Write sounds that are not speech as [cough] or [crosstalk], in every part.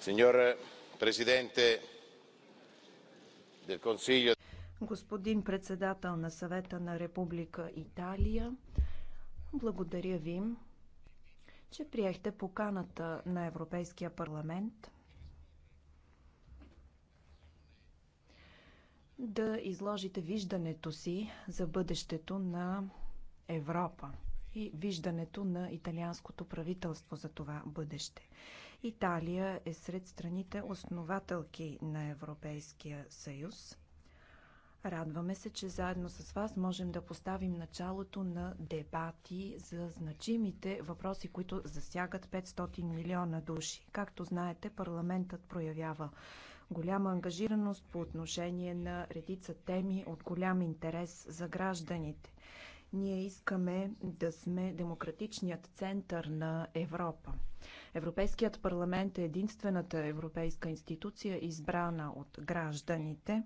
Signor Presidente del Consiglio... Господин председател на съвета на Република Италия, благодаря ви, че приехте поканата на Европейския парламент – да изложите виждането си за бъдещето на Европа и виждането на италианското правителство за това бъдеще. Италия е сред страните основателки на Европейския съюз. Радваме се, че заедно с вас можем да поставим началото на дебати за значимите въпроси, които засягат 500 милиона души. Както знаете, парламентът проявява голяма ангажираност по отношение на редица теми от голям интерес за гражданите. Ние искаме да сме демократичният център на Европа. Европейският парламент е единствената европейска институция, избрана от гражданите.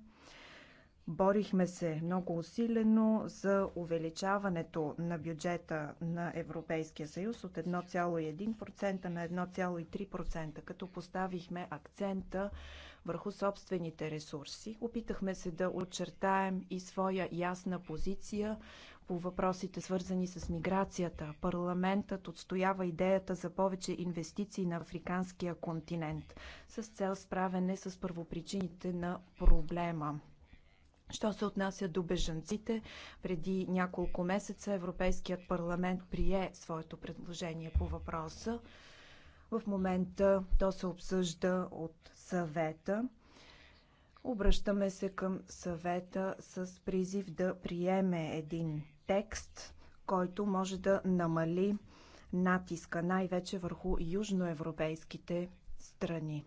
Борихме се много усилено за увеличаването на бюджета на Европейския съюз от 1,1% на 1,3%, като поставихме акцента върху собствените ресурси. Опитахме се да очертаем и своя ясна позиция по въпросите свързани с миграцията. Парламентът отстоява идеята за повече инвестиции на африканския континент с цел справене с първопричините на проблема. Що се отнася до бежанците, преди няколко месеца Европейският парламент прие своето предложение по въпроса. В момента то се обсъжда от съвета. Обръщаме се към съвета с призив да приеме един текст, който може да намали натиска най-вече върху южноевропейските страни.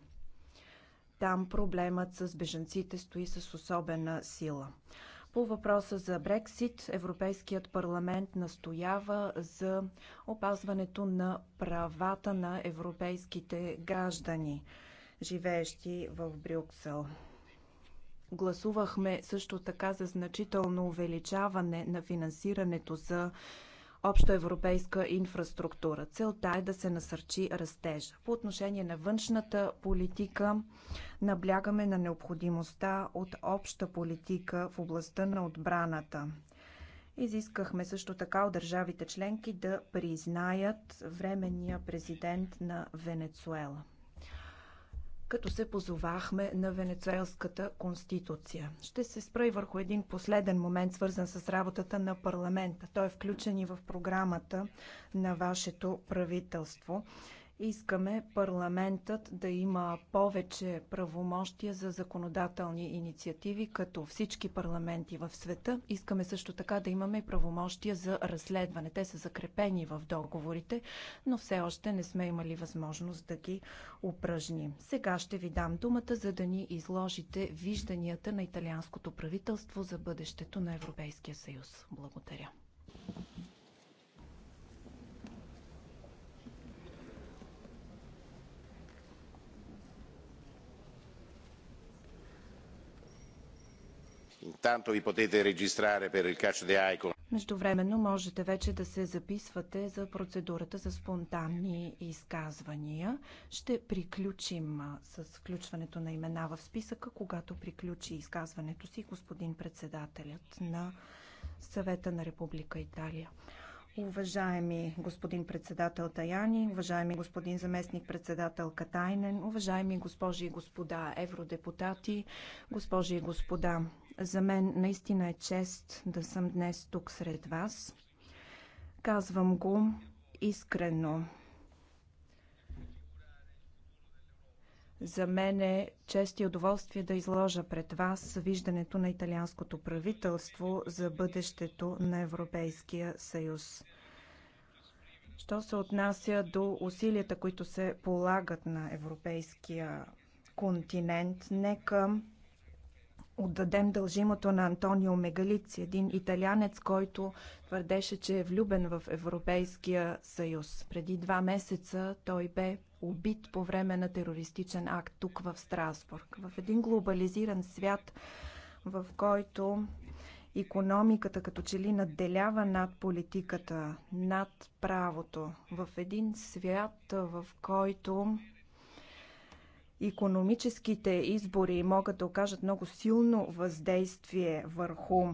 Там проблемът с бежанците стои с особена сила. По въпроса за Брексит, Европейският парламент настоява за опазването на правата на европейските граждани живеещи в Брюксел. Гласувахме също така за значително увеличаване на финансирането за общоевропейска инфраструктура. Целта е да се насърчи растежа. По отношение на външната политика, наблягаме на необходимостта от обща политика в областта на отбраната. Изискахме също така от държавите членки да признаят временния президент на Венецуела като се позовахме на Венецуелската конституция. Ще се спра и върху един последен момент, свързан с работата на парламента. Той е включен и в програмата на вашето правителство Искаме парламентът да има повече правомощия за законодателни инициативи, като всички парламенти в света. Искаме също така да имаме и правомощия за разследване. Те са закрепени в договорите, но все още не сме имали възможност да ги упражним. Сега ще ви дам думата, за да ни изложите вижданията на италианското правителство за бъдещето на Европейския съюз. Благодаря. Междувременно можете вече да се записвате за процедурата за спонтанни изказвания. Ще приключим с включването на имена в списъка, когато приключи изказването си господин председателят на съвета на Република Италия. Уважаеми господин председател Таяни, уважаеми господин заместник председател Катайнен, уважаеми госпожи и господа евродепутати, госпожи и господа за мен наистина е чест да съм днес тук сред вас. Казвам го искрено. За мен е чест и удоволствие да изложа пред вас виждането на италианското правителство за бъдещето на Европейския съюз. Що се отнася до усилията, които се полагат на европейския континент, нека отдадем дължимото на Антонио Мегалици, един италянец, който твърдеше, че е влюбен в Европейския съюз. Преди два месеца той бе убит по време на терористичен акт тук в Страсбург. В един глобализиран свят, в който економиката като че ли надделява над политиката, над правото. В един свят, в който Икономическите избори могат да окажат много силно въздействие върху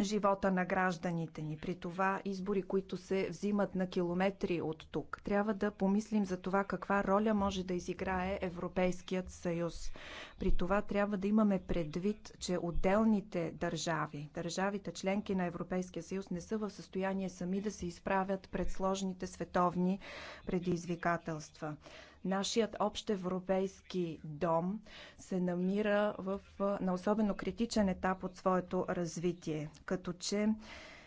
живота на гражданите ни. При това избори, които се взимат на километри от тук. Трябва да помислим за това каква роля може да изиграе Европейският съюз. При това трябва да имаме предвид, че отделните държави, държавите членки на Европейския съюз не са в състояние сами да се изправят пред сложните световни предизвикателства. Нашият общ европейски дом се намира в, на особено критичен етап от своето развитие, като че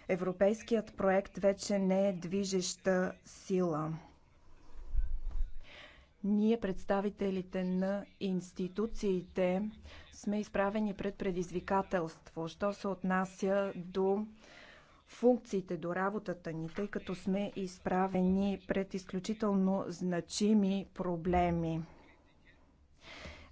европейският проект вече не е движеща сила. Ние, представителите на институциите, сме изправени пред предизвикателство, що се отнася до функциите до работата ни, тъй като сме изправени пред изключително значими проблеми.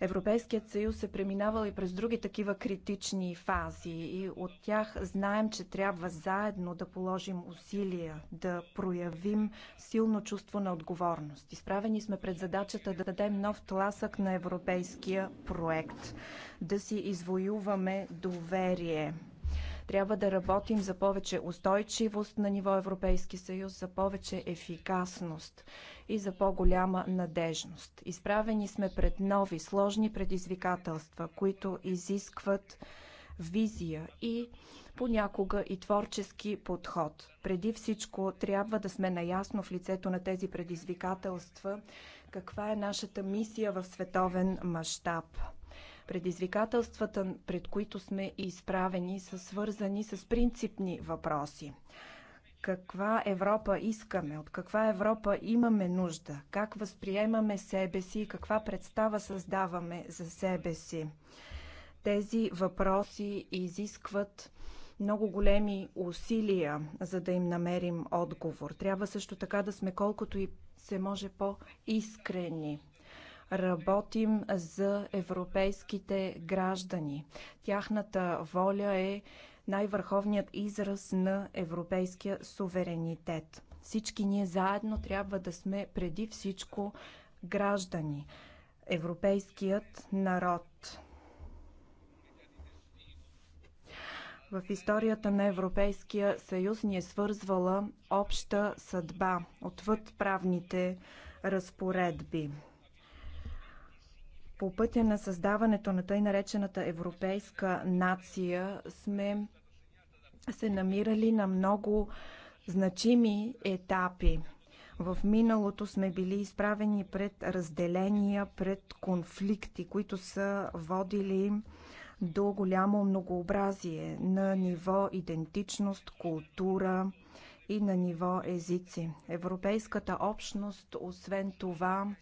Европейският съюз е преминавал и през други такива критични фази и от тях знаем, че трябва заедно да положим усилия, да проявим силно чувство на отговорност. Изправени сме пред задачата да дадем нов тласък на европейския проект, да си извоюваме доверие – трябва да работим за повече устойчивост на ниво Европейски съюз, за повече ефикасност и за по-голяма надежност. Изправени сме пред нови, сложни предизвикателства, които изискват визия и понякога и творчески подход. Преди всичко трябва да сме наясно в лицето на тези предизвикателства каква е нашата мисия в световен мащаб. Предизвикателствата, пред които сме изправени, са свързани с принципни въпроси каква Европа искаме, от каква Европа имаме нужда, как възприемаме себе си каква представа създаваме за себе си. Тези въпроси изискват много големи усилия, за да им намерим отговор. Трябва също така да сме колкото и се може по-искрени. Работим за европейските граждани. Тяхната воля е най-върховният израз на европейския суверенитет. Всички ние заедно трябва да сме преди всичко граждани. Европейският народ. В историята на Европейския съюз ни е свързвала обща съдба отвъд правните разпоредби по пътя на създаването на тъй наречената европейска нация сме се намирали на много значими етапи. В миналото сме били изправени пред разделения, пред конфликти, които са водили до голямо многообразие на ниво идентичност, култура и на ниво езици. Европейската общност, освен това,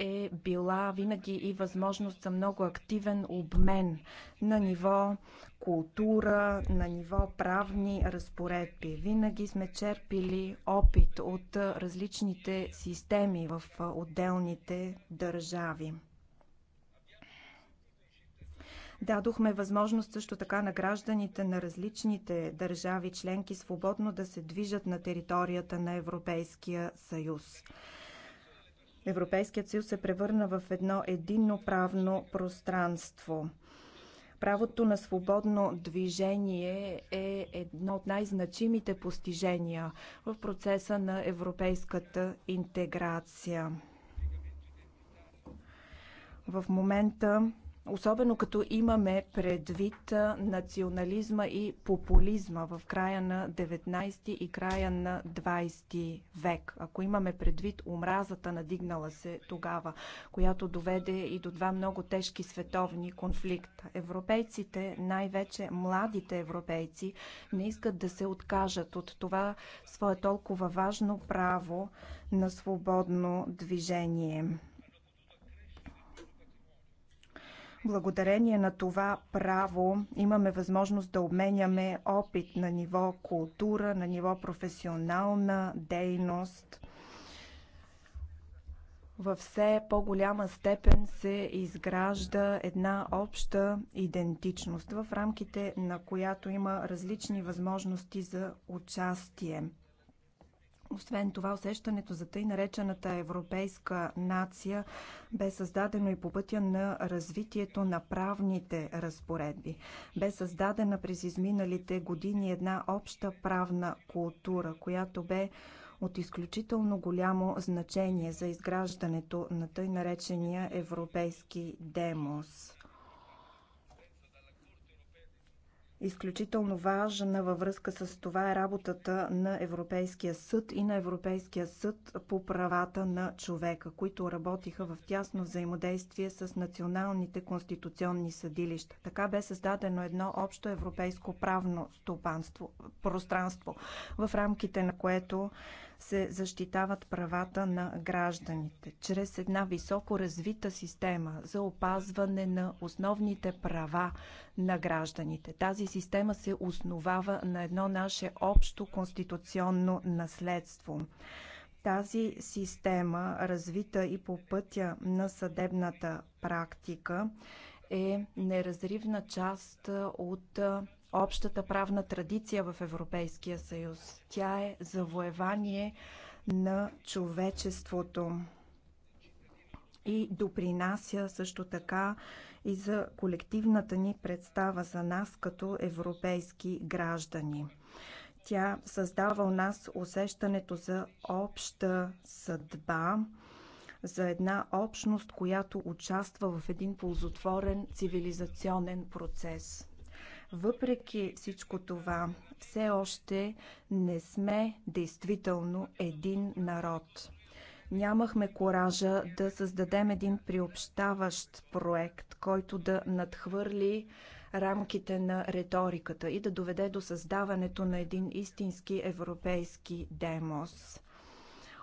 е била винаги и възможност за много активен обмен на ниво култура, на ниво правни разпоредби. Винаги сме черпили опит от различните системи в отделните държави. Дадохме възможност също така на гражданите на различните държави членки свободно да се движат на територията на Европейския съюз. Европейският съюз се превърна в едно единно правно пространство. Правото на свободно движение е едно от най-значимите постижения в процеса на европейската интеграция. В момента Особено като имаме предвид национализма и популизма в края на 19 и края на 20 век. Ако имаме предвид омразата надигнала се тогава, която доведе и до два много тежки световни конфликта. Европейците, най-вече младите европейци, не искат да се откажат от това свое толкова важно право на свободно движение. Благодарение на това право имаме възможност да обменяме опит на ниво култура, на ниво професионална дейност. Във все по-голяма степен се изгражда една обща идентичност, в рамките на която има различни възможности за участие. Освен това, усещането за тъй наречената европейска нация бе създадено и по пътя на развитието на правните разпоредби. Бе създадена през изминалите години една обща правна култура, която бе от изключително голямо значение за изграждането на тъй наречения европейски демос. Изключително важна във връзка с това е работата на Европейския съд и на Европейския съд по правата на човека, които работиха в тясно взаимодействие с националните конституционни съдилища. Така бе създадено едно общо европейско правно стопанство, пространство, в рамките на което се защитават правата на гражданите чрез една високо развита система за опазване на основните права на гражданите. Тази система се основава на едно наше общо конституционно наследство. Тази система, развита и по пътя на съдебната практика, е неразривна част от общата правна традиция в Европейския съюз. Тя е завоевание на човечеството и допринася също така и за колективната ни представа за нас като европейски граждани. Тя създава у нас усещането за обща съдба, за една общност, която участва в един ползотворен цивилизационен процес. Въпреки всичко това, все още не сме действително един народ. Нямахме коража да създадем един приобщаващ проект, който да надхвърли рамките на риториката и да доведе до създаването на един истински европейски демос.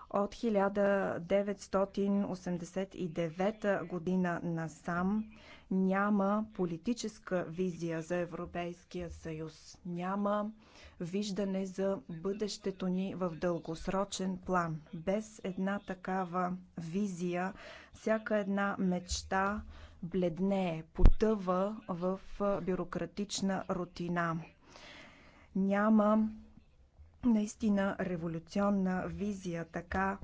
От 1989 година насам няма политическа визия за Европейския съюз, няма виждане за бъдещето ни в дългосрочен план. Без една такава визия, всяка една мечта бледнее, потъва в бюрократична рутина. Няма наистина революционна визия, така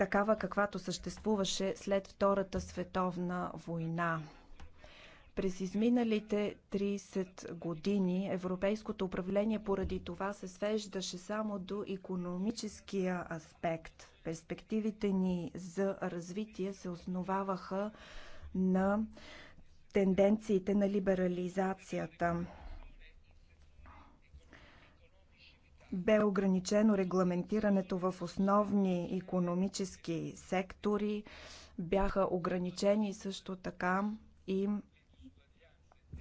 такава каквато съществуваше след Втората световна война. През изминалите 30 години европейското управление поради това се свеждаше само до економическия аспект. Перспективите ни за развитие се основаваха на тенденциите на либерализацията. бе ограничено регламентирането в основни икономически сектори, бяха ограничени също така и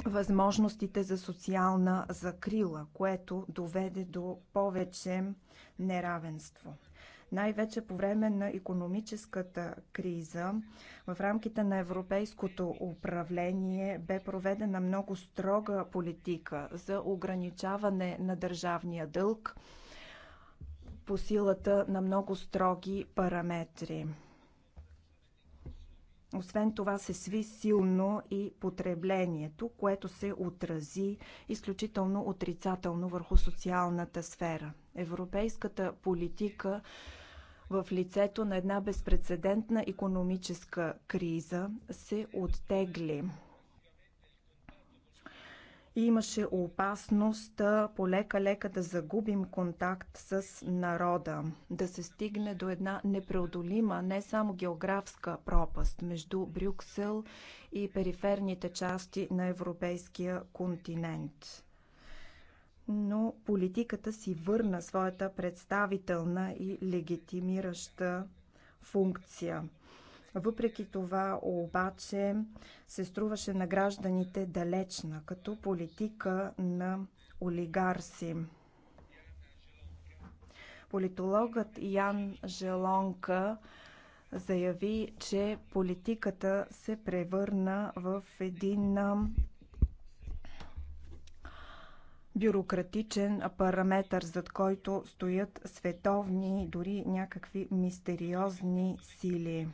възможностите за социална закрила, което доведе до повече неравенство най-вече по време на економическата криза. В рамките на европейското управление бе проведена много строга политика за ограничаване на държавния дълг по силата на много строги параметри. Освен това се сви силно и потреблението, което се отрази изключително отрицателно върху социалната сфера. Европейската политика в лицето на една безпрецедентна икономическа криза се оттегли. И имаше опасност полека-лека да загубим контакт с народа, да се стигне до една непреодолима, не само географска пропаст между Брюксел и периферните части на европейския континент но политиката си върна своята представителна и легитимираща функция. Въпреки това обаче се струваше на гражданите далечна, като политика на олигарси. Политологът Ян Желонка заяви, че политиката се превърна в един бюрократичен параметър, зад който стоят световни, дори някакви мистериозни сили.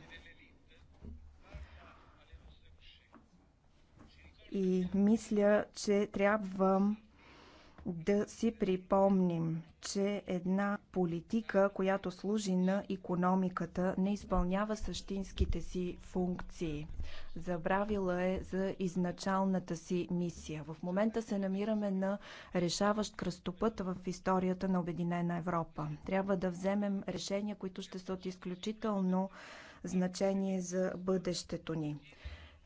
И мисля, че трябва да си припомним, че една политика, която служи на икономиката, не изпълнява същинските си функции. Забравила е за изначалната си мисия. В момента се намираме на решаващ кръстопът в историята на Обединена Европа. Трябва да вземем решения, които ще са от изключително значение за бъдещето ни.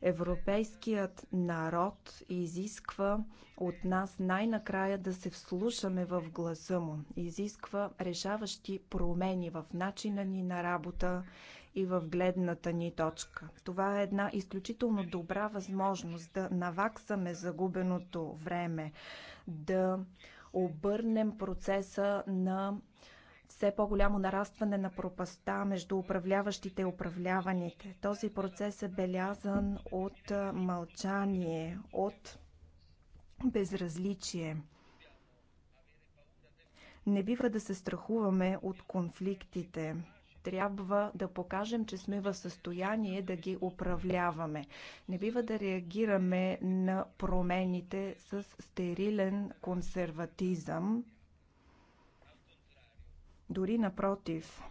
Европейският народ изисква от нас най-накрая да се вслушаме в гласа му. Изисква решаващи промени в начина ни на работа и в гледната ни точка. Това е една изключително добра възможност да наваксаме загубеното време, да обърнем процеса на все по-голямо нарастване на пропаста между управляващите и управляваните. Този процес е белязан от мълчание, от безразличие. Не бива да се страхуваме от конфликтите. Трябва да покажем, че сме в състояние да ги управляваме. Не бива да реагираме на промените с стерилен консерватизъм дори напротив,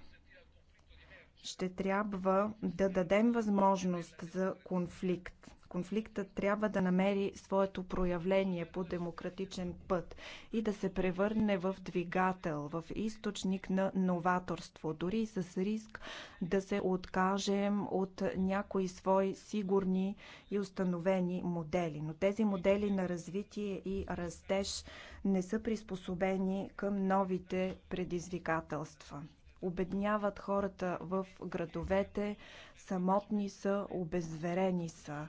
ще трябва да дадем възможност за конфликт конфликтът трябва да намери своето проявление по демократичен път и да се превърне в двигател, в източник на новаторство, дори с риск да се откажем от някои свои сигурни и установени модели. Но тези модели на развитие и растеж не са приспособени към новите предизвикателства обедняват хората в градовете, самотни са, обезверени са.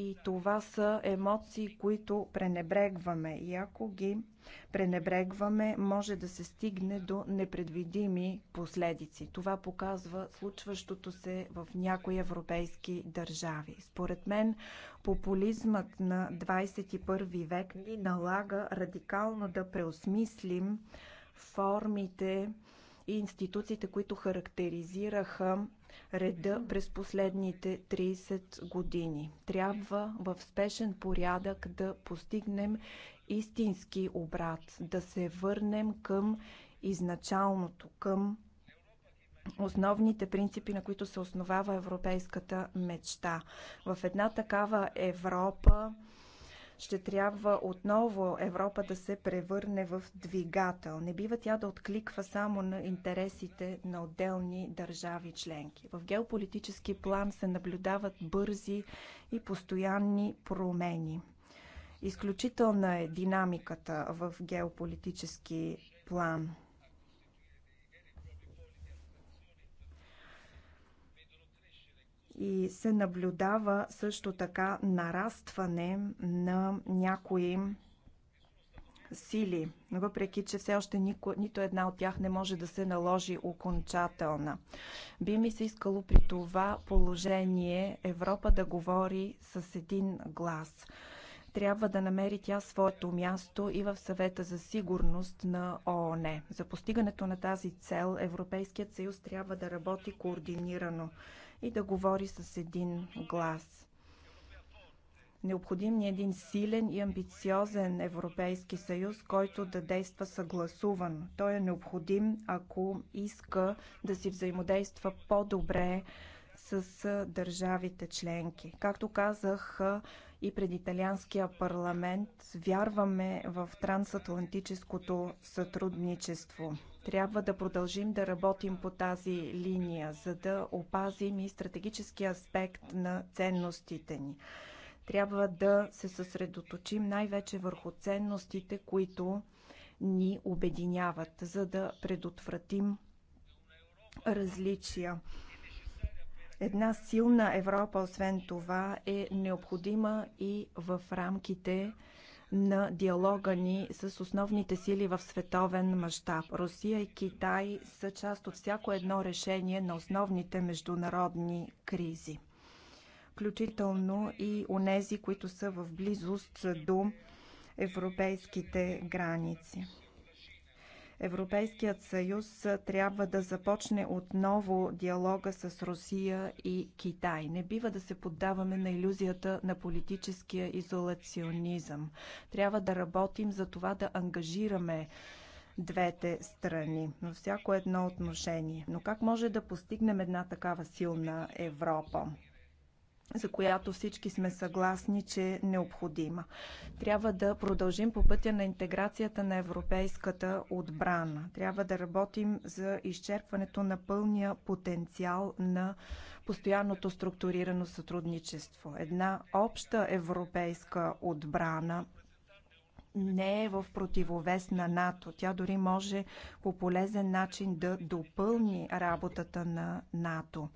И това са емоции, които пренебрегваме. И ако ги пренебрегваме, може да се стигне до непредвидими последици. Това показва случващото се в някои европейски държави. Според мен, популизмът на 21 век ни налага радикално да преосмислим формите и институциите, които характеризираха реда през последните 30 години. Трябва в спешен порядък да постигнем истински обрат, да се върнем към изначалното, към основните принципи, на които се основава европейската мечта. В една такава Европа ще трябва отново Европа да се превърне в двигател. Не бива тя да откликва само на интересите на отделни държави членки. В геополитически план се наблюдават бързи и постоянни промени. Изключителна е динамиката в геополитически план. и се наблюдава също така нарастване на някои сили, въпреки че все още нико, нито една от тях не може да се наложи окончателна. Би ми се искало при това положение Европа да говори с един глас. Трябва да намери тя своето място и в съвета за сигурност на ООН. За постигането на тази цел Европейският съюз трябва да работи координирано и да говори с един глас. Необходим ни е един силен и амбициозен Европейски съюз, който да действа съгласуван. Той е необходим, ако иска да си взаимодейства по-добре с държавите членки. Както казах и пред италианския парламент, вярваме в трансатлантическото сътрудничество. Трябва да продължим да работим по тази линия, за да опазим и стратегическия аспект на ценностите ни. Трябва да се съсредоточим най-вече върху ценностите, които ни обединяват, за да предотвратим различия. Една силна Европа, освен това, е необходима и в рамките на диалога ни с основните сили в световен мащаб. Русия и Китай са част от всяко едно решение на основните международни кризи, включително и онези, които са в близост до европейските граници. Европейският съюз трябва да започне отново диалога с Русия и Китай. Не бива да се поддаваме на иллюзията на политическия изолационизъм. Трябва да работим за това да ангажираме двете страни, но всяко едно отношение. Но как може да постигнем една такава силна Европа? за която всички сме съгласни, че е необходима. Трябва да продължим по пътя на интеграцията на европейската отбрана. Трябва да работим за изчерпването на пълния потенциал на постоянното структурирано сътрудничество. Една обща европейска отбрана не е в противовес на НАТО. Тя дори може по полезен начин да допълни работата на НАТО.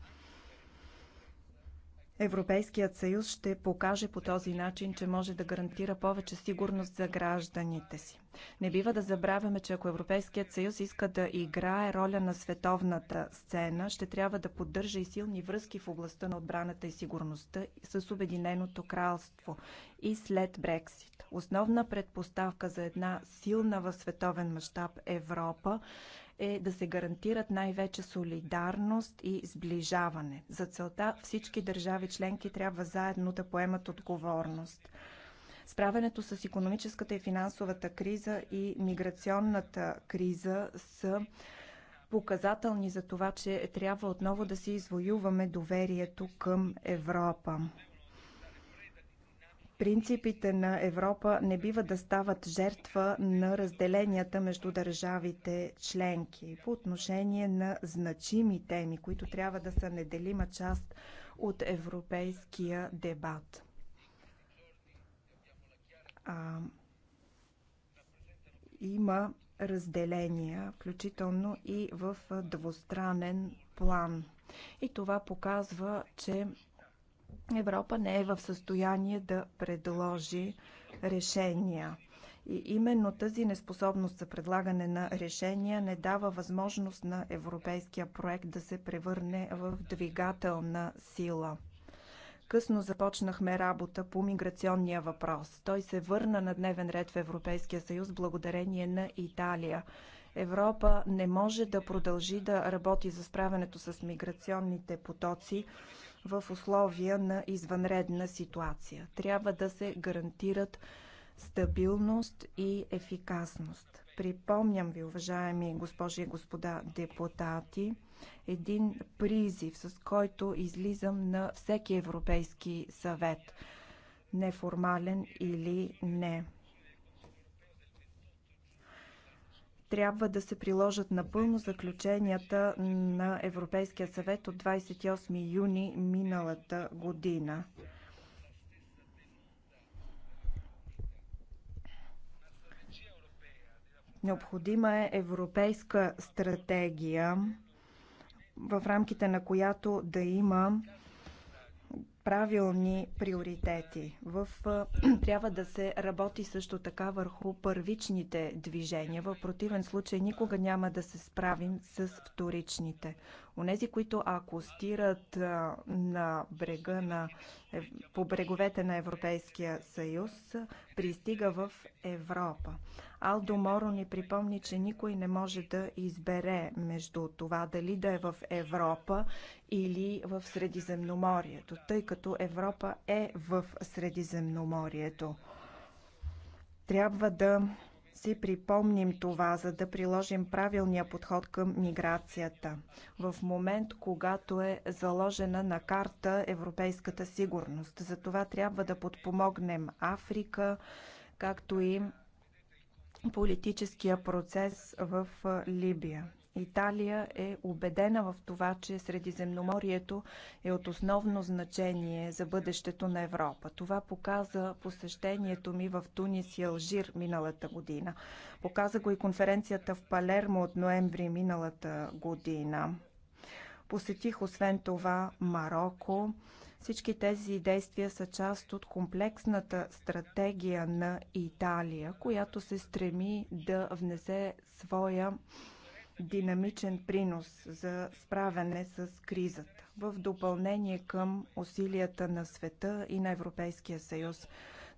Европейският съюз ще покаже по този начин, че може да гарантира повече сигурност за гражданите си. Не бива да забравяме, че ако Европейският съюз иска да играе роля на световната сцена, ще трябва да поддържа и силни връзки в областта на отбраната и сигурността с Обединеното кралство и след Брексит. Основна предпоставка за една силна в световен мащаб Европа е да се гарантират най-вече солидарност и сближаване. За целта всички държави членки трябва заедно да поемат отговорност. Справенето с економическата и финансовата криза и миграционната криза са показателни за това, че трябва отново да си извоюваме доверието към Европа. Принципите на Европа не бива да стават жертва на разделенията между държавите членки по отношение на значими теми, които трябва да са неделима част от европейския дебат. А, има разделения, включително и в двустранен план. И това показва, че Европа не е в състояние да предложи решения. И именно тази неспособност за предлагане на решения не дава възможност на европейския проект да се превърне в двигателна сила. Късно започнахме работа по миграционния въпрос. Той се върна на дневен ред в Европейския съюз благодарение на Италия. Европа не може да продължи да работи за справянето с миграционните потоци в условия на извънредна ситуация. Трябва да се гарантират стабилност и ефикасност. Припомням ви, уважаеми госпожи и господа депутати, един призив, с който излизам на всеки Европейски съвет, неформален или не. трябва да се приложат напълно заключенията на Европейския съвет от 28 юни миналата година. Необходима е европейска стратегия, в рамките на която да има правилни приоритети. В, [clears throat] трябва да се работи също така върху първичните движения. В противен случай никога няма да се справим с вторичните. Онези, които акустират на брега на, по бреговете на Европейския съюз, пристига в Европа. Алдо Моро ни припомни, че никой не може да избере между това дали да е в Европа или в Средиземноморието, тъй като Европа е в Средиземноморието. Трябва да си припомним това, за да приложим правилния подход към миграцията. В момент, когато е заложена на карта европейската сигурност. За това трябва да подпомогнем Африка, както и политическия процес в Либия. Италия е убедена в това, че Средиземноморието е от основно значение за бъдещето на Европа. Това показа посещението ми в Тунис и Алжир миналата година. Показа го и конференцията в Палермо от ноември миналата година. Посетих освен това Марокко. Всички тези действия са част от комплексната стратегия на Италия, която се стреми да внесе своя динамичен принос за справяне с кризата в допълнение към усилията на света и на Европейския съюз.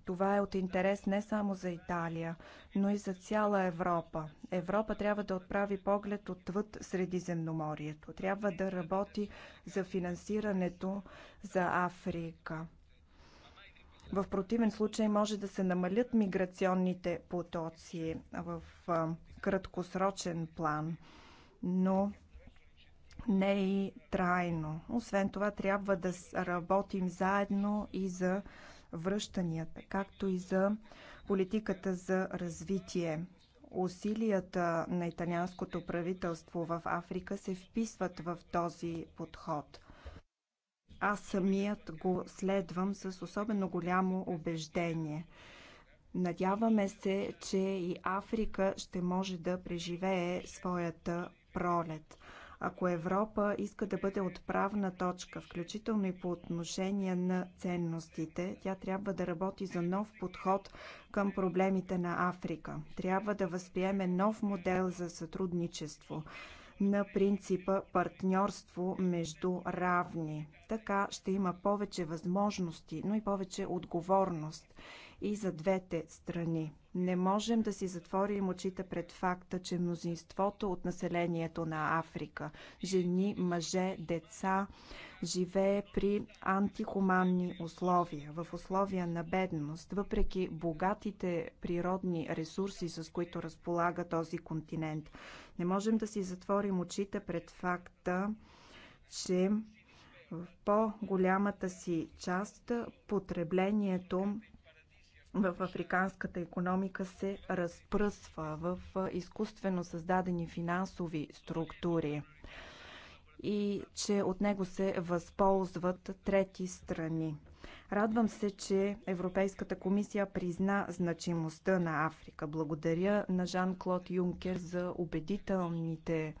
Това е от интерес не само за Италия, но и за цяла Европа. Европа трябва да отправи поглед отвъд Средиземноморието. Трябва да работи за финансирането за Африка. В противен случай може да се намалят миграционните потоци в краткосрочен план, но не и трайно. Освен това, трябва да работим заедно и за връщанията, както и за политиката за развитие. Усилията на италианското правителство в Африка се вписват в този подход. Аз самият го следвам с особено голямо убеждение – Надяваме се, че и Африка ще може да преживее своята пролет. Ако Европа иска да бъде отправна точка, включително и по отношение на ценностите, тя трябва да работи за нов подход към проблемите на Африка. Трябва да възприеме нов модел за сътрудничество на принципа партньорство между равни. Така ще има повече възможности, но и повече отговорност и за двете страни. Не можем да си затворим очите пред факта, че мнозинството от населението на Африка жени, мъже, деца живее при антихуманни условия, в условия на бедност, въпреки богатите природни ресурси, с които разполага този континент. Не можем да си затворим очите пред факта, че в по-голямата си част потреблението в африканската економика се разпръсва в изкуствено създадени финансови структури и че от него се възползват трети страни. Радвам се, че Европейската комисия призна значимостта на Африка. Благодаря на Жан-Клод Юнкер за убедителните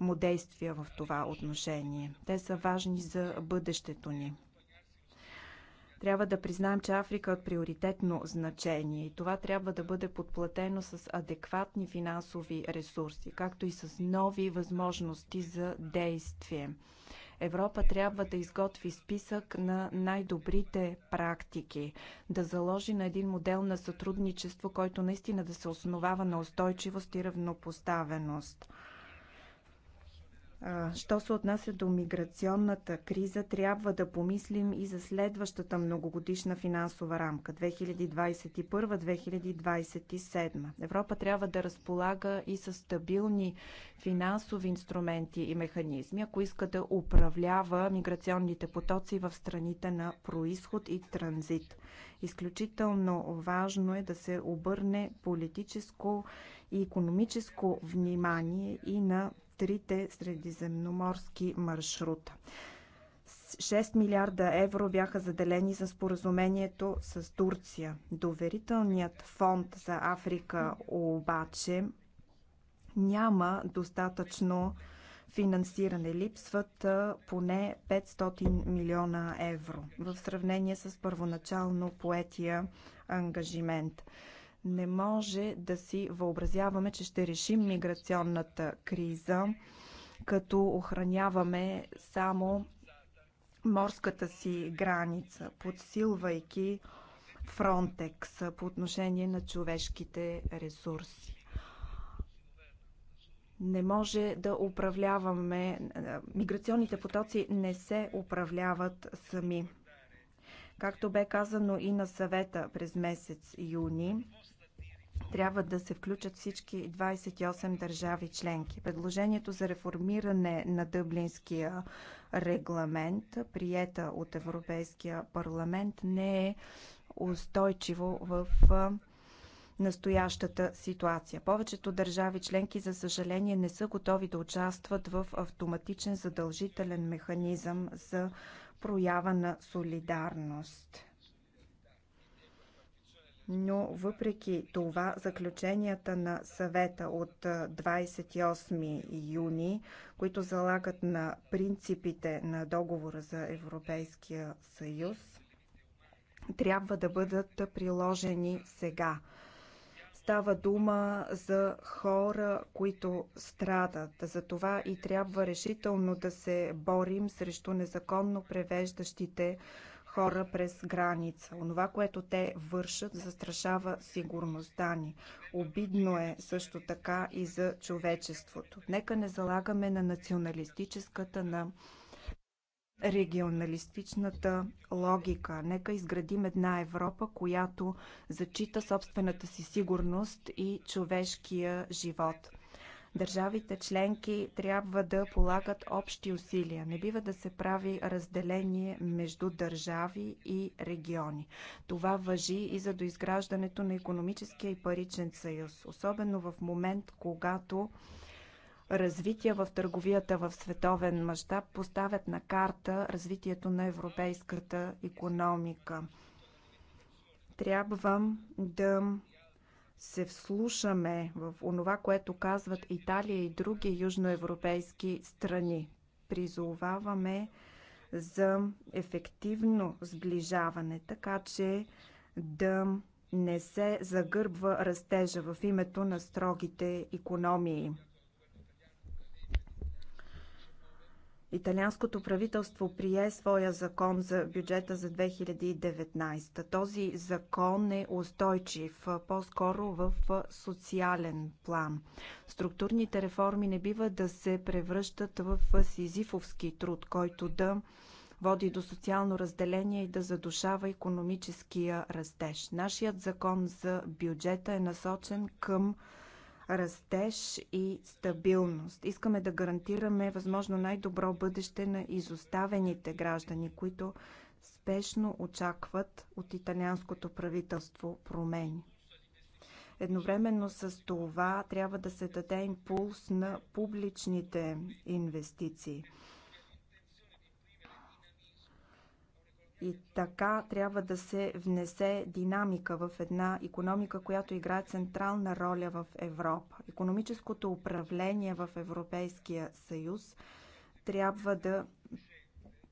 му действия в това отношение. Те са важни за бъдещето ни. Трябва да признаем, че Африка е от приоритетно значение и това трябва да бъде подплатено с адекватни финансови ресурси, както и с нови възможности за действие. Европа трябва да изготви списък на най-добрите практики, да заложи на един модел на сътрудничество, който наистина да се основава на устойчивост и равнопоставеност. Що се отнася до миграционната криза, трябва да помислим и за следващата многогодишна финансова рамка 2021-2027. Европа трябва да разполага и с стабилни финансови инструменти и механизми, ако иска да управлява миграционните потоци в страните на происход и транзит. Изключително важно е да се обърне политическо и економическо внимание и на трите средиземноморски маршрута. 6 милиарда евро бяха заделени за споразумението с Турция. Доверителният фонд за Африка обаче няма достатъчно финансиране. Липсват поне 500 милиона евро в сравнение с първоначално поетия ангажимент. Не може да си въобразяваме, че ще решим миграционната криза, като охраняваме само морската си граница, подсилвайки Фронтекс по отношение на човешките ресурси. Не може да управляваме. Миграционните потоци не се управляват сами. Както бе казано и на съвета през месец юни, трябва да се включат всички 28 държави членки. Предложението за реформиране на Дъблинския регламент, приета от Европейския парламент, не е устойчиво в настоящата ситуация. Повечето държави членки, за съжаление, не са готови да участват в автоматичен задължителен механизъм за проява на солидарност но въпреки това заключенията на съвета от 28 юни, които залагат на принципите на договора за Европейския съюз, трябва да бъдат приложени сега. Става дума за хора, които страдат. Затова и трябва решително да се борим срещу незаконно превеждащите хора през граница. Онова, което те вършат, застрашава сигурността ни. Обидно е също така и за човечеството. Нека не залагаме на националистическата, на регионалистичната логика. Нека изградим една Европа, която зачита собствената си сигурност и човешкия живот. Държавите членки трябва да полагат общи усилия. Не бива да се прави разделение между държави и региони. Това въжи и за доизграждането на економическия и паричен съюз, особено в момент, когато развития в търговията в световен мащаб поставят на карта развитието на европейската економика. Трябва да се вслушаме в онова, което казват Италия и други южноевропейски страни. Призоваваме за ефективно сближаване, така че да не се загърбва растежа в името на строгите економии. Италианското правителство прие своя закон за бюджета за 2019. Този закон е устойчив, по-скоро в социален план. Структурните реформи не бива да се превръщат в сизифовски труд, който да води до социално разделение и да задушава економическия растеж. Нашият закон за бюджета е насочен към растеж и стабилност. Искаме да гарантираме възможно най-добро бъдеще на изоставените граждани, които спешно очакват от италианското правителство промени. Едновременно с това трябва да се даде импулс на публичните инвестиции – И така трябва да се внесе динамика в една економика, която играе централна роля в Европа. Економическото управление в Европейския съюз трябва да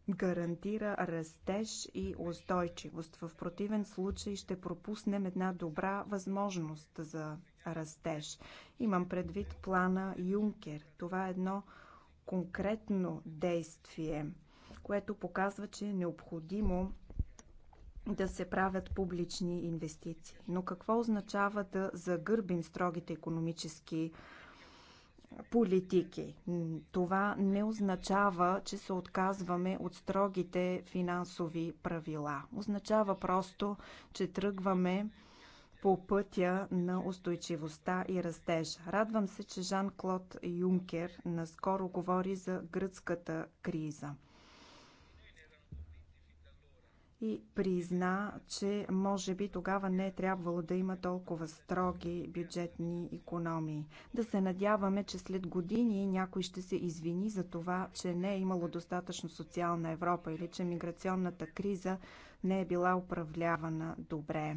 гарантира растеж и устойчивост. В противен случай ще пропуснем една добра възможност за растеж. Имам предвид плана Юнкер. Това е едно конкретно действие – което показва, че е необходимо да се правят публични инвестиции. Но какво означава да загърбим строгите економически политики. Това не означава, че се отказваме от строгите финансови правила. Означава просто, че тръгваме по пътя на устойчивостта и растежа. Радвам се, че Жан-Клод Юнкер наскоро говори за гръцката криза и призна, че може би тогава не е трябвало да има толкова строги бюджетни економии. Да се надяваме, че след години някой ще се извини за това, че не е имало достатъчно социална Европа или че миграционната криза не е била управлявана добре.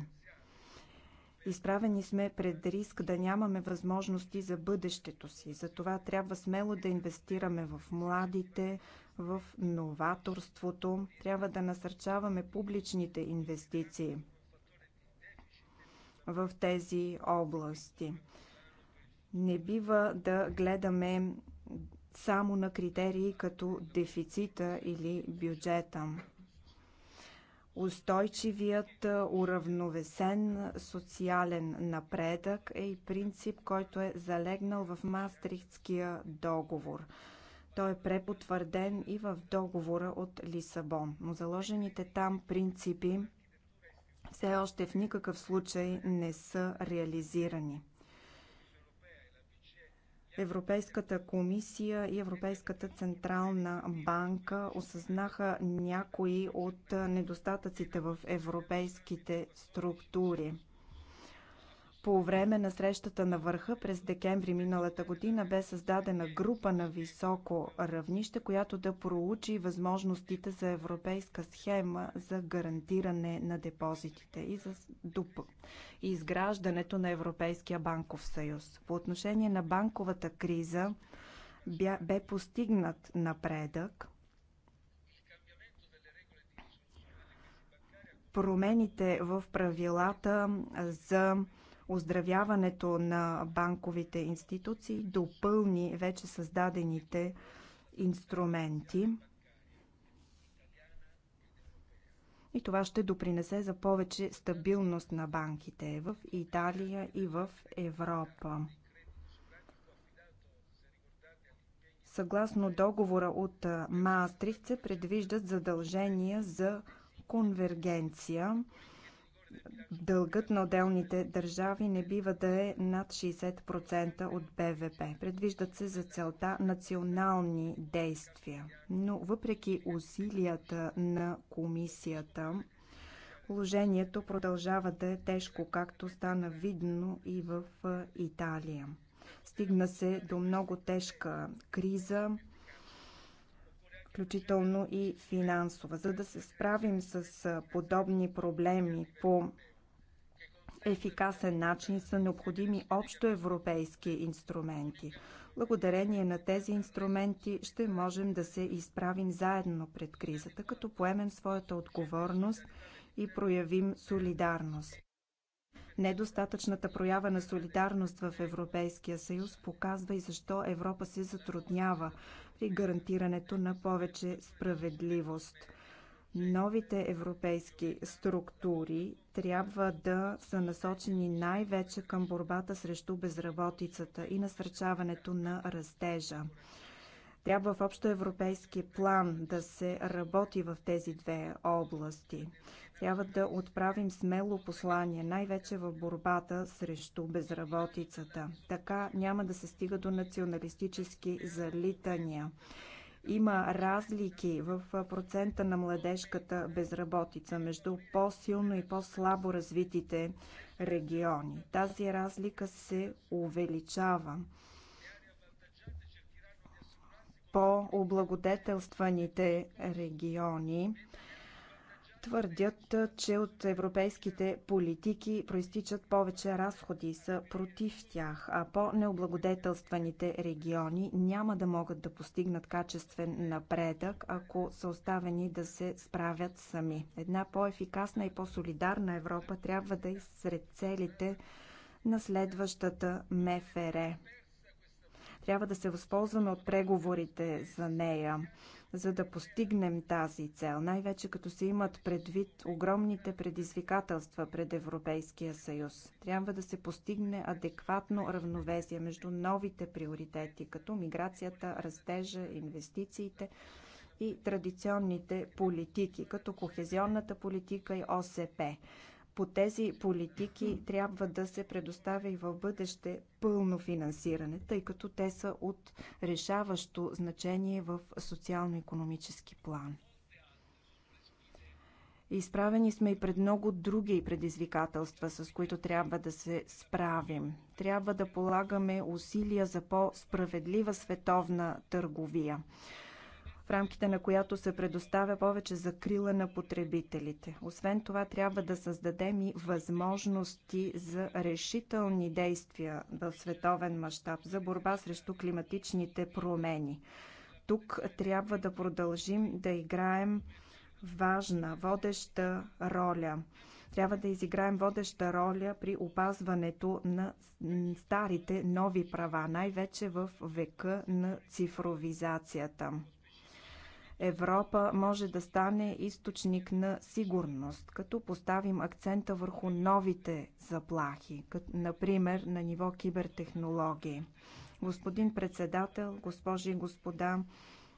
Изправени сме пред риск да нямаме възможности за бъдещето си. Затова трябва смело да инвестираме в младите, в новаторството. Трябва да насърчаваме публичните инвестиции в тези области. Не бива да гледаме само на критерии като дефицита или бюджета. Устойчивият, уравновесен социален напредък е и принцип, който е залегнал в Мастрихтския договор – той е препотвърден и в договора от Лисабон, но заложените там принципи все още в никакъв случай не са реализирани. Европейската комисия и Европейската централна банка осъзнаха някои от недостатъците в европейските структури. По време на срещата на върха през декември миналата година бе създадена група на високо равнище, която да проучи възможностите за европейска схема за гарантиране на депозитите и за и изграждането на Европейския банков съюз. По отношение на банковата криза бе постигнат напредък. Промените в правилата за оздравяването на банковите институции допълни вече създадените инструменти. И това ще допринесе за повече стабилност на банките в Италия и в Европа. Съгласно договора от Маастрихт се предвиждат задължения за конвергенция дългът на отделните държави не бива да е над 60% от БВП. Предвиждат се за целта национални действия. Но въпреки усилията на комисията, положението продължава да е тежко, както стана видно и в Италия. Стигна се до много тежка криза, включително и финансова. За да се справим с подобни проблеми по ефикасен начин са необходими общо европейски инструменти. Благодарение на тези инструменти ще можем да се изправим заедно пред кризата, като поемем своята отговорност и проявим солидарност. Недостатъчната проява на солидарност в Европейския съюз показва и защо Европа се затруднява при гарантирането на повече справедливост. Новите европейски структури трябва да са насочени най-вече към борбата срещу безработицата и насърчаването на растежа. Трябва в общо европейски план да се работи в тези две области. Трябва да отправим смело послание, най-вече в борбата срещу безработицата. Така няма да се стига до националистически залитания има разлики в процента на младежката безработица между по-силно и по-слабо развитите региони. Тази разлика се увеличава по-облагодетелстваните региони твърдят, че от европейските политики проистичат повече разходи и са против тях, а по-необлагодетелстваните региони няма да могат да постигнат качествен напредък, ако са оставени да се справят сами. Една по-ефикасна и по-солидарна Европа трябва да е сред целите на следващата МФР. Трябва да се възползваме от преговорите за нея, за да постигнем тази цел, най-вече като се имат предвид огромните предизвикателства пред Европейския съюз. Трябва да се постигне адекватно равновесие между новите приоритети, като миграцията, растежа, инвестициите и традиционните политики, като кохезионната политика и ОСП. По тези политики трябва да се предоставя и в бъдеще пълно финансиране, тъй като те са от решаващо значение в социално-економически план. Изправени сме и пред много други предизвикателства, с които трябва да се справим. Трябва да полагаме усилия за по-справедлива световна търговия в рамките на която се предоставя повече закрила на потребителите. Освен това, трябва да създадем и възможности за решителни действия в световен мащаб за борба срещу климатичните промени. Тук трябва да продължим да играем важна, водеща роля. Трябва да изиграем водеща роля при опазването на старите нови права, най-вече в века на цифровизацията. Европа може да стане източник на сигурност, като поставим акцента върху новите заплахи, като, например на ниво кибертехнологии. Господин председател, госпожи и господа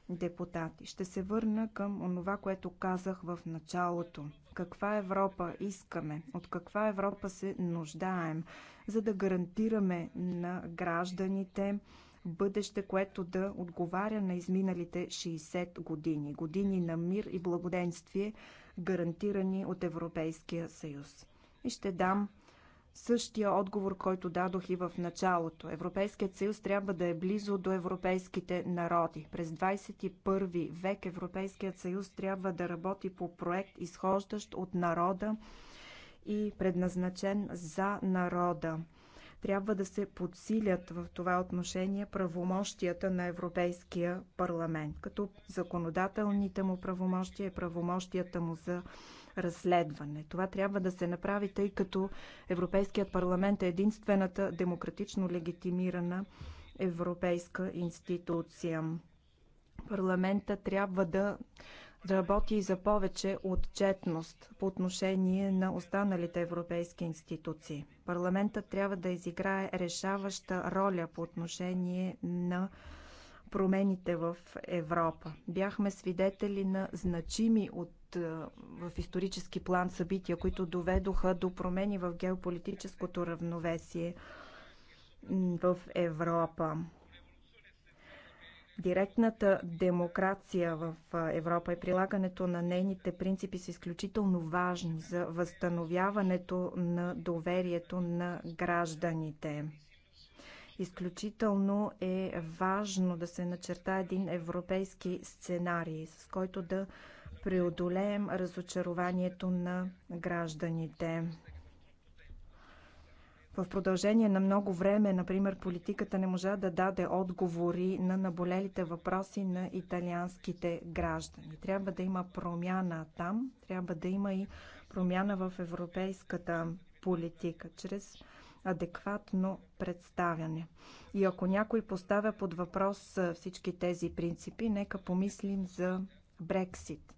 депутати, ще се върна към онова, което казах в началото. Каква Европа искаме? От каква Европа се нуждаем, за да гарантираме на гражданите, бъдеще, което да отговаря на изминалите 60 години. Години на мир и благоденствие, гарантирани от Европейския съюз. И ще дам същия отговор, който дадох и в началото. Европейският съюз трябва да е близо до европейските народи. През 21 век Европейският съюз трябва да работи по проект, изхождащ от народа и предназначен за народа. Трябва да се подсилят в това отношение правомощията на Европейския парламент, като законодателните му правомощия и правомощията му за разследване. Това трябва да се направи, тъй като Европейският парламент е единствената демократично легитимирана европейска институция. Парламента трябва да да работи за повече отчетност по отношение на останалите европейски институции. Парламентът трябва да изиграе решаваща роля по отношение на промените в Европа. Бяхме свидетели на значими от е, в исторически план събития, които доведоха до промени в геополитическото равновесие в Европа. Директната демокрация в Европа и прилагането на нейните принципи са изключително важни за възстановяването на доверието на гражданите. Изключително е важно да се начерта един европейски сценарий, с който да преодолеем разочарованието на гражданите. В продължение на много време, например, политиката не можа да даде отговори на наболелите въпроси на италианските граждани. Трябва да има промяна там, трябва да има и промяна в европейската политика, чрез адекватно представяне. И ако някой поставя под въпрос всички тези принципи, нека помислим за Брексит.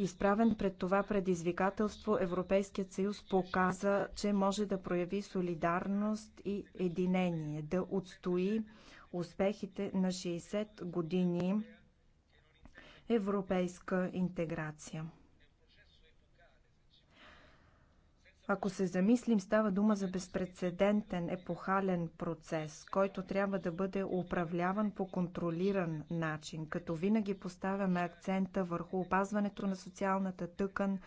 Изправен пред това предизвикателство, Европейският съюз показа, че може да прояви солидарност и единение, да отстои успехите на 60 години европейска интеграция. Ако се замислим, става дума за безпредседентен епохален процес, който трябва да бъде управляван по контролиран начин, като винаги поставяме акцента върху опазването на социалната тъкан,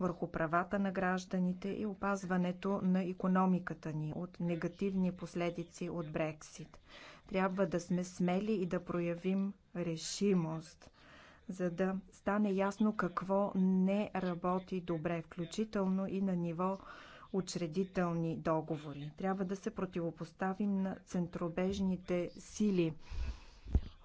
върху правата на гражданите и опазването на економиката ни от негативни последици от Брексит. Трябва да сме смели и да проявим решимост за да стане ясно какво не работи добре, включително и на ниво учредителни договори. Трябва да се противопоставим на центробежните сили,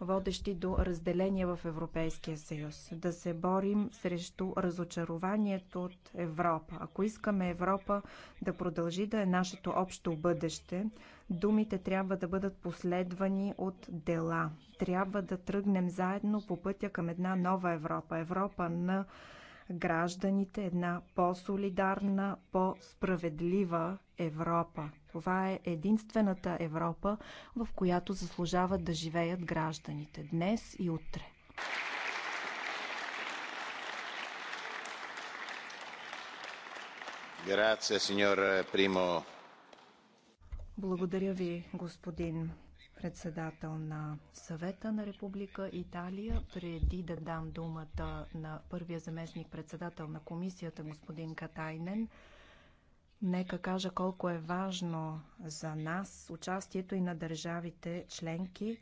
водещи до разделение в Европейския съюз. Да се борим срещу разочарованието от Европа. Ако искаме Европа да продължи да е нашето общо бъдеще, думите трябва да бъдат последвани от дела трябва да тръгнем заедно по пътя към една нова Европа. Европа на гражданите, една по-солидарна, по-справедлива Европа. Това е единствената Европа, в която заслужават да живеят гражданите днес и утре. Благодаря ви, господин председател на съвета на Република Италия. Преди да дам думата на първия заместник председател на комисията, господин Катайнен, нека кажа колко е важно за нас участието и на държавите членки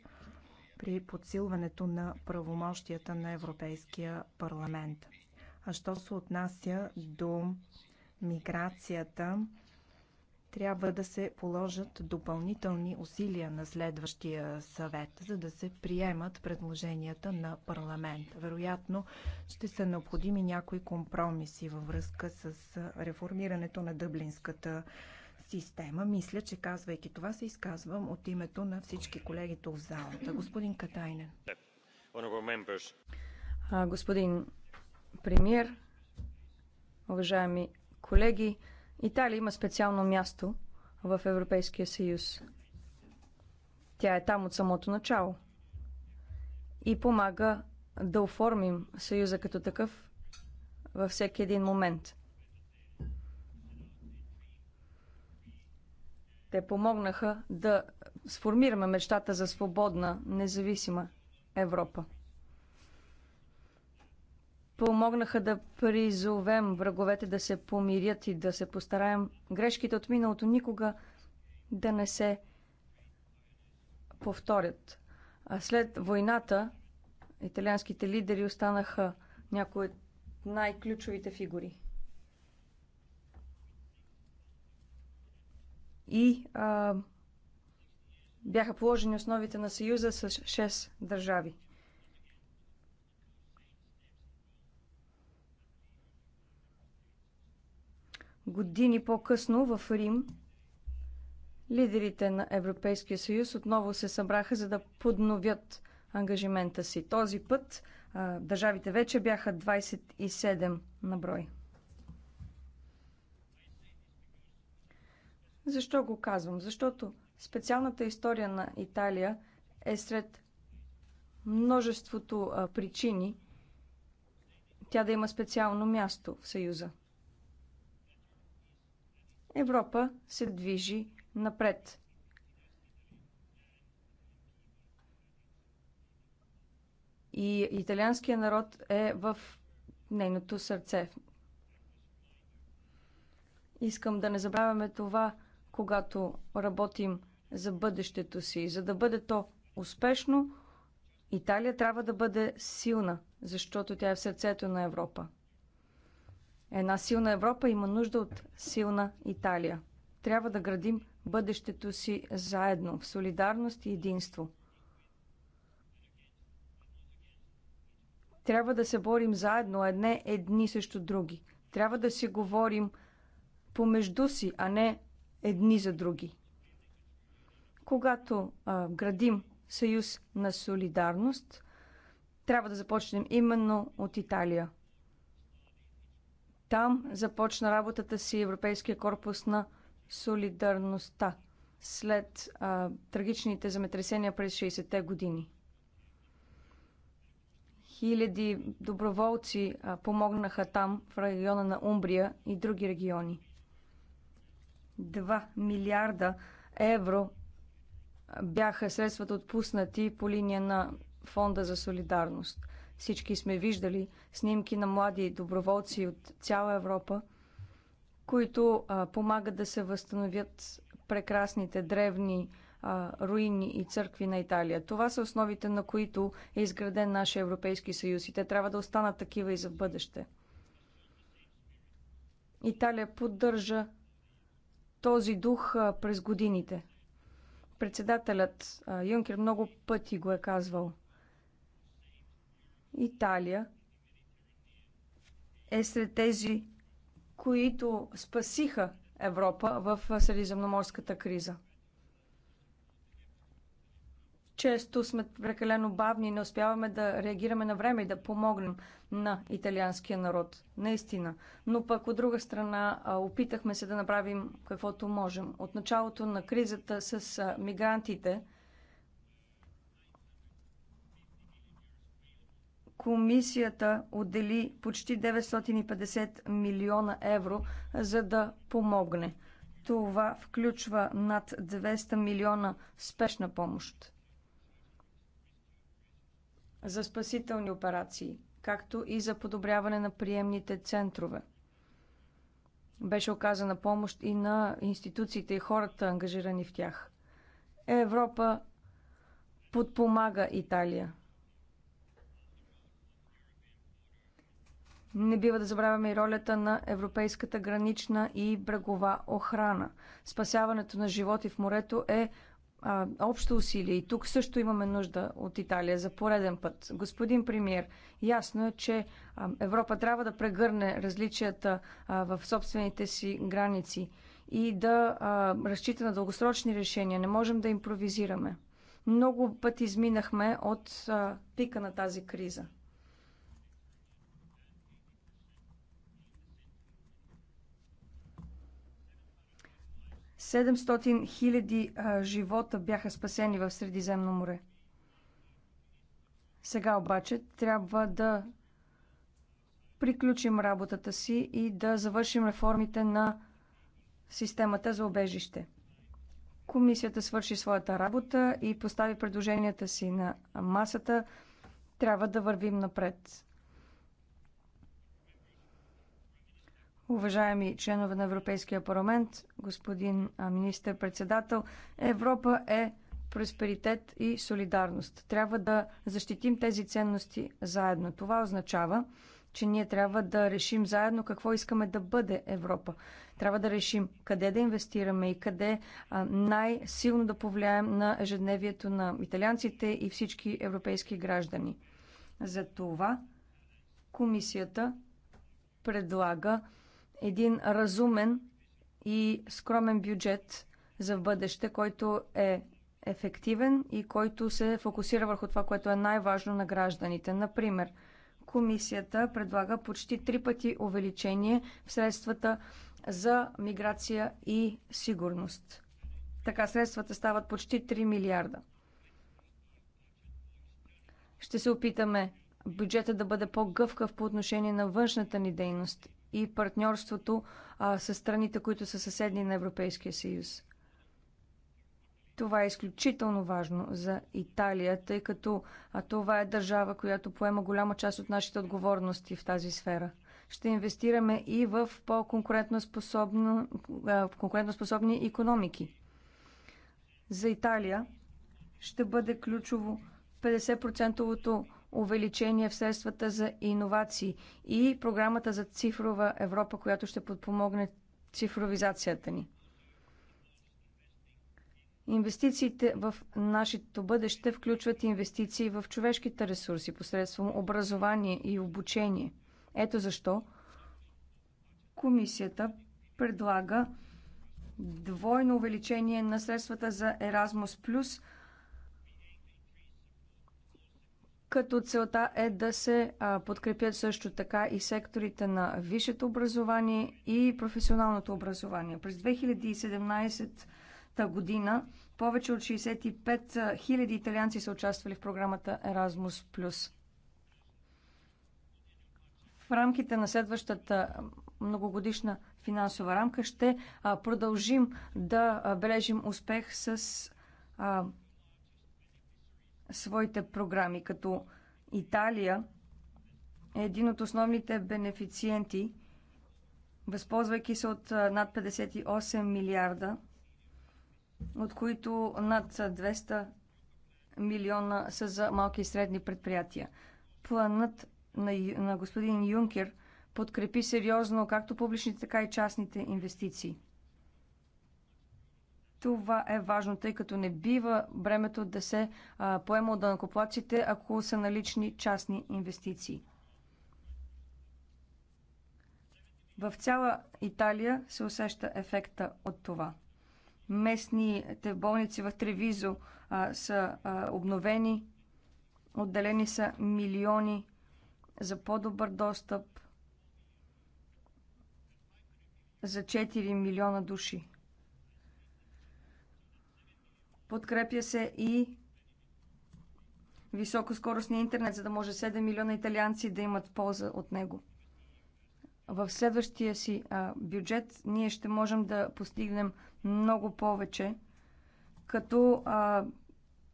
при подсилването на правомощията на Европейския парламент. А що се отнася до миграцията, трябва да се положат допълнителни усилия на следващия съвет, за да се приемат предложенията на парламент. Вероятно ще са необходими някои компромиси във връзка с реформирането на дъблинската система. Мисля, че казвайки това се изказвам от името на всички колеги тук в залата. Господин Катайнен. Господин премьер, уважаеми колеги, Италия има специално място в Европейския съюз. Тя е там от самото начало и помага да оформим съюза като такъв във всеки един момент. Те помогнаха да сформираме мечтата за свободна, независима Европа помогнаха да призовем враговете да се помирят и да се постараем грешките от миналото никога да не се повторят. А след войната италианските лидери останаха някои от най-ключовите фигури. И а, бяха положени основите на Съюза с 6 държави. Години по-късно в Рим лидерите на Европейския съюз отново се събраха, за да подновят ангажимента си. Този път а, държавите вече бяха 27 на брой. Защо го казвам? Защото специалната история на Италия е сред множеството а, причини тя да има специално място в Съюза. Европа се движи напред. И италианският народ е в нейното сърце. Искам да не забравяме това, когато работим за бъдещето си. За да бъде то успешно, Италия трябва да бъде силна, защото тя е в сърцето на Европа. Една силна Европа има нужда от силна Италия. Трябва да градим бъдещето си заедно, в солидарност и единство. Трябва да се борим заедно, а не едни срещу други. Трябва да си говорим помежду си, а не едни за други. Когато а, градим съюз на солидарност, трябва да започнем именно от Италия. Там започна работата си Европейския корпус на солидарността след а, трагичните земетресения през 60-те години. Хиляди доброволци а, помогнаха там, в района на Умбрия и други региони. 2 милиарда евро бяха средствата отпуснати по линия на Фонда за солидарност – всички сме виждали снимки на млади доброволци от цяла Европа, които а, помагат да се възстановят прекрасните древни а, руини и църкви на Италия. Това са основите, на които е изграден нашия Европейски съюз и те трябва да останат такива и за бъдеще. Италия поддържа този дух а, през годините. Председателят а, Юнкер много пъти го е казвал – Италия е сред тези, които спасиха Европа в средиземноморската криза. Често сме прекалено бавни и не успяваме да реагираме на време и да помогнем на италианския народ. Наистина. Но пък от друга страна опитахме се да направим каквото можем. От началото на кризата с мигрантите – Комисията отдели почти 950 милиона евро, за да помогне. Това включва над 200 милиона спешна помощ за спасителни операции, както и за подобряване на приемните центрове. Беше оказана помощ и на институциите и хората, ангажирани в тях. Европа подпомага Италия. Не бива да забравяме и ролята на европейската гранична и брегова охрана. Спасяването на животи в морето е а, общо усилие и тук също имаме нужда от Италия за пореден път. Господин премьер, ясно е, че а, Европа трябва да прегърне различията а, в собствените си граници и да а, разчита на дългосрочни решения. Не можем да импровизираме. Много пъти изминахме от а, пика на тази криза. 700 хиляди живота бяха спасени в Средиземно море. Сега обаче трябва да приключим работата си и да завършим реформите на системата за обежище. Комисията свърши своята работа и постави предложенията си на масата. Трябва да вървим напред. Уважаеми членове на Европейския парламент, господин министър-председател, Европа е просперитет и солидарност. Трябва да защитим тези ценности заедно. Това означава, че ние трябва да решим заедно какво искаме да бъде Европа. Трябва да решим къде да инвестираме и къде най-силно да повлияем на ежедневието на италианците и всички европейски граждани. За това комисията предлага един разумен и скромен бюджет за в бъдеще, който е ефективен и който се фокусира върху това, което е най-важно на гражданите. Например, комисията предлага почти три пъти увеличение в средствата за миграция и сигурност. Така средствата стават почти 3 милиарда. Ще се опитаме бюджета да бъде по-гъвкав по отношение на външната ни дейност и партньорството а, с страните, които са съседни на Европейския съюз. Това е изключително важно за Италия, тъй като а това е държава, която поема голяма част от нашите отговорности в тази сфера. Ще инвестираме и в по-конкурентоспособни конкурентоспособни економики. За Италия ще бъде ключово 50 от увеличение в средствата за иновации и програмата за цифрова Европа, която ще подпомогне цифровизацията ни. Инвестициите в нашето бъдеще включват инвестиции в човешките ресурси посредством образование и обучение. Ето защо комисията предлага двойно увеличение на средствата за Erasmus като целта е да се подкрепят също така и секторите на висшето образование и професионалното образование. През 2017 година повече от 65 000 италианци са участвали в програмата Erasmus+. В рамките на следващата многогодишна финансова рамка ще продължим да бележим успех с своите програми, като Италия е един от основните бенефициенти, възползвайки се от над 58 милиарда, от които над 200 милиона са за малки и средни предприятия. Планът на, на господин Юнкер подкрепи сериозно както публичните, така и частните инвестиции – това е важно, тъй като не бива бремето да се а, поема от дънакоплаците, ако са налични частни инвестиции. В цяла Италия се усеща ефекта от това. Местните болници в Тревизо а, са а, обновени, отделени са милиони за по-добър достъп за 4 милиона души. Подкрепя се и високоскоростния интернет, за да може 7 милиона италианци да имат полза от него. В следващия си а, бюджет ние ще можем да постигнем много повече, като а,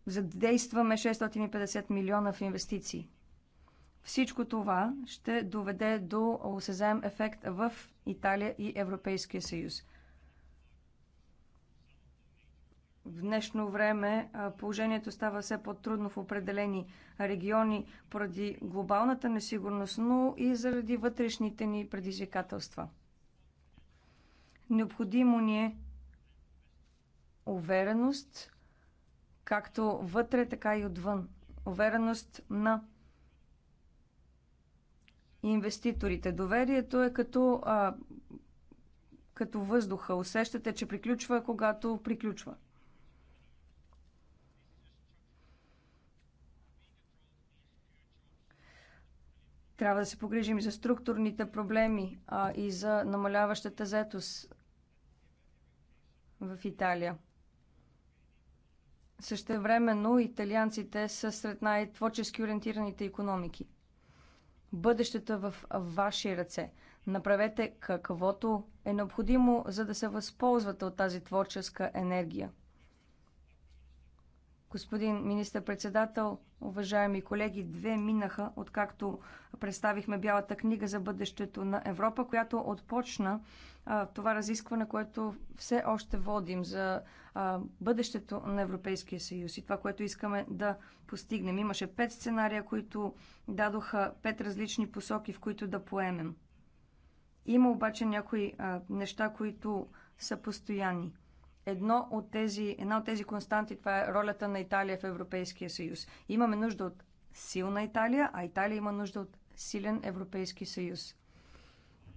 задействаме 650 милиона в инвестиции. Всичко това ще доведе до осезаем ефект в Италия и Европейския съюз. в днешно време положението става все по-трудно в определени региони поради глобалната несигурност, но и заради вътрешните ни предизвикателства. Необходимо ни е увереност, както вътре, така и отвън. Увереност на инвеститорите. Доверието е като, а, като въздуха. Усещате, че приключва, когато приключва. Трябва да се погрижим и за структурните проблеми а, и за намаляващата заетост в Италия. Същевременно италианците са сред най-творчески ориентираните економики. Бъдещето е в ваши ръце. Направете каквото е необходимо, за да се възползвате от тази творческа енергия. Господин министър-председател, уважаеми колеги, две минаха, откакто представихме Бялата книга за бъдещето на Европа, която отпочна а, това разискване, което все още водим за а, бъдещето на Европейския съюз и това, което искаме да постигнем. Имаше пет сценария, които дадоха пет различни посоки, в които да поемем. Има обаче някои а, неща, които са постоянни едно от тези, една от тези константи, това е ролята на Италия в Европейския съюз. Имаме нужда от силна Италия, а Италия има нужда от силен Европейски съюз.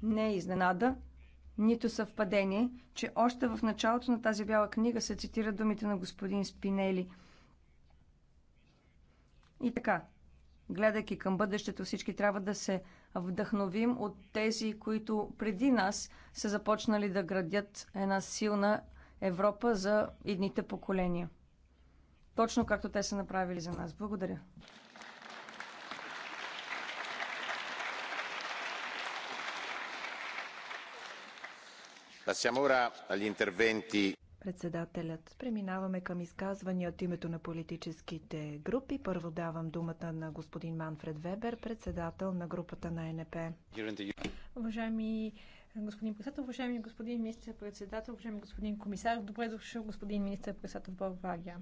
Не е изненада, нито съвпадение, че още в началото на тази бяла книга се цитира думите на господин Спинели. И така, гледайки към бъдещето, всички трябва да се вдъхновим от тези, които преди нас са започнали да градят една силна Европа за едните поколения. Точно както те са направили за нас. Благодаря. Председателят. Преминаваме към изказвания от името на политическите групи. Първо давам думата на господин Манфред Вебер, председател на групата на НП. Уважаеми господин председател, уважаеми господин министр-председател, уважаеми господин комисар. Добре дошъл, господин министър председател в България.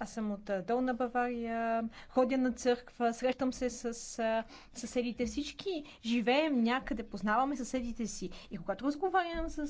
Аз съм от Долна Бавария, ходя на църква, срещам се с съседите. Всички живеем някъде, познаваме съседите си. И когато разговарям с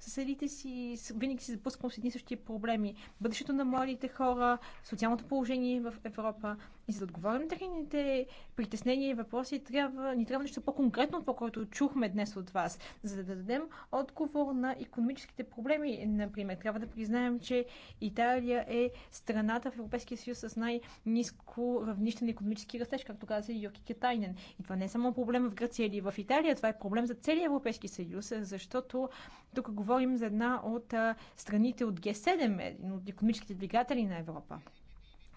съседите си, винаги се запускам с едни същи проблеми. Бъдещето на младите хора, социалното положение в Европа. И за да отговорим техните притеснения и въпроси, трябва, ни трябва нещо по-конкретно по това, което чухме днес от вас, за да дадем отговор на економическите проблеми. Например, трябва да признаем, че Италия е страната в Европейския съюз с най-низко равнище на економически растеж, както каза Йоки Кетайнен. И това не е само проблем в Гърция или в Италия, това е проблем за целия Европейски съюз, защото тук говорим за една от страните от Г7, един от економическите двигатели на Европа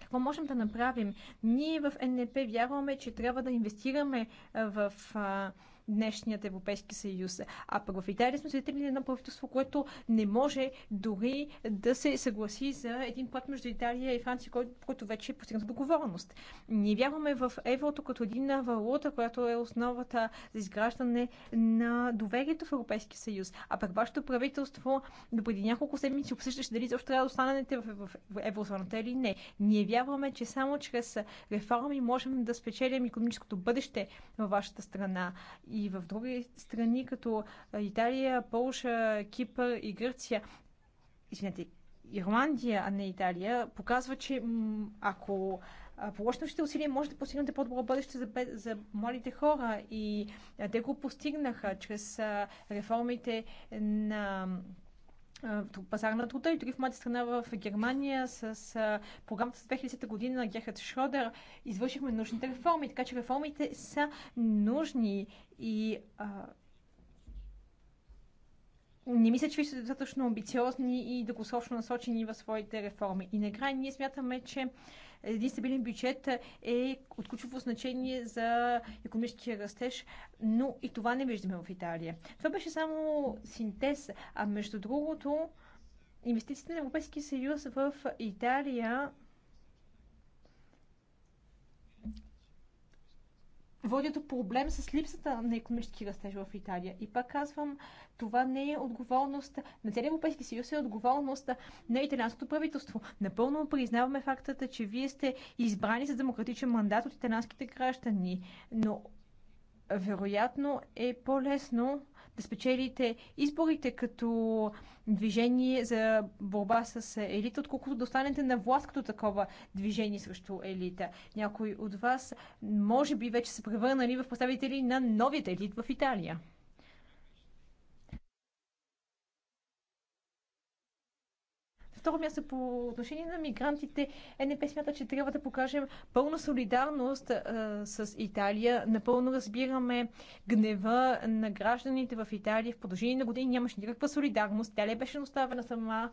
какво можем да направим? Ние в НП вярваме, че трябва да инвестираме в а, днешният Европейски съюз. А пък в Италия сме свидетели на едно правителство, което не може дори да се съгласи за един път между Италия и Франция, който, който вече е постигнат договорност. Ние вярваме в еврото като един валута, която е основата за изграждане на доверието в Европейския съюз. А пък вашето правителство до преди няколко седмици обсъждаше дали защо трябва да останете в, в, в еврозоната или не. Ние вярваме, че само чрез реформи можем да спечелим економическото бъдеще във вашата страна и в други страни, като Италия, Полша, Кипър и Гърция, извинете, Ирландия, а не Италия, показва, че ако положите усилия, може да постигнете по-добро бъдеще за, за младите хора. И те го постигнаха чрез реформите на пазар на труда и дори в моята страна в Германия с програмата за 2010 година на Герхард Шродер извършихме нужните реформи. Така че реформите са нужни и а, не мисля, че ви са достатъчно амбициозни и дългосрочно насочени в своите реформи. И накрая ние смятаме, че един стабилен бюджет е от ключово значение за економическия растеж, но и това не виждаме в Италия. Това беше само синтез, а между другото, инвестициите на Европейския съюз в Италия води до проблем с липсата на економически растеж в Италия. И пак казвам, това не е отговорност на целия Европейски съюз, е отговорност на италианското правителство. Напълно признаваме фактата, че вие сте избрани за демократичен мандат от италианските граждани, но вероятно е по-лесно да спечелите изборите като движение за борба с елита, отколкото да останете на власт като такова движение срещу елита. Някои от вас може би вече се превърнали в представители на новият елит в Италия. второ място по отношение на мигрантите, НП смята, че трябва да покажем пълна солидарност а, с Италия. Напълно разбираме гнева на гражданите в Италия. В продължение на години нямаше никаква солидарност. Италия беше оставена сама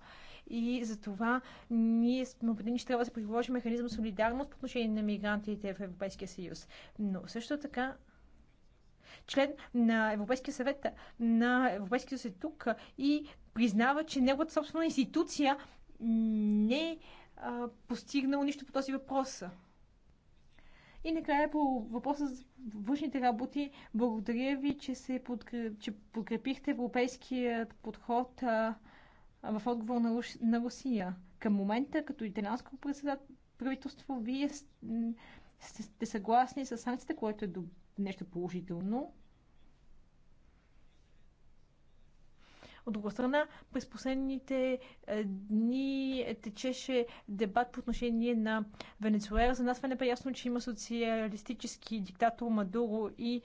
и за това ние сме убедени, че трябва да се приложи механизъм солидарност по отношение на мигрантите в Европейския съюз. Но също така член на Европейския съвет на Европейския съюз е тук и признава, че неговата собствена институция не е постигнала нищо по този въпрос. И накрая по въпроса за външните работи, благодаря ви, че, се подкреп, че подкрепихте европейският подход а, в отговор на, Руш, на Русия. Към момента, като италианско правителство, вие сте, сте съгласни с санкциите, което е нещо положително. От друга страна, през последните е, дни е, течеше дебат по отношение на Венецуела. За нас не бе ясно, че има социалистически диктатор Мадуро и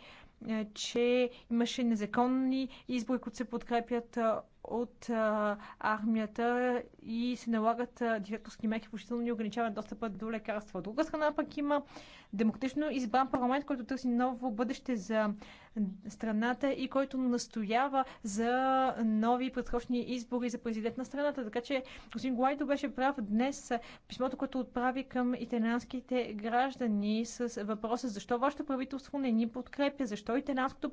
е, че имаше незаконни избори, които се подкрепят от а, армията и се налагат а, директорски мерки, включително ни ограничават достъпа до лекарства. От друга страна пък има демократично избран парламент, който търси ново бъдеще за страната и който настоява за нови предсрочни избори за президент на страната. Така че господин Гуайдо беше прав днес писмото, което отправи към италианските граждани с въпроса защо вашето правителство не ни подкрепя, защо италианското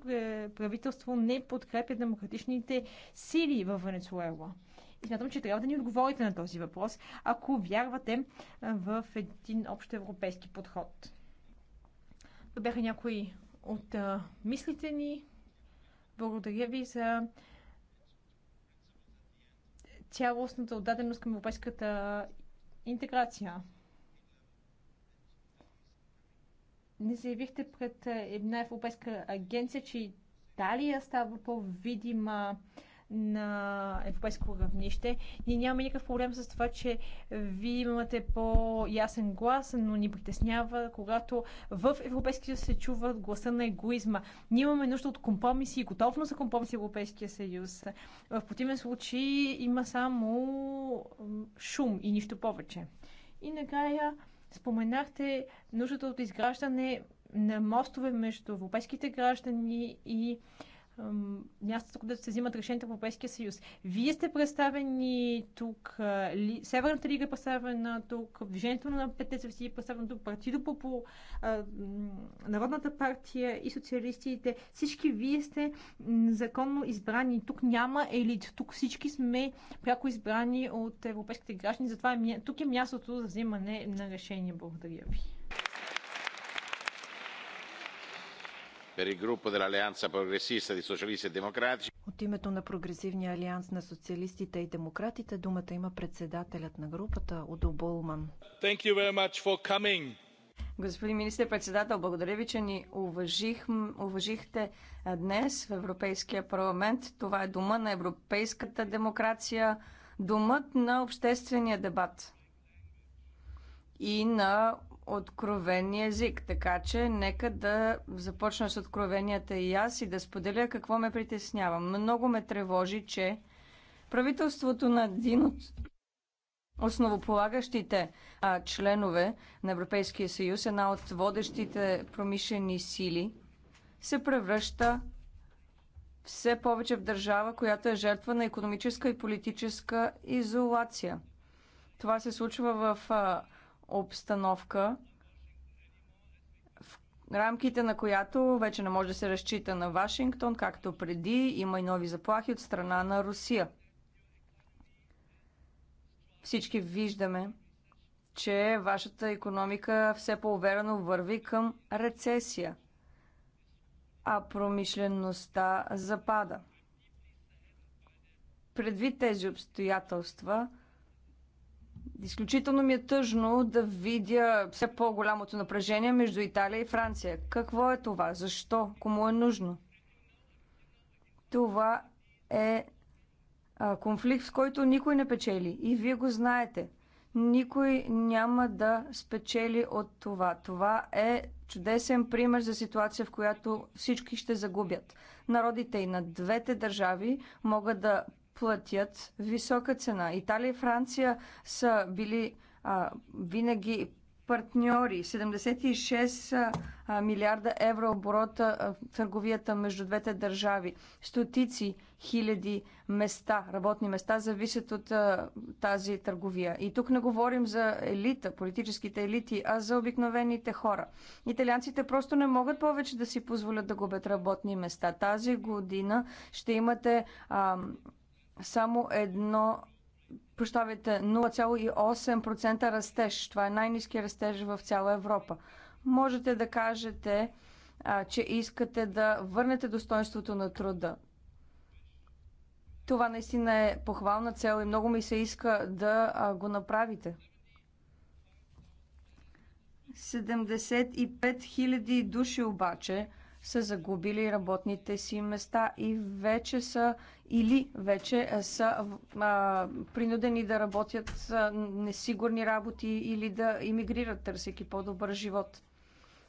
правителство не подкрепя демократичните сили сили в Венецуела? И смятам, че трябва да ни отговорите на този въпрос, ако вярвате в един общо европейски подход. Това бяха някои от а, мислите ни. Благодаря ви за цялостната отдаденост към европейската интеграция. Не заявихте пред една европейска агенция, че Италия става по-видима на европейско равнище. Ние нямаме никакъв проблем с това, че вие имате по-ясен глас, но ни притеснява, когато в Европейския съюз се чува гласа на егоизма. Ние имаме нужда от компромиси и готовност за компромиси в Европейския съюз. В противен случай има само шум и нищо повече. И накрая споменахте нуждата от изграждане на мостове между европейските граждани и мястото, където се взимат решенията в Европейския съюз. Вие сте представени тук, ли, Северната лига е представена тук, Движението на Петте звезди е представено тук, Партидо а, Народната партия и социалистите. Всички вие сте законно избрани. Тук няма елит. Тук всички сме пряко избрани от европейските граждани. Затова е, тук е мястото за взимане на решение. Благодаря ви. E От името на Прогресивния алианс на социалистите и демократите думата има председателят на групата Удо Болман. Господин министр-председател, благодаря ви, че ни уважих, уважихте днес в Европейския парламент. Това е дума на европейската демокрация, думът на обществения дебат и на откровения език. Така че нека да започна с откровенията и аз и да споделя какво ме притеснява. Много ме тревожи, че правителството на един от основополагащите а, членове на Европейския съюз, една от водещите промишлени сили, се превръща все повече в държава, която е жертва на економическа и политическа изолация. Това се случва в а, обстановка, в рамките на която вече не може да се разчита на Вашингтон, както преди, има и нови заплахи от страна на Русия. Всички виждаме, че вашата економика все по-уверено върви към рецесия, а промишлеността запада. Предвид тези обстоятелства, Изключително ми е тъжно да видя все по-голямото напрежение между Италия и Франция. Какво е това? Защо? Кому е нужно? Това е а, конфликт, в който никой не печели. И вие го знаете. Никой няма да спечели от това. Това е чудесен пример за ситуация, в която всички ще загубят. Народите и на двете държави могат да платят висока цена. Италия и Франция са били а, винаги партньори. 76 а, милиарда евро оборота а, търговията между двете държави. Стотици хиляди места, работни места зависят от а, тази търговия. И тук не говорим за елита, политическите елити, а за обикновените хора. Италианците просто не могат повече да си позволят да губят работни места. Тази година ще имате а, само едно прощавайте, 0,8% растеж. Това е най-низки растеж в цяла Европа. Можете да кажете, а, че искате да върнете достоинството на труда. Това наистина е похвална цел и много ми се иска да а, го направите. 75 000 души обаче са загубили работните си места и вече са или вече са а, принудени да работят несигурни работи или да иммигрират, търсейки по-добър живот.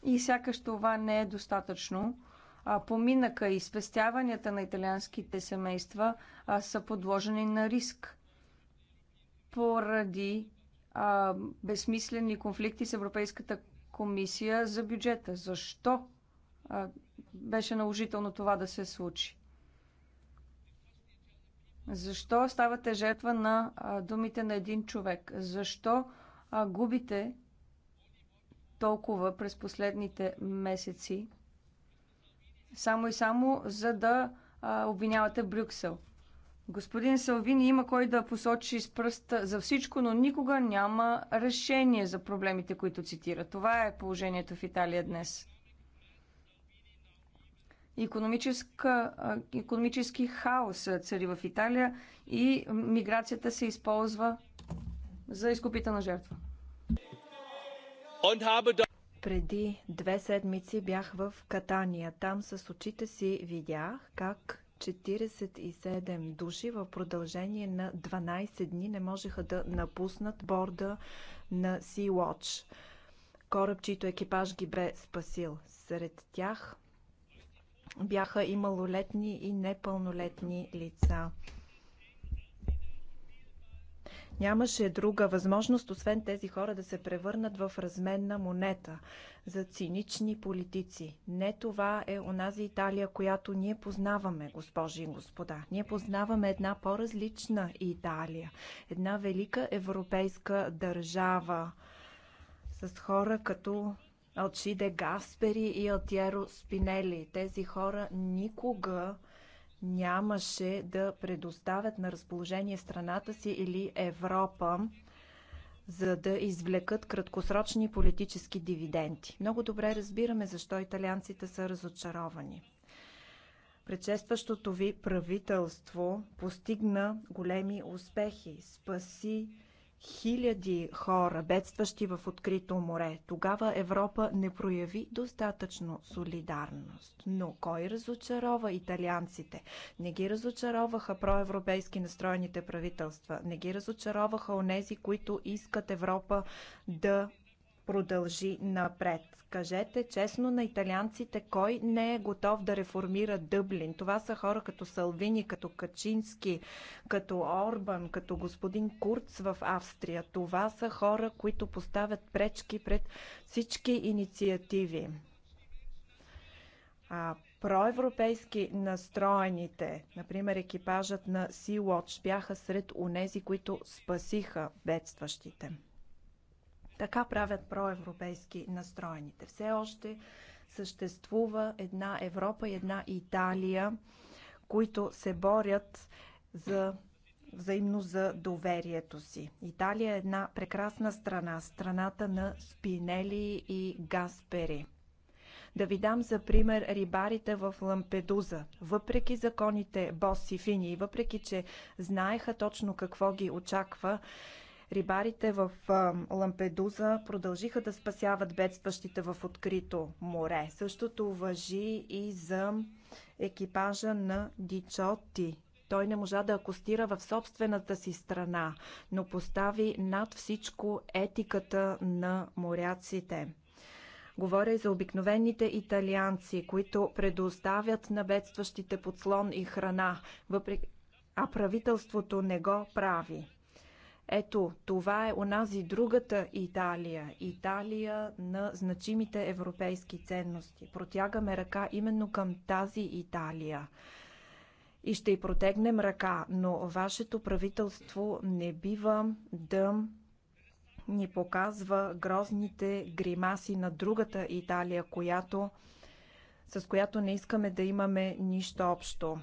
И сякаш това не е достатъчно. А, поминъка и спестяванията на италианските семейства а, са подложени на риск поради а, безсмислени конфликти с Европейската комисия за бюджета. Защо а, беше наложително това да се случи? Защо ставате жертва на думите на един човек? Защо губите толкова през последните месеци? Само и само за да обвинявате Брюксел. Господин Салвини има кой да посочи с пръст за всичко, но никога няма решение за проблемите, които цитира. Това е положението в Италия днес економически хаос цари в Италия и миграцията се използва за изкупителна жертва. Преди две седмици бях в Катания. Там с очите си видях как 47 души в продължение на 12 дни не можеха да напуснат борда на Sea-Watch. Кораб, чийто екипаж ги бе спасил. Сред тях бяха и малолетни и непълнолетни лица. Нямаше друга възможност, освен тези хора да се превърнат в разменна монета за цинични политици. Не това е онази Италия, която ние познаваме, госпожи и господа. Ние познаваме една по-различна Италия, една велика европейска държава с хора като Алчиде Гаспери и Алтиеро Спинели. Тези хора никога нямаше да предоставят на разположение страната си или Европа, за да извлекат краткосрочни политически дивиденти. Много добре разбираме защо италианците са разочаровани. Предшестващото ви правителство постигна големи успехи, спаси хиляди хора, бедстващи в открито море. Тогава Европа не прояви достатъчно солидарност. Но кой разочарова италианците? Не ги разочароваха проевропейски настроените правителства. Не ги разочароваха онези, които искат Европа да продължи напред. Кажете честно на италианците, кой не е готов да реформира Дъблин. Това са хора като Салвини, като Качински, като Орбан, като господин Курц в Австрия. Това са хора, които поставят пречки пред всички инициативи. А проевропейски настроените, например екипажът на Sea-Watch, бяха сред онези, които спасиха бедстващите. Така правят проевропейски настроените. Все още съществува една Европа и една Италия, които се борят за взаимно за доверието си. Италия е една прекрасна страна, страната на Спинели и Гаспери. Да ви дам за пример рибарите в Лампедуза. Въпреки законите Бос и Фини, въпреки че знаеха точно какво ги очаква, Рибарите в Лампедуза продължиха да спасяват бедстващите в открито море. Същото въжи и за екипажа на Дичоти, той не можа да акостира в собствената си страна, но постави над всичко етиката на моряците. Говоря и за обикновените италианци, които предоставят на бедстващите подслон и храна, въпреки а правителството не го прави. Ето, това е онази другата Италия. Италия на значимите европейски ценности. Протягаме ръка именно към тази Италия. И ще й протегнем ръка, но вашето правителство не бива да ни показва грозните гримаси на другата Италия, която, с която не искаме да имаме нищо общо.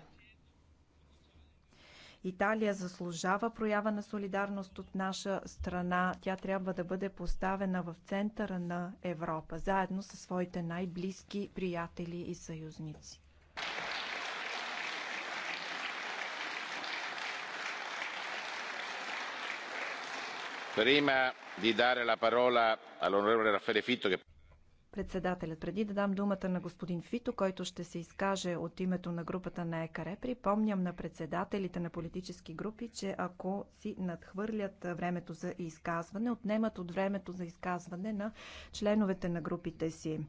Италия заслужава проява на солидарност от наша страна. Тя трябва да бъде поставена в центъра на Европа, заедно със своите най-близки приятели и съюзници. Prima di dare la parola all'onorevole Raffaele Fitto che Председателят, преди да дам думата на господин Фито, който ще се изкаже от името на групата на ЕКАРЕ, припомням на председателите на политически групи, че ако си надхвърлят времето за изказване, отнемат от времето за изказване на членовете на групите си.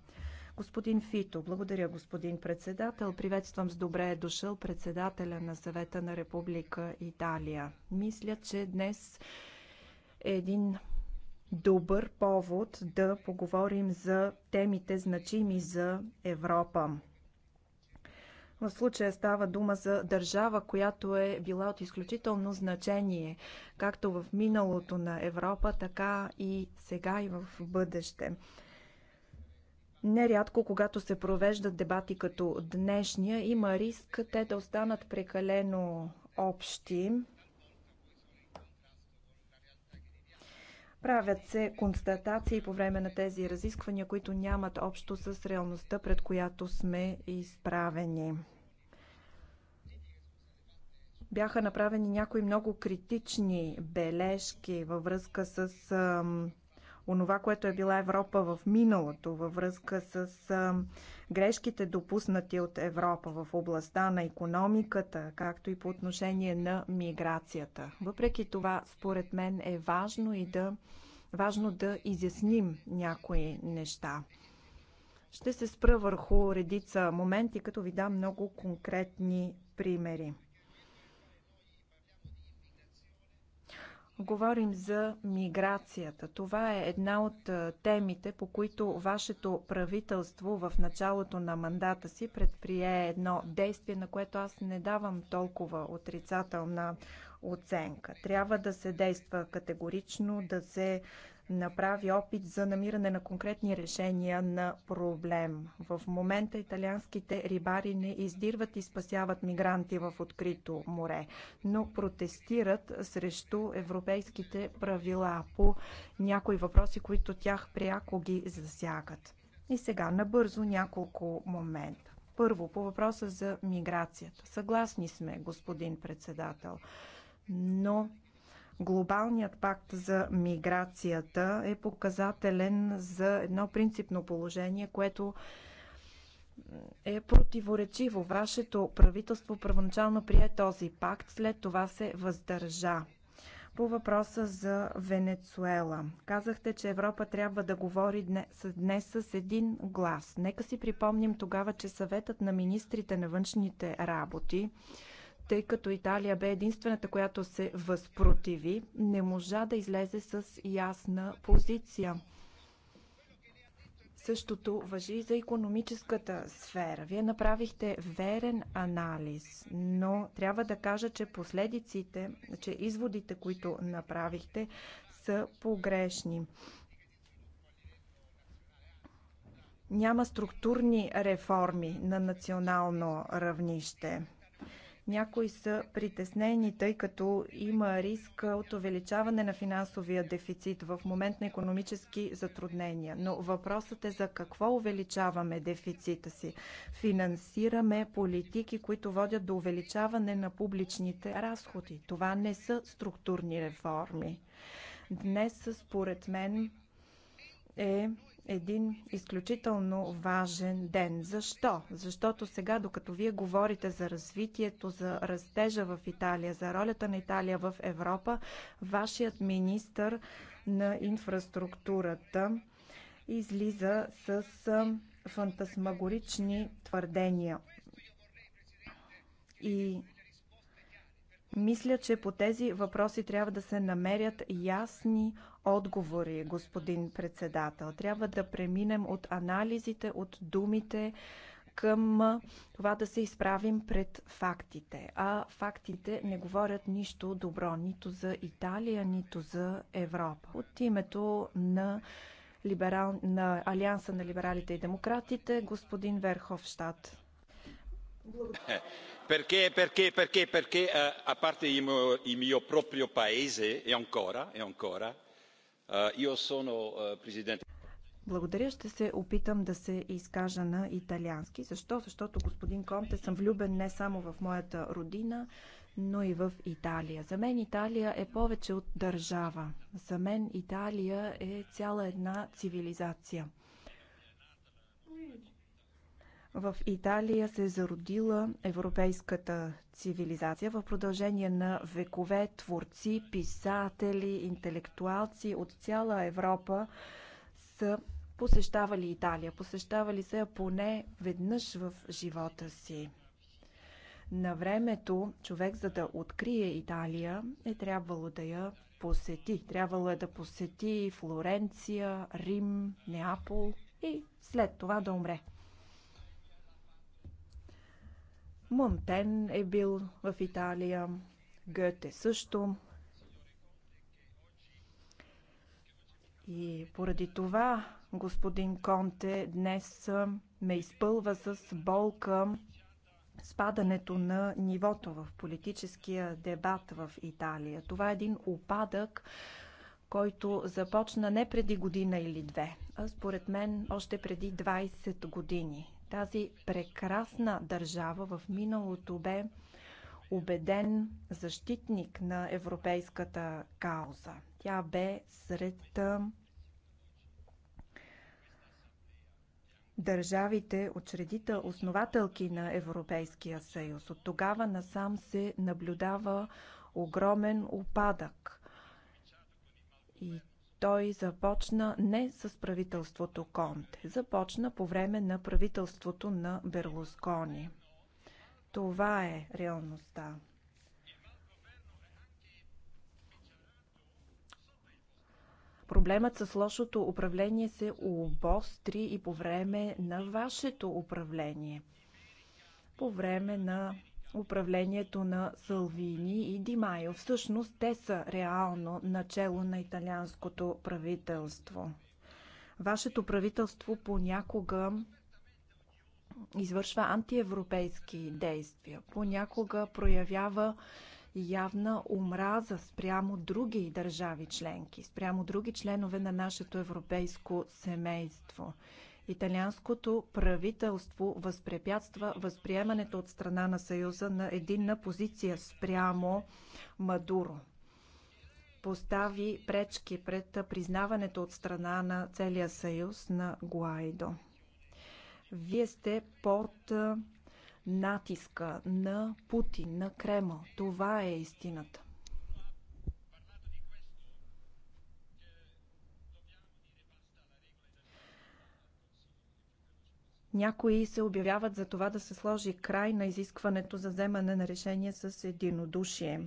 Господин Фито, благодаря господин председател. Приветствам с добре е дошъл председателя на съвета на Република Италия. Мисля, че днес е един добър повод да поговорим за темите значими за Европа. В случая става дума за държава, която е била от изключително значение, както в миналото на Европа, така и сега и в бъдеще. Нерядко, когато се провеждат дебати като днешния, има риск те да останат прекалено общи, Правят се констатации по време на тези разисквания, които нямат общо с реалността, пред която сме изправени. Бяха направени някои много критични бележки във връзка с онова, което е била Европа в миналото, във връзка с грешките допуснати от Европа в областта на економиката, както и по отношение на миграцията. Въпреки това, според мен е важно и да, важно да изясним някои неща. Ще се спра върху редица моменти, като ви дам много конкретни примери. Говорим за миграцията. Това е една от темите, по които вашето правителство в началото на мандата си предприе едно действие, на което аз не давам толкова отрицателна оценка. Трябва да се действа категорично, да се направи опит за намиране на конкретни решения на проблем. В момента италианските рибари не издирват и спасяват мигранти в открито море, но протестират срещу европейските правила по някои въпроси, които тях пряко ги засягат. И сега набързо няколко момента. Първо, по въпроса за миграцията. Съгласни сме, господин председател, но Глобалният пакт за миграцията е показателен за едно принципно положение, което е противоречиво. Вашето правителство първоначално прие този пакт, след това се въздържа. По въпроса за Венецуела. Казахте, че Европа трябва да говори днес, днес с един глас. Нека си припомним тогава, че съветът на министрите на външните работи тъй като Италия бе единствената, която се възпротиви, не можа да излезе с ясна позиция. Същото въжи и за економическата сфера. Вие направихте верен анализ, но трябва да кажа, че последиците, че изводите, които направихте, са погрешни. Няма структурни реформи на национално равнище някои са притеснени, тъй като има риск от увеличаване на финансовия дефицит в момент на економически затруднения. Но въпросът е за какво увеличаваме дефицита си. Финансираме политики, които водят до увеличаване на публичните разходи. Това не са структурни реформи. Днес, според мен, е един изключително важен ден. Защо? Защото сега, докато вие говорите за развитието, за растежа в Италия, за ролята на Италия в Европа, вашият министр на инфраструктурата излиза с фантасмагорични твърдения. И мисля, че по тези въпроси трябва да се намерят ясни отговори, господин председател. Трябва да преминем от анализите, от думите към това да се изправим пред фактите. А фактите не говорят нищо добро нито за Италия, нито за Европа. От името на либерал... на Алианса на либералите и демократите, господин Верховщад. Perché, a parte il mio, proprio paese e ancora, e ancora, io sono presidente. Благодаря. Ще се опитам да се изкажа на италиански. Защо? Защото, господин Конте, съм влюбен не само в моята родина, но и в Италия. За мен Италия е повече от държава. За мен Италия е цяла една цивилизация. В Италия се е зародила европейската цивилизация. В продължение на векове творци, писатели, интелектуалци от цяла Европа са посещавали Италия. Посещавали са я поне веднъж в живота си. На времето човек, за да открие Италия, е трябвало да я посети. Трябвало е да посети Флоренция, Рим, Неапол и след това да умре. Монтен е бил в Италия, Гете също. И поради това господин Конте днес ме изпълва с болка спадането на нивото в политическия дебат в Италия. Това е един опадък, който започна не преди година или две, а според мен още преди 20 години. Тази прекрасна държава в миналото бе убеден защитник на европейската кауза. Тя бе сред държавите, учредител, основателки на Европейския съюз. От тогава насам се наблюдава огромен опадък. И той започна не с правителството Конте, започна по време на правителството на Берлускони. Това е реалността. Проблемът с лошото управление се обостри и по време на вашето управление. По време на управлението на Салвини и Димайо. Всъщност те са реално начало на италианското правителство. Вашето правителство понякога извършва антиевропейски действия, понякога проявява явна омраза спрямо други държави членки, спрямо други членове на нашето европейско семейство. Италианското правителство възпрепятства възприемането от страна на Съюза на единна позиция спрямо Мадуро. Постави пречки пред признаването от страна на целия съюз на Гуайдо. Вие сте под натиска на Путин, на Кремъл. Това е истината. Някои се обявяват за това да се сложи край на изискването за вземане на решение с единодушие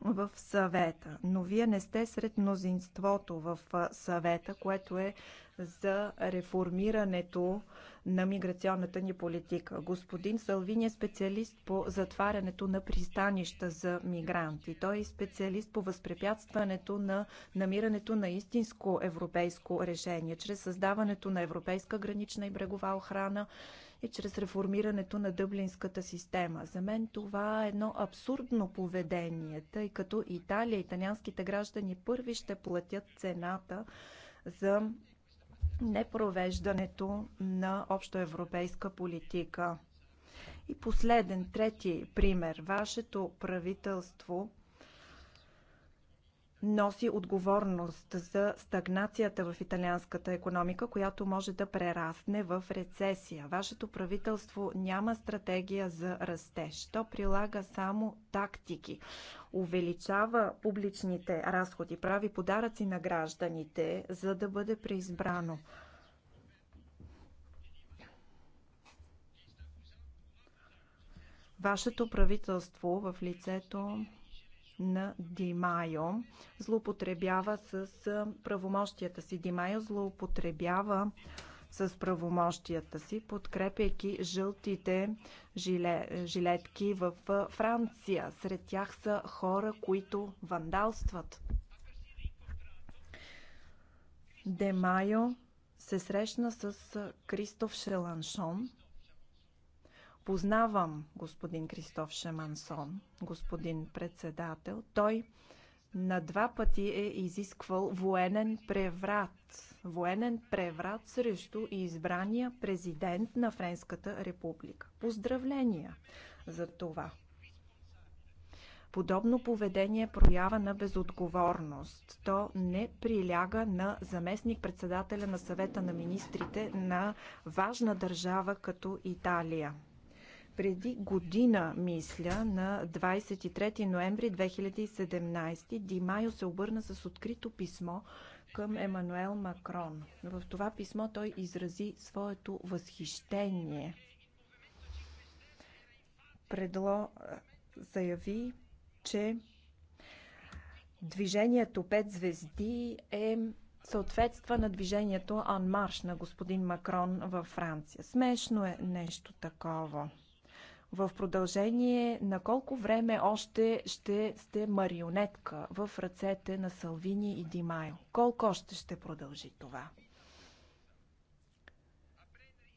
в съвета. Но вие не сте сред мнозинството в съвета, което е за реформирането на миграционната ни политика. Господин Салвини е специалист по затварянето на пристанища за мигранти. Той е специалист по възпрепятстването на намирането на истинско европейско решение, чрез създаването на европейска гранична и брегова охрана и чрез реформирането на дъблинската система. За мен това е едно абсурдно поведение, тъй като Италия, италианските граждани първи ще платят цената за непровеждането на общоевропейска политика. И последен, трети пример. Вашето правителство носи отговорност за стагнацията в италианската економика, която може да прерасне в рецесия. Вашето правителство няма стратегия за растеж. То прилага само тактики. Увеличава публичните разходи, прави подаръци на гражданите, за да бъде преизбрано. Вашето правителство в лицето на Димайо. Злоупотребява с правомощията си. Димайо злоупотребява с правомощията си, подкрепяйки жълтите жиле, жилетки в Франция. Сред тях са хора, които вандалстват. Демайо се срещна с Кристоф Шеланшон, Познавам господин Кристоф Шемансон, господин председател. Той на два пъти е изисквал военен преврат. Военен преврат срещу избрания президент на Френската република. Поздравления за това. Подобно поведение проява на безотговорност. То не приляга на заместник-председателя на съвета на министрите на важна държава като Италия. Преди година, мисля, на 23 ноември 2017 Димайо се обърна с открито писмо към Емануел Макрон. В това писмо той изрази своето възхищение. Предло заяви, че движението 5 звезди е съответства на движението Анмарш на господин Макрон във Франция. Смешно е нещо такова. В продължение на колко време още ще сте марионетка в ръцете на Салвини и Димайо? Колко още ще продължи това?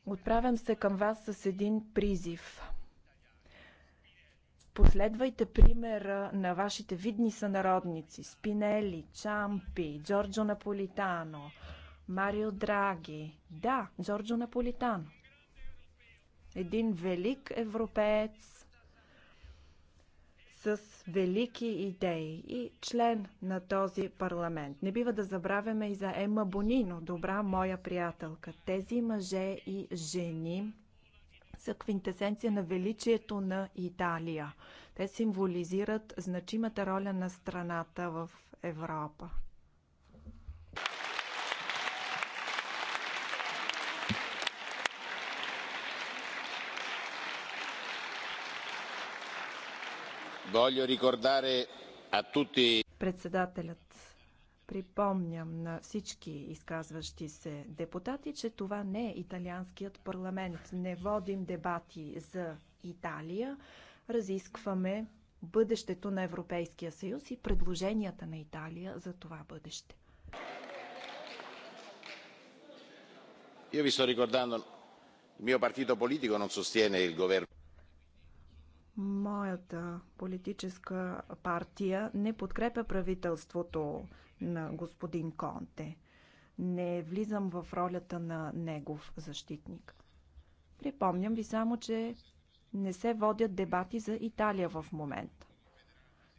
Отправям се към вас с един призив. Последвайте примера на вашите видни сънародници Спинели, Чампи, Джорджо Наполитано, Марио Драги. Да, Джорджо Наполитано – един велик европеец с велики идеи и член на този парламент. Не бива да забравяме и за Ема Бонино, добра моя приятелка. Тези мъже и жени са квинтесенция на величието на Италия. Те символизират значимата роля на страната в Европа. Председателят припомням на всички изказващи се депутати, че това не е италианският парламент. Не водим дебати за Италия, разискваме бъдещето на Европейския съюз и предложенията на Италия за това бъдеще. Io vi sto ricordando, il mio partito politico non sostiene il governo. Моята политическа партия не подкрепя правителството на господин Конте. Не влизам в ролята на негов защитник. Припомням ви само, че не се водят дебати за Италия в момента.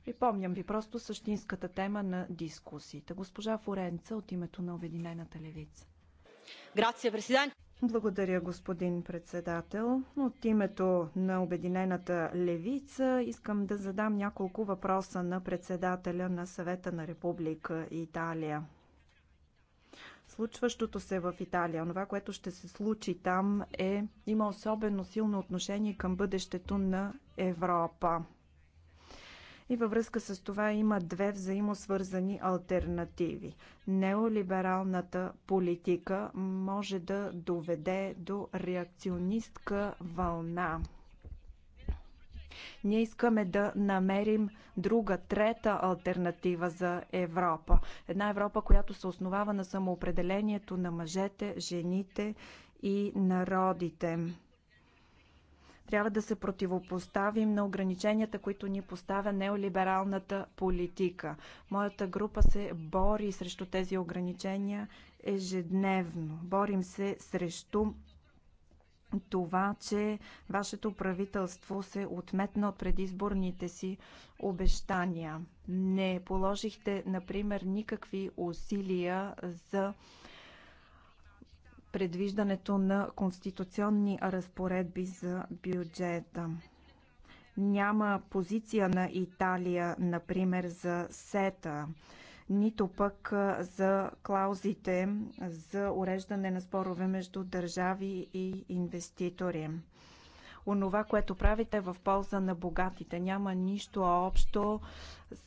Припомням ви просто същинската тема на дискусията. Госпожа Форенца от името на Обединената левица. Грация, президент. Благодаря, господин председател. От името на Обединената левица искам да задам няколко въпроса на председателя на съвета на Република Италия. Случващото се в Италия, това, което ще се случи там, е, има особено силно отношение към бъдещето на Европа. И във връзка с това има две взаимосвързани альтернативи. Неолибералната политика може да доведе до реакционистка вълна. Ние искаме да намерим друга, трета альтернатива за Европа. Една Европа, която се основава на самоопределението на мъжете, жените и народите трябва да се противопоставим на ограниченията, които ни поставя неолибералната политика. Моята група се бори срещу тези ограничения ежедневно. Борим се срещу това, че вашето правителство се отметна от предизборните си обещания. Не положихте, например, никакви усилия за предвиждането на конституционни разпоредби за бюджета. Няма позиция на Италия, например, за СЕТА, нито пък за клаузите за уреждане на спорове между държави и инвеститори онова, което правите в полза на богатите. Няма нищо общо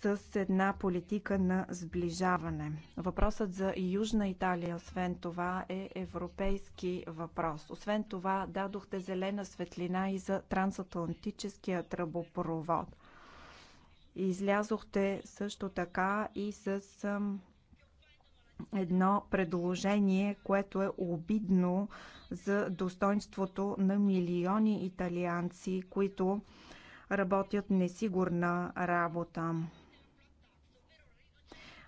с една политика на сближаване. Въпросът за Южна Италия, освен това, е европейски въпрос. Освен това, дадохте зелена светлина и за трансатлантическия тръбопровод. Излязохте също така и с едно предложение, което е обидно за достоинството на милиони италианци, които работят несигурна работа.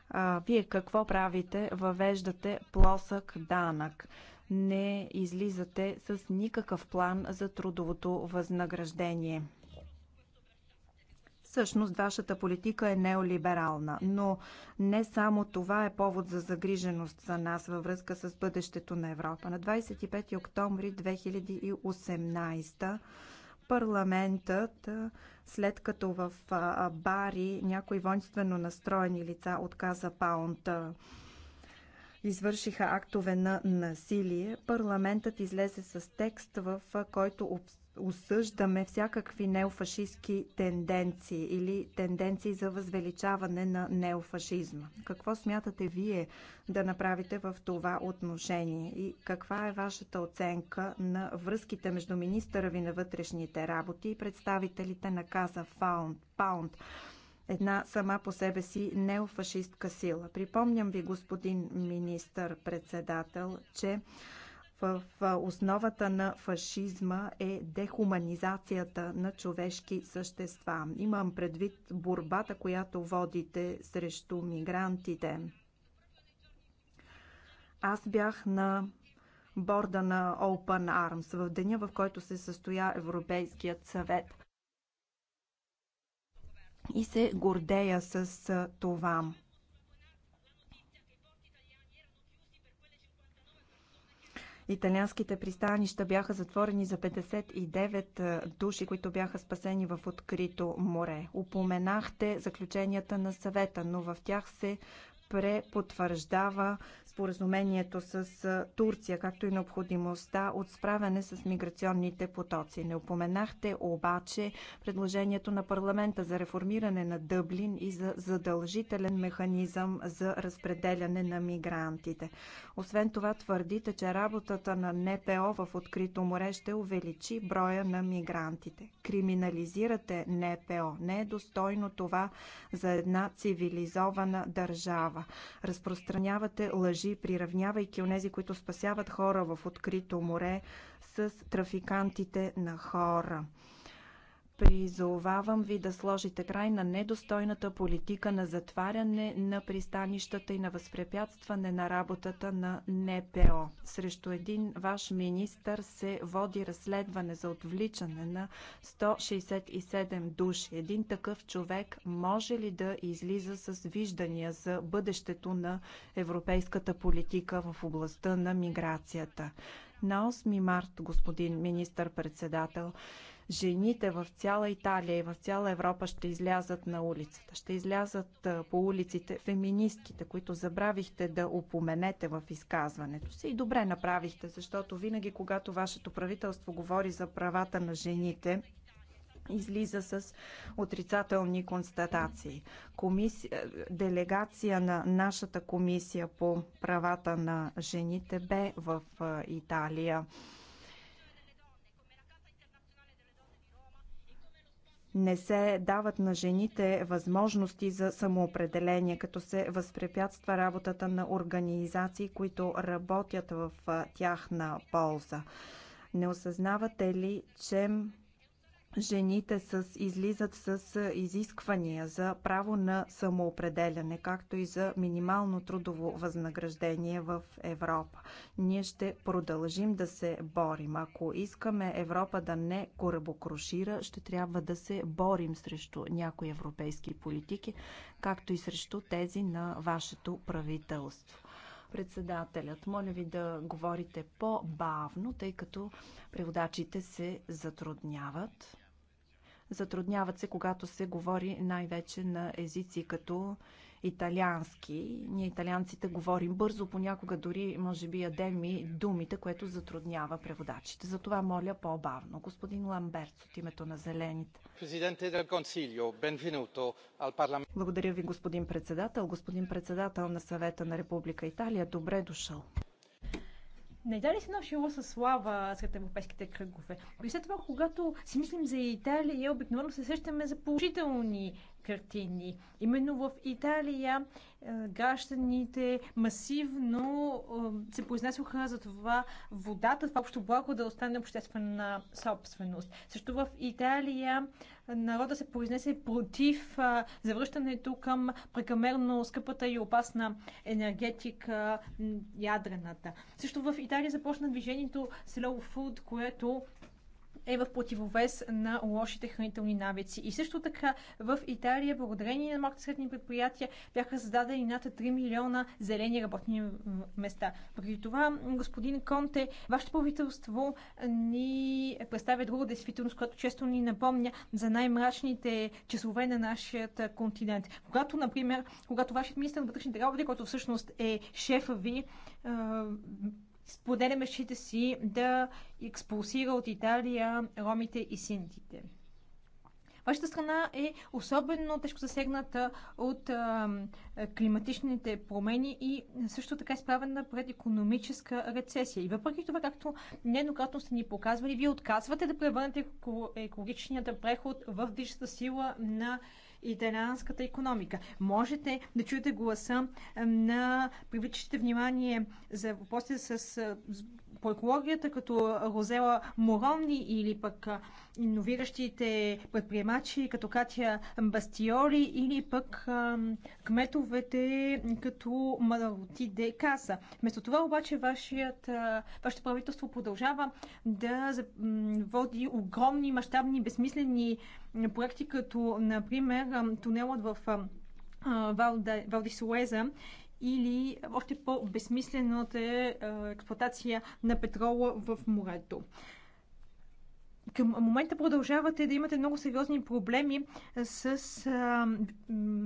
А, вие какво правите? Въвеждате плосък данък. Не излизате с никакъв план за трудовото възнаграждение. Всъщност, вашата политика е неолиберална, но не само това е повод за загриженост за нас във връзка с бъдещето на Европа. На 25 октомври 2018 парламентът, след като в бари някои воинствено настроени лица отказа паунта извършиха актове на насилие, парламентът излезе с текст, в който осъждаме всякакви неофашистски тенденции или тенденции за възвеличаване на неофашизма. Какво смятате вие да направите в това отношение и каква е вашата оценка на връзките между министъра ви на вътрешните работи и представителите на Каза Фаунд, Паунд, една сама по себе си неофашистка сила? Припомням ви, господин министър-председател, че в основата на фашизма е дехуманизацията на човешки същества. Имам предвид борбата, която водите срещу мигрантите. Аз бях на борда на Open Arms в деня, в който се състоя Европейският съвет. И се гордея с това. Италианските пристанища бяха затворени за 59 души, които бяха спасени в открито море. Упоменахте заключенията на съвета, но в тях се препотвърждава споразумението с Турция, както и необходимостта от справяне с миграционните потоци. Не упоменахте обаче предложението на парламента за реформиране на Дъблин и за задължителен механизъм за разпределяне на мигрантите. Освен това твърдите, че работата на НПО в открито море ще увеличи броя на мигрантите. Криминализирате НПО. Не е достойно това за една цивилизована държава държава. Разпространявате лъжи, приравнявайки онези, които спасяват хора в открито море с трафикантите на хора. Призовавам ви да сложите край на недостойната политика на затваряне на пристанищата и на възпрепятстване на работата на НПО. Срещу един ваш министър се води разследване за отвличане на 167 души. Един такъв човек може ли да излиза с виждания за бъдещето на европейската политика в областта на миграцията? На 8 март, господин министър-председател, Жените в цяла Италия и в цяла Европа ще излязат на улицата. Ще излязат по улиците феминистките, които забравихте да упоменете в изказването си. И добре направихте, защото винаги, когато вашето правителство говори за правата на жените, излиза с отрицателни констатации. Комисия, делегация на нашата комисия по правата на жените бе в Италия не се дават на жените възможности за самоопределение, като се възпрепятства работата на организации, които работят в тяхна полза. Не осъзнавате ли, че жените с, излизат с изисквания за право на самоопределяне, както и за минимално трудово възнаграждение в Европа. Ние ще продължим да се борим. Ако искаме Европа да не корабокрушира, ще трябва да се борим срещу някои европейски политики, както и срещу тези на вашето правителство председателят. Моля ви да говорите по-бавно, тъй като преводачите се затрудняват. Затрудняват се, когато се говори най-вече на езици като италиански. Ние италианците говорим бързо, понякога дори може би ядем и думите, което затруднява преводачите. Затова моля по-бавно. Господин Ламберт от името на Зелените. Благодаря ви, господин председател. Господин председател на съвета на Република Италия, добре дошъл не дали се нашило със слава сред европейските кръгове. И след това, когато си мислим за Италия, обикновено се сещаме за положителни картини. Именно в Италия е, гражданите масивно е, се произнесоха за това водата, това общо благо да остане обществена собственост. Също в Италия е, народа се произнесе против завръщането към прекамерно скъпата и опасна енергетика ядрената. Също в Италия започна движението Slow Food, което е в противовес на лошите хранителни навици. И също така в Италия, благодарение на малките средни предприятия, бяха създадени над 3 милиона зелени работни места. Преди това, господин Конте, вашето правителство ни представя друга действителност, която често ни напомня за най-мрачните часове на нашия континент. Когато, например, когато вашият министър на вътрешните работи, който всъщност е шефа ви, споделя мечтите си да експулсира от Италия ромите и синтите. Вашата страна е особено тежко засегната от а, климатичните промени и също така е изправена пред економическа рецесия. И въпреки това, както нееднократно сте ни показвали, вие отказвате да превърнете екологичният преход в дишата сила на италианската економика. Можете да чуете гласа на привличащите внимание за въпросите с по екологията, като Розела Моронни или пък иновиращите предприемачи, като Катя Бастиоли или пък кметовете, като Мароти де Каса. Вместо това обаче вашият, вашето правителство продължава да води огромни, мащабни, безсмислени проекти, като, например, тунелът в Валди или още по-безсмислената е, е, експлуатация на петрола в морето към момента продължавате да имате много сериозни проблеми с, а,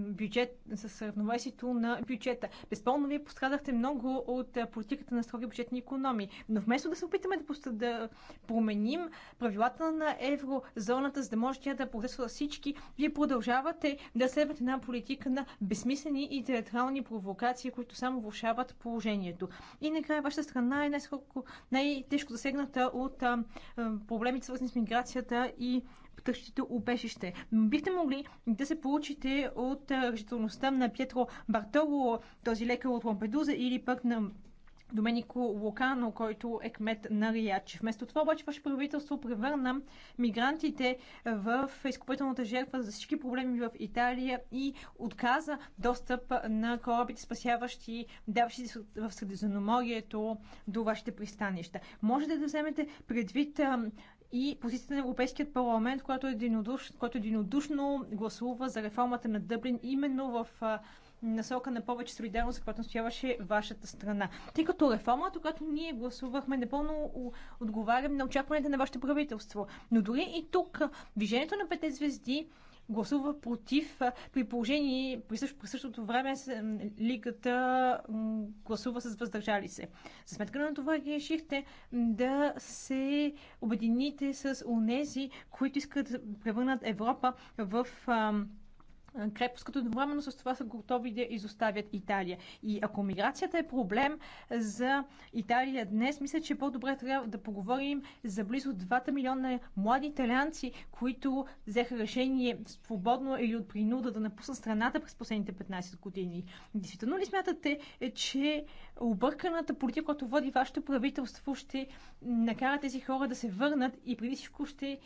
бюджет, с равновесието на бюджета. Безпълно вие пострадахте много от политиката на строги бюджетни економии. Но вместо да се опитаме да, поста, да променим правилата на еврозоната, за да може тя да прогресва всички, вие продължавате да следвате една политика на безсмислени и театрални провокации, които само влушават положението. И накрая вашата страна е най-тежко най засегната от а, а, проблемите, свързани с всъщност миграцията и търсещите убежище. Бихте могли да се получите от решителността на Пьетро Бартоло, този лекар от Лампедуза или пък на Доменико Локано, който е кмет на Риячи. Вместо това обаче ваше правителство превърна мигрантите в изкупителната жертва за всички проблеми в Италия и отказа достъп на корабите, спасяващи, даващи в Средиземноморието до вашите пристанища. Можете да вземете предвид и позицията на Европейският парламент, който, е който единодушно гласува за реформата на Дъблин именно в насока на повече солидарност, която настояваше вашата страна. Тъй като реформата, която ние гласувахме, непълно отговарям на очакванията на вашето правителство. Но дори и тук, движението на пете звезди гласува против, при положение, при, също, при същото време лигата гласува с въздържали се. За сметка на това решихте да се обедините с онези, които искат да превърнат Европа в ам, крепост, като едновременно с това са готови да изоставят Италия. И ако миграцията е проблем за Италия днес, мисля, че е по-добре трябва да поговорим за близо 2 милиона млади италианци, които взеха решение свободно или от принуда да напуснат страната през последните 15 години. Действително ли смятате, че обърканата политика, която води вашето правителство, ще накара тези хора да се върнат и преди всичко ще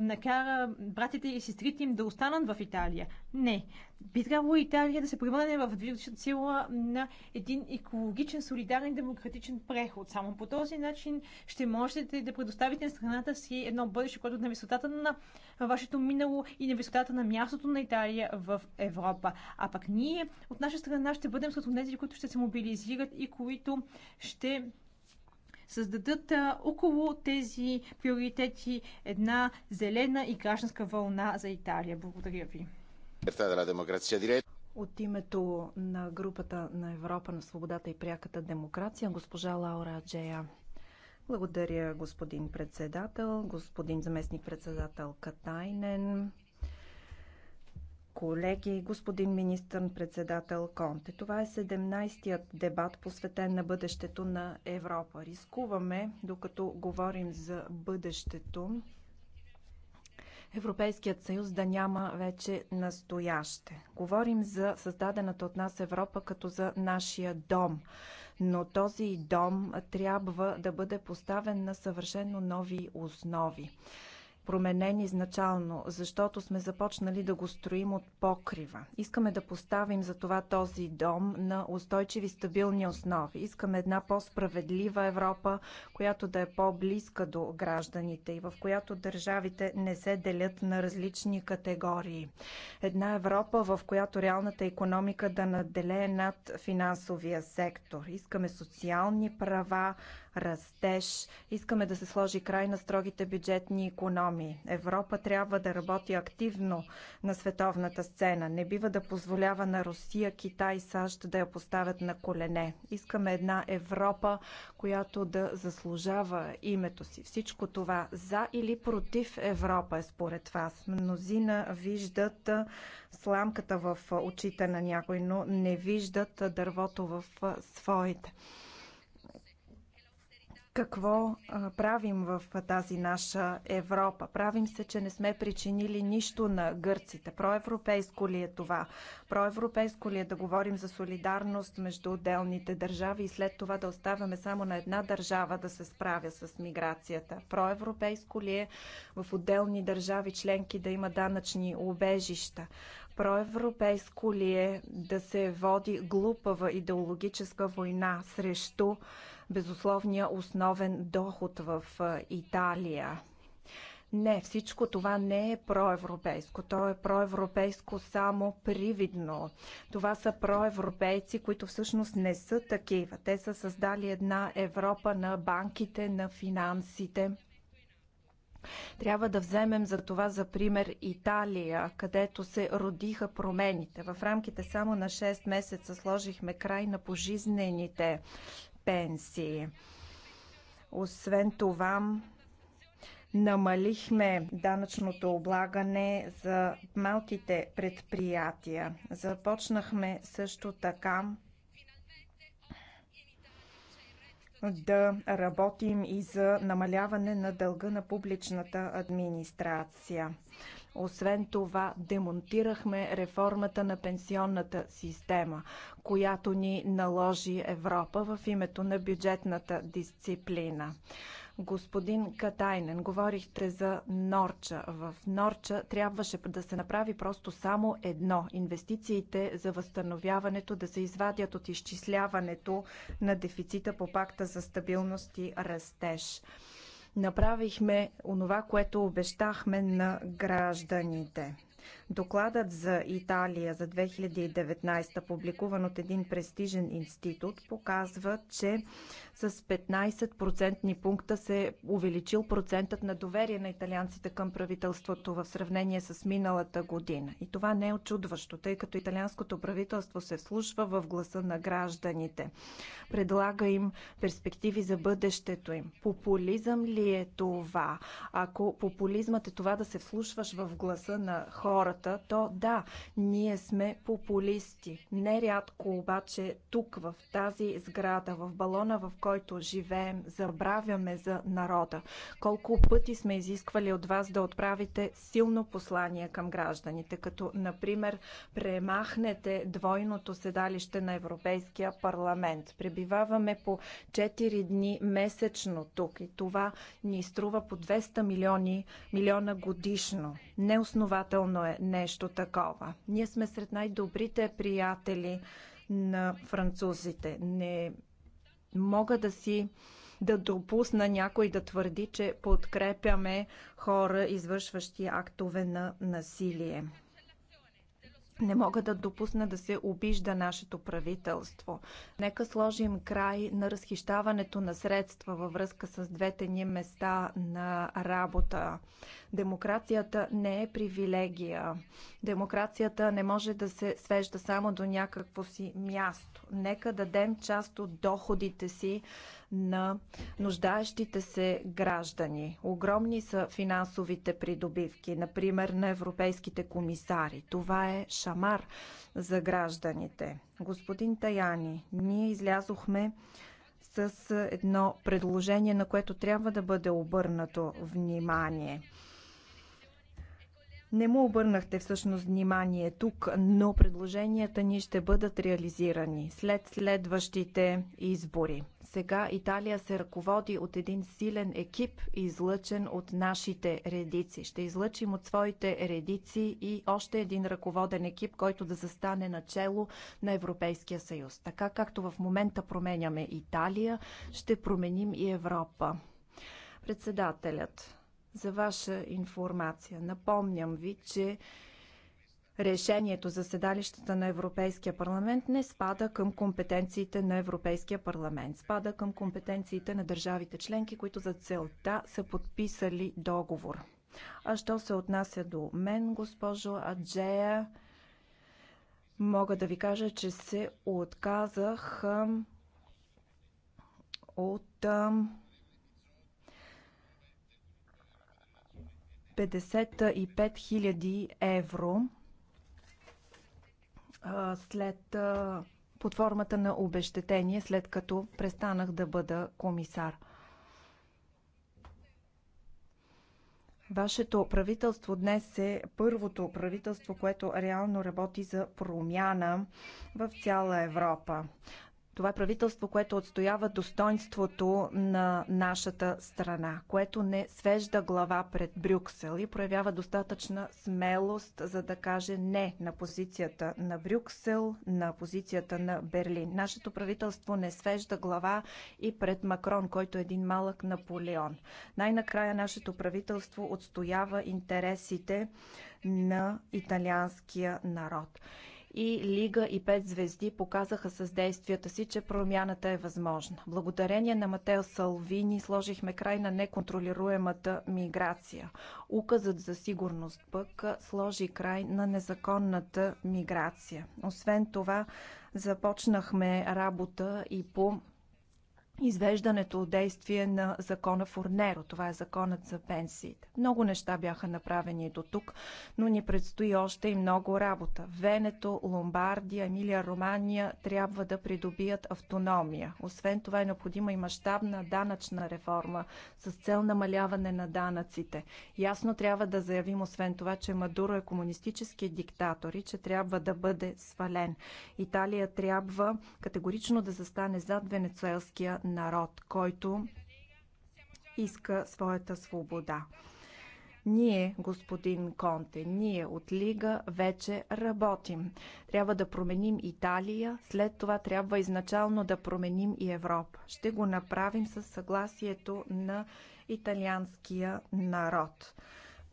накара братите и сестрите им да останат в Италия? Не. Би трябвало Италия да се превърне в движеща сила на един екологичен, солидарен, демократичен преход. Само по този начин ще можете да предоставите на страната си едно бъдеще, което е на висотата на вашето минало и на висотата на мястото на Италия в Европа. А пък ние от наша страна ще бъдем сред тези, които ще се мобилизират и които ще създадат а, около тези приоритети една зелена и гражданска вълна за Италия. Благодаря ви. От името на групата на Европа на свободата и пряката демокрация, госпожа Лаура Джея. Благодаря, господин председател, господин заместник председател Катайнен, колеги, господин министър председател Конте. Това е 17-тият дебат, посветен на бъдещето на Европа. Рискуваме, докато говорим за бъдещето, Европейският съюз да няма вече настояще. Говорим за създадената от нас Европа като за нашия дом но този дом трябва да бъде поставен на съвършено нови основи променен изначално, защото сме започнали да го строим от покрива. Искаме да поставим за това този дом на устойчиви, стабилни основи. Искаме една по-справедлива Европа, която да е по-близка до гражданите и в която държавите не се делят на различни категории. Една Европа, в която реалната економика да наделее над финансовия сектор. Искаме социални права, растеж. Искаме да се сложи край на строгите бюджетни економии. Европа трябва да работи активно на световната сцена. Не бива да позволява на Русия, Китай и САЩ да я поставят на колене. Искаме една Европа, която да заслужава името си. Всичко това за или против Европа е според вас. Мнозина виждат сламката в очите на някой, но не виждат дървото в своите какво правим в тази наша Европа? Правим се, че не сме причинили нищо на гърците. Проевропейско ли е това? Проевропейско ли е да говорим за солидарност между отделните държави и след това да оставяме само на една държава да се справя с миграцията? Проевропейско ли е в отделни държави членки да има данъчни убежища? проевропейско ли е да се води глупава идеологическа война срещу безусловния основен доход в Италия. Не, всичко това не е проевропейско. То е проевропейско само привидно. Това са проевропейци, които всъщност не са такива. Те са създали една Европа на банките, на финансите. Трябва да вземем за това за пример Италия, където се родиха промените. В рамките само на 6 месеца сложихме край на пожизнените пенсии. Освен това, намалихме данъчното облагане за малките предприятия. Започнахме също така да работим и за намаляване на дълга на публичната администрация. Освен това, демонтирахме реформата на пенсионната система, която ни наложи Европа в името на бюджетната дисциплина. Господин Катайнен, говорихте за Норча. В Норча трябваше да се направи просто само едно. Инвестициите за възстановяването да се извадят от изчисляването на дефицита по пакта за стабилност и растеж направихме онова, което обещахме на гражданите. Докладът за Италия за 2019, публикуван от един престижен институт, показва, че с 15% пункта се е увеличил процентът на доверие на италианците към правителството в сравнение с миналата година. И това не е очудващо, тъй като италианското правителство се вслушва в гласа на гражданите. Предлага им перспективи за бъдещето им. Популизъм ли е това? Ако популизмът е това да се вслушваш в гласа на хората, хората, то да, ние сме популисти. Нерядко обаче тук, в тази сграда, в балона, в който живеем, забравяме за народа. Колко пъти сме изисквали от вас да отправите силно послание към гражданите, като, например, премахнете двойното седалище на Европейския парламент. Пребиваваме по 4 дни месечно тук и това ни струва по 200 милиони, милиона годишно. Неоснователно е нещо такова. Ние сме сред най-добрите приятели на французите. Не мога да си да допусна някой да твърди, че подкрепяме хора, извършващи актове на насилие. Не мога да допусна да се обижда нашето правителство. Нека сложим край на разхищаването на средства във връзка с двете ни места на работа. Демокрацията не е привилегия. Демокрацията не може да се свежда само до някакво си място. Нека дадем част от доходите си на нуждаещите се граждани. Огромни са финансовите придобивки, например на европейските комисари. Това е шамар за гражданите. Господин Таяни, ние излязохме с едно предложение, на което трябва да бъде обърнато внимание. Не му обърнахте всъщност внимание тук, но предложенията ни ще бъдат реализирани след следващите избори. Сега Италия се ръководи от един силен екип, излъчен от нашите редици. Ще излъчим от своите редици и още един ръководен екип, който да застане начело на Европейския съюз. Така както в момента променяме Италия, ще променим и Европа. Председателят, за ваша информация, напомням ви, че решението за седалищата на Европейския парламент не спада към компетенциите на Европейския парламент. Спада към компетенциите на държавите членки, които за целта са подписали договор. А що се отнася до мен, госпожо Аджея, мога да ви кажа, че се отказах от 55 000 евро след под формата на обещетение, след като престанах да бъда комисар. Вашето правителство днес е първото правителство, което реално работи за промяна в цяла Европа. Това правителство, което отстоява достоинството на нашата страна, което не свежда глава пред Брюксел и проявява достатъчна смелост, за да каже не на позицията на Брюксел, на позицията на Берлин. Нашето правителство не свежда глава и пред Макрон, който е един малък Наполеон. Най-накрая нашето правителство отстоява интересите на италианския народ и Лига и Пет звезди показаха с действията си, че промяната е възможна. Благодарение на Матео Салвини сложихме край на неконтролируемата миграция. Указът за сигурност пък сложи край на незаконната миграция. Освен това, започнахме работа и по извеждането от действие на закона Фурнеро. Това е законът за пенсиите. Много неща бяха направени до тук, но ни предстои още и много работа. Венето, Ломбардия, Емилия, Романия трябва да придобият автономия. Освен това е необходима и мащабна данъчна реформа с цел намаляване на данъците. Ясно трябва да заявим освен това, че Мадуро е комунистически диктатор и че трябва да бъде свален. Италия трябва категорично да застане зад венецуелския народ, който иска своята свобода. Ние, господин Конте, ние от Лига вече работим. Трябва да променим Италия, след това трябва изначално да променим и Европа. Ще го направим със съгласието на италианския народ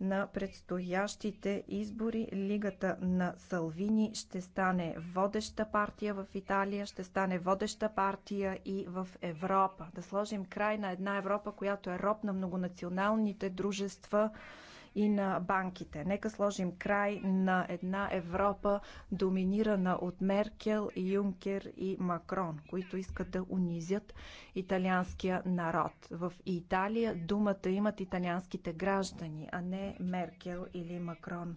на предстоящите избори Лигата на Салвини ще стане водеща партия в Италия, ще стане водеща партия и в Европа. Да сложим край на една Европа, която е роб на многонационалните дружества, и на банките. Нека сложим край на една Европа, доминирана от Меркел, Юнкер и Макрон, които искат да унизят италианския народ. В Италия думата имат италианските граждани, а не Меркел или Макрон.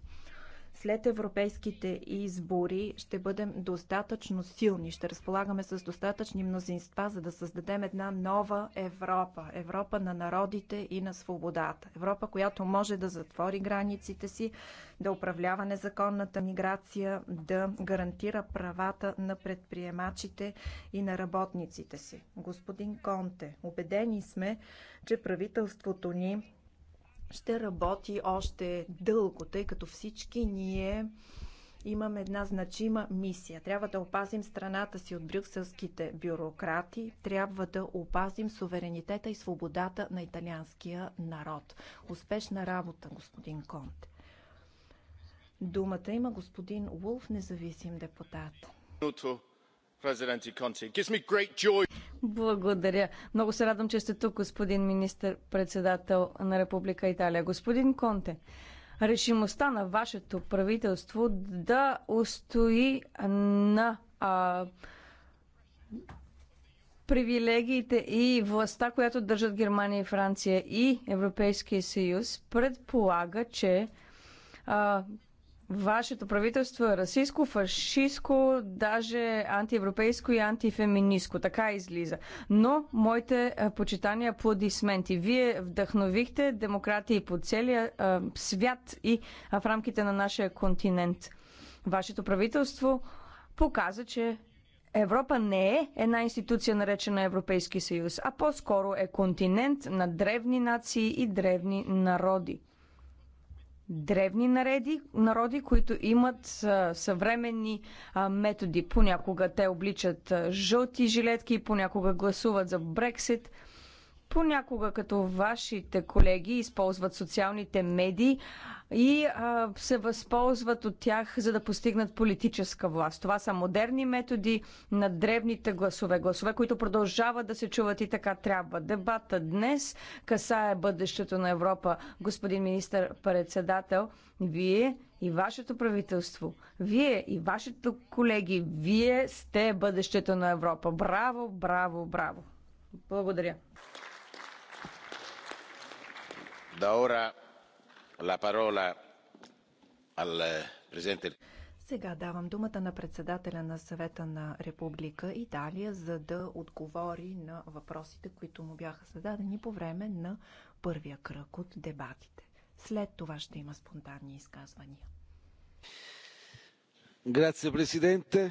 След европейските избори ще бъдем достатъчно силни, ще разполагаме с достатъчни мнозинства, за да създадем една нова Европа. Европа на народите и на свободата. Европа, която може да затвори границите си, да управлява незаконната миграция, да гарантира правата на предприемачите и на работниците си. Господин Конте, убедени сме, че правителството ни ще работи още дълго, тъй като всички ние имаме една значима мисия. Трябва да опазим страната си от брюкселските бюрократи, трябва да опазим суверенитета и свободата на италианския народ. Успешна работа, господин Конте. Думата има господин Улф, независим депутат. Благодаря. Много се радвам, че сте тук, господин министр-председател на Република Италия. Господин Конте, решимостта на вашето правителство да устои на а, привилегиите и властта, която държат Германия и Франция и Европейския съюз, предполага, че а, Вашето правителство е расистско, фашистско, даже антиевропейско и антифеминистко. Така излиза. Но моите е, почитания, аплодисменти. Вие вдъхновихте демократии по целия а, е, свят и а, е, в рамките на нашия континент. Вашето правителство показа, че Европа не е една институция наречена Европейски съюз, а по-скоро е континент на древни нации и древни народи древни нареди, народи, които имат съвременни методи. Понякога те обличат жълти жилетки, понякога гласуват за Брексит. Понякога, като вашите колеги използват социалните медии, и а, се възползват от тях, за да постигнат политическа власт. Това са модерни методи на древните гласове. Гласове, които продължават да се чуват и така трябва. Дебата днес касае бъдещето на Европа. Господин министър-председател, вие и вашето правителство, вие и вашите колеги, вие сте бъдещето на Европа. Браво, браво, браво! Благодаря. Да, ура. Eh, Сега давам думата на председателя на съвета на Република Италия, за да отговори на въпросите, които му бяха зададени по време на първия кръг от дебатите. След това ще има спонтанни изказвания. Grazie Presidente.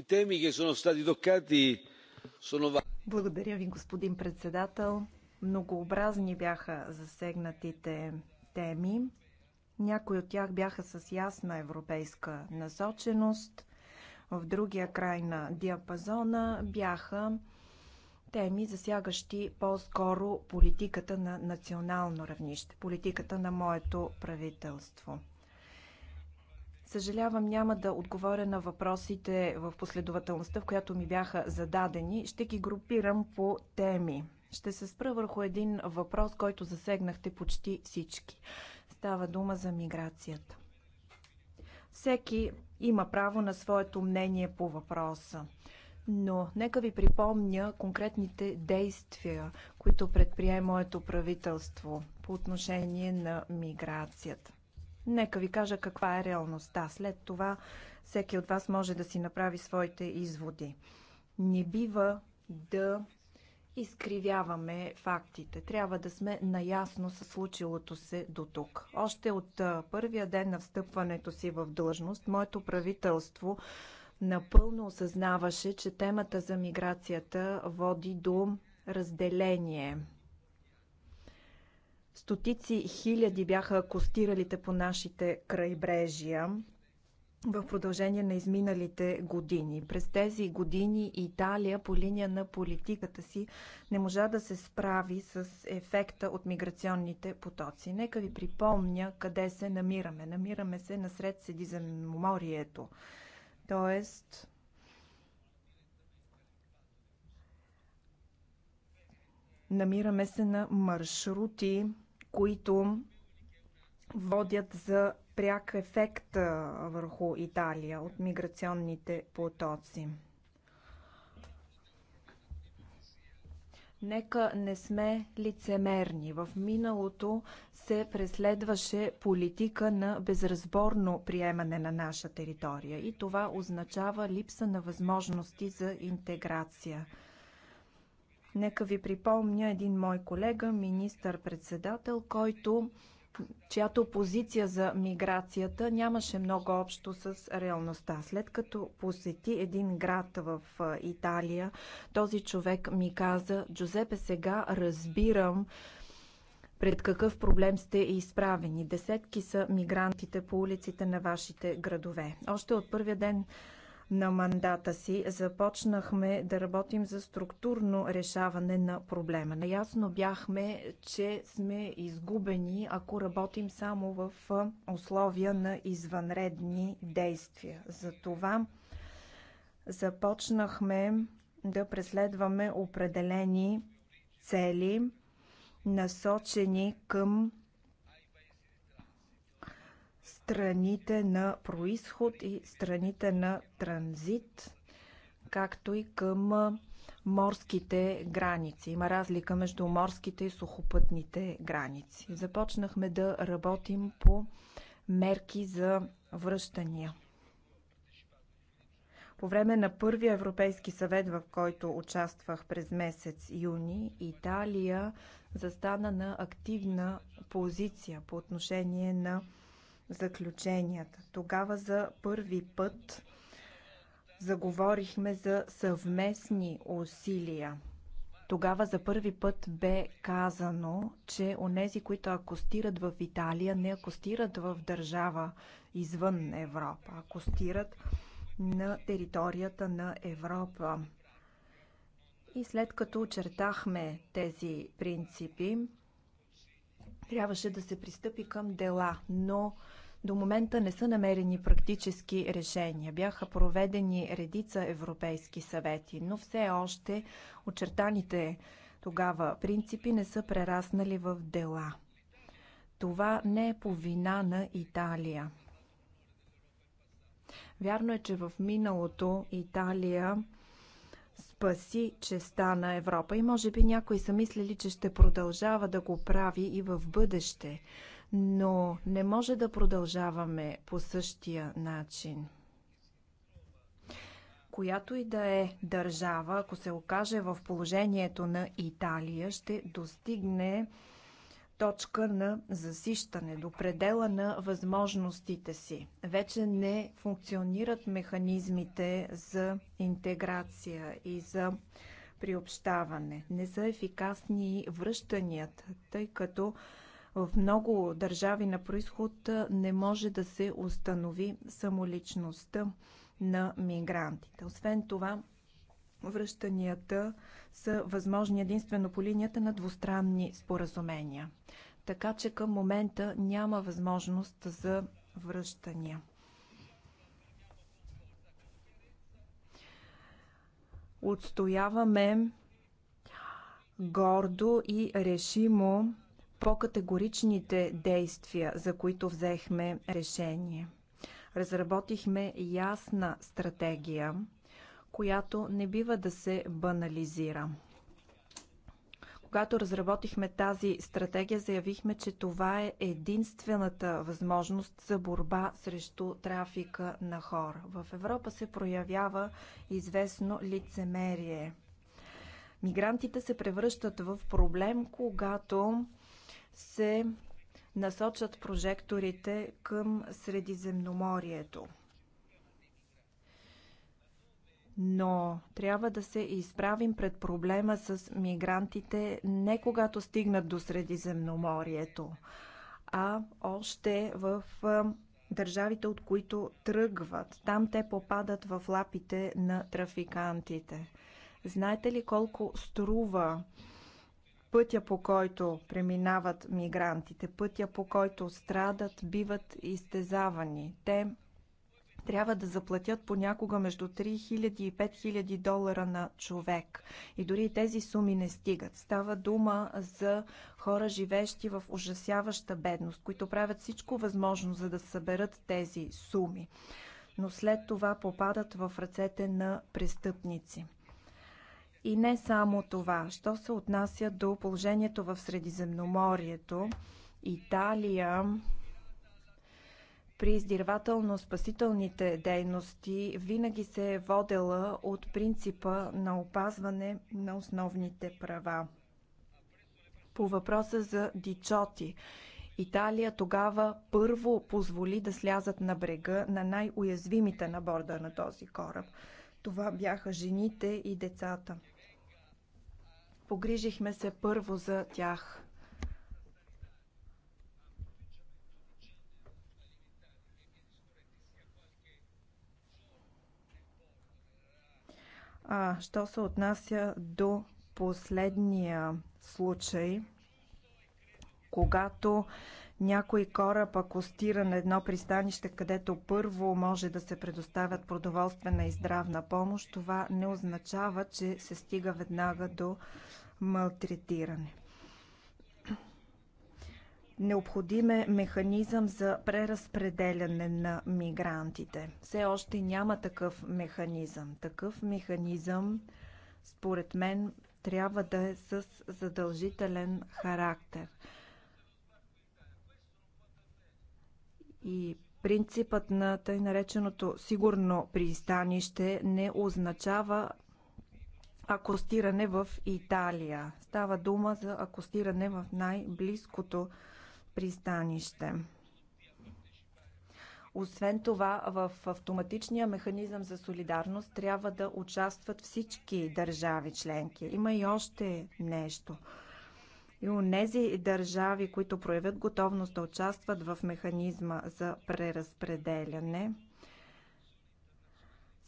I temi che sono stati toccati sono... Благодаря ви, господин председател. Многообразни бяха засегнатите теми. Някои от тях бяха с ясна европейска насоченост. В другия край на диапазона бяха теми, засягащи по-скоро политиката на национално равнище, политиката на моето правителство. Съжалявам, няма да отговоря на въпросите в последователността, в която ми бяха зададени. Ще ги групирам по теми. Ще се спра върху един въпрос, който засегнахте почти всички. Става дума за миграцията. Всеки има право на своето мнение по въпроса. Но нека ви припомня конкретните действия, които предприе моето правителство по отношение на миграцията. Нека ви кажа каква е реалността. След това всеки от вас може да си направи своите изводи. Не бива да изкривяваме фактите. Трябва да сме наясно със случилото се до тук. Още от първия ден на встъпването си в длъжност, моето правителство напълно осъзнаваше, че темата за миграцията води до разделение. Стотици хиляди бяха акустиралите по нашите крайбрежия в продължение на изминалите години. През тези години Италия по линия на политиката си не можа да се справи с ефекта от миграционните потоци. Нека ви припомня къде се намираме. Намираме се насред Средиземноморието. Тоест, намираме се на маршрути, които водят за пряк ефект върху Италия от миграционните потоци. Нека не сме лицемерни. В миналото се преследваше политика на безразборно приемане на наша територия и това означава липса на възможности за интеграция. Нека ви припомня един мой колега, министър-председател, който чиято позиция за миграцията нямаше много общо с реалността. След като посети един град в Италия, този човек ми каза, Джузепе, сега разбирам пред какъв проблем сте изправени. Десетки са мигрантите по улиците на вашите градове. Още от първия ден на мандата си започнахме да работим за структурно решаване на проблема. Наясно бяхме, че сме изгубени, ако работим само в условия на извънредни действия. Затова започнахме да преследваме определени цели, насочени към страните на происход и страните на транзит, както и към морските граници. Има разлика между морските и сухопътните граници. Започнахме да работим по мерки за връщания. По време на първия Европейски съвет, в който участвах през месец юни, Италия застана на активна позиция по отношение на заключенията. Тогава за първи път заговорихме за съвместни усилия. Тогава за първи път бе казано, че онези, които акостират в Италия, не акостират в държава извън Европа, акостират на територията на Европа. И след като очертахме тези принципи, трябваше да се пристъпи към дела, но до момента не са намерени практически решения. Бяха проведени редица европейски съвети, но все още очертаните тогава принципи не са прераснали в дела. Това не е по вина на Италия. Вярно е, че в миналото Италия спаси честа на Европа и може би някои са мислили, че ще продължава да го прави и в бъдеще но не може да продължаваме по същия начин. Която и да е държава, ако се окаже в положението на Италия, ще достигне точка на засищане, до предела на възможностите си. Вече не функционират механизмите за интеграция и за приобщаване. Не са ефикасни връщанията, тъй като в много държави на происход не може да се установи самоличността на мигрантите. Освен това, връщанията са възможни единствено по линията на двустранни споразумения. Така че към момента няма възможност за връщания. Отстояваме гордо и решимо по-категоричните действия, за които взехме решение. Разработихме ясна стратегия, която не бива да се банализира. Когато разработихме тази стратегия, заявихме, че това е единствената възможност за борба срещу трафика на хора. В Европа се проявява известно лицемерие. Мигрантите се превръщат в проблем, когато се насочат прожекторите към Средиземноморието. Но трябва да се изправим пред проблема с мигрантите не когато стигнат до Средиземноморието, а още в държавите, от които тръгват. Там те попадат в лапите на трафикантите. Знаете ли колко струва пътя по който преминават мигрантите, пътя по който страдат, биват изтезавани. Те трябва да заплатят понякога между 3000 и 5000 долара на човек. И дори тези суми не стигат. Става дума за хора, живещи в ужасяваща бедност, които правят всичко възможно, за да съберат тези суми. Но след това попадат в ръцете на престъпници. И не само това. Що се отнася до положението в Средиземноморието, Италия при издирвателно-спасителните дейности винаги се е водела от принципа на опазване на основните права. По въпроса за дичоти, Италия тогава първо позволи да слязат на брега на най-уязвимите на борда на този кораб. Това бяха жените и децата. Погрижихме се първо за тях. А, що се отнася до последния случай, когато някой кораб акостира на едно пристанище, където първо може да се предоставят продоволствена и здравна помощ, това не означава, че се стига веднага до малтретиране. Необходим е механизъм за преразпределяне на мигрантите. Все още няма такъв механизъм. Такъв механизъм, според мен, трябва да е с задължителен характер. И принципът на тъй нареченото сигурно пристанище не означава акостиране в Италия. Става дума за акостиране в най-близкото пристанище. Освен това, в автоматичния механизъм за солидарност трябва да участват всички държави членки. Има и още нещо. И онези държави, които проявят готовност да участват в механизма за преразпределяне,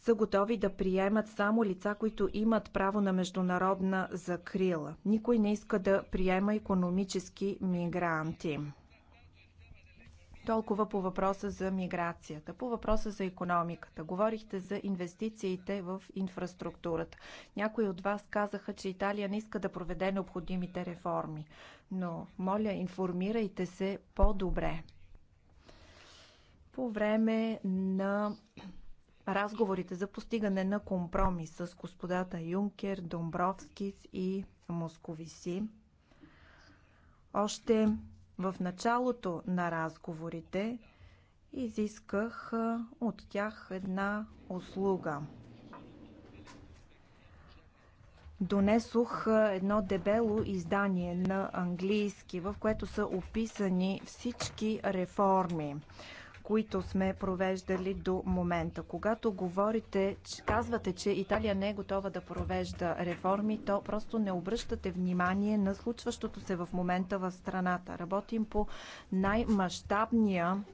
са готови да приемат само лица, които имат право на международна закрила. Никой не иска да приема економически мигранти. Толкова по въпроса за миграцията. По въпроса за економиката. Говорихте за инвестициите в инфраструктурата. Някои от вас казаха, че Италия не иска да проведе необходимите реформи. Но, моля, информирайте се по-добре. По време на разговорите за постигане на компромис с господата Юнкер, Домбровски и Московиси. Още в началото на разговорите изисках от тях една услуга. Донесох едно дебело издание на английски, в което са описани всички реформи които сме провеждали до момента. Когато говорите, казвате, че Италия не е готова да провежда реформи, то просто не обръщате внимание на случващото се в момента в страната. Работим по най-мащабния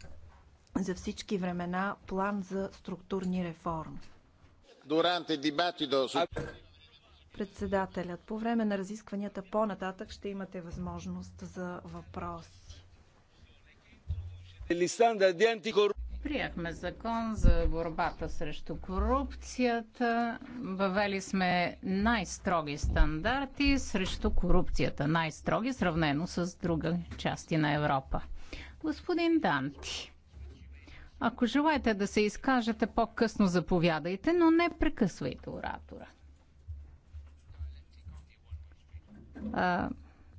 за всички времена план за структурни реформи. Председателят, по време на разискванията по-нататък ще имате възможност за въпрос. Приехме закон за борбата срещу корупцията. Въвели сме най-строги стандарти срещу корупцията. Най-строги, сравнено с друга части на Европа. Господин Данти, ако желаете да се изкажете по-късно, заповядайте, но не прекъсвайте оратора. А,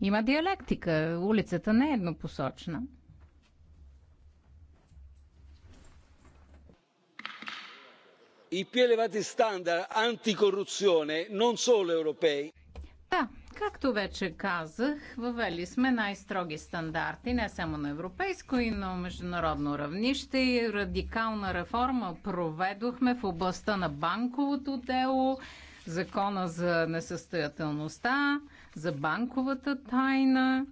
има диалектика. Улицата не е еднопосочна. i più elevati standard антикорупционе, non solo europei. Да, както вече казах, въвели сме най-строги стандарти, не само на европейско и на международно равнище. И радикална реформа проведохме в областта на банковото дело, закона за несъстоятелността, за банковата тайна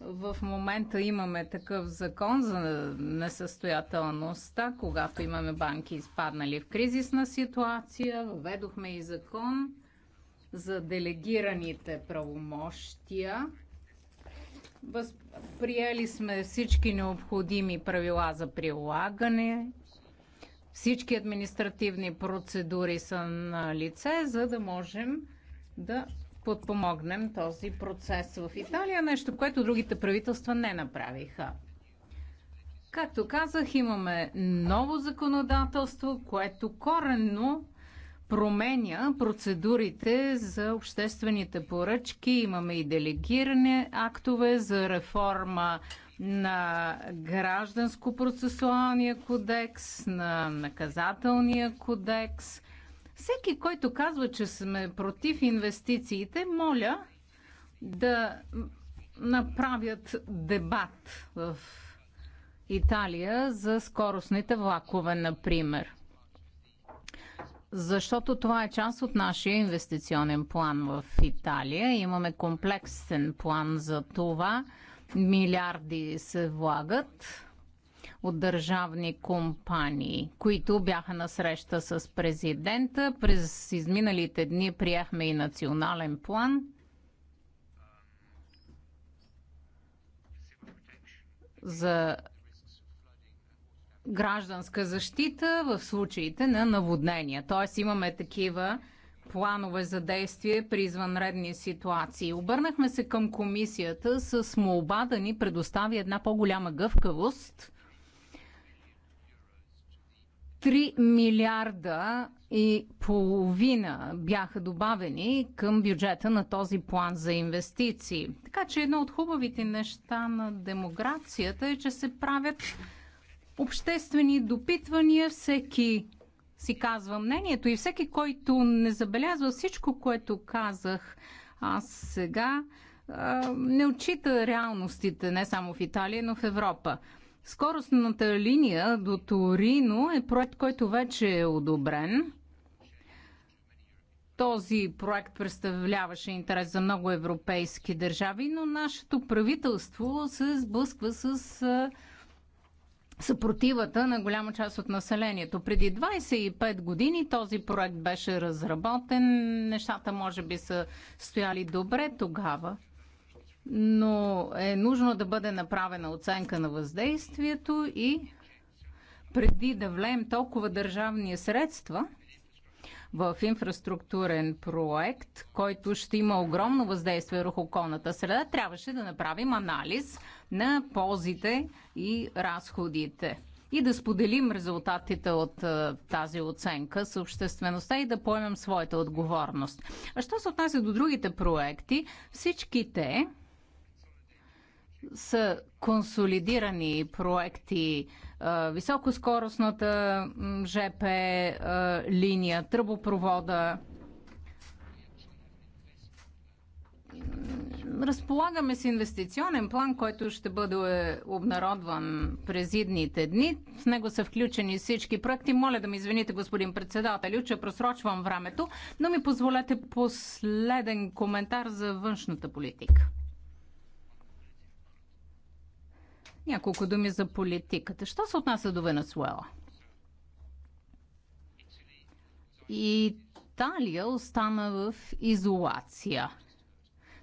в момента имаме такъв закон за несъстоятелността, когато имаме банки изпаднали в кризисна ситуация. Введохме и закон за делегираните правомощия. Приели сме всички необходими правила за прилагане. Всички административни процедури са на лице, за да можем да подпомогнем този процес в Италия, нещо, което другите правителства не направиха. Както казах, имаме ново законодателство, което коренно променя процедурите за обществените поръчки. Имаме и делегиране актове за реформа на гражданско-процесуалния кодекс, на наказателния кодекс – всеки, който казва, че сме против инвестициите, моля да направят дебат в Италия за скоростните влакове, например. Защото това е част от нашия инвестиционен план в Италия. Имаме комплексен план за това. Милиарди се влагат от държавни компании, които бяха на среща с президента. През изминалите дни приехме и национален план за гражданска защита в случаите на наводнения. Т.е. имаме такива планове за действие при извънредни ситуации. Обърнахме се към комисията с молба да ни предостави една по-голяма гъвкавост 3 милиарда и половина бяха добавени към бюджета на този план за инвестиции. Така че едно от хубавите неща на демокрацията е, че се правят обществени допитвания, всеки си казва мнението и всеки, който не забелязва всичко, което казах аз сега, не отчита реалностите не само в Италия, но в Европа. Скоростната линия до Торино е проект, който вече е одобрен. Този проект представляваше интерес за много европейски държави, но нашето правителство се сблъсква с съпротивата на голяма част от населението. Преди 25 години този проект беше разработен. Нещата може би са стояли добре тогава но е нужно да бъде направена оценка на въздействието и преди да влеем толкова държавни средства в инфраструктурен проект, който ще има огромно въздействие върху околната среда, трябваше да направим анализ на ползите и разходите и да споделим резултатите от тази оценка с обществеността и да поемем своята отговорност. А що се отнася до другите проекти, всички те са консолидирани проекти високоскоростната ЖП линия, тръбопровода. Разполагаме с инвестиционен план, който ще бъде обнародван през идните дни. В него са включени всички проекти. Моля да ми извините, господин председател, че просрочвам времето, но ми позволете последен коментар за външната политика. Няколко думи за политиката. Що се отнася до Венесуела? Италия остана в изолация.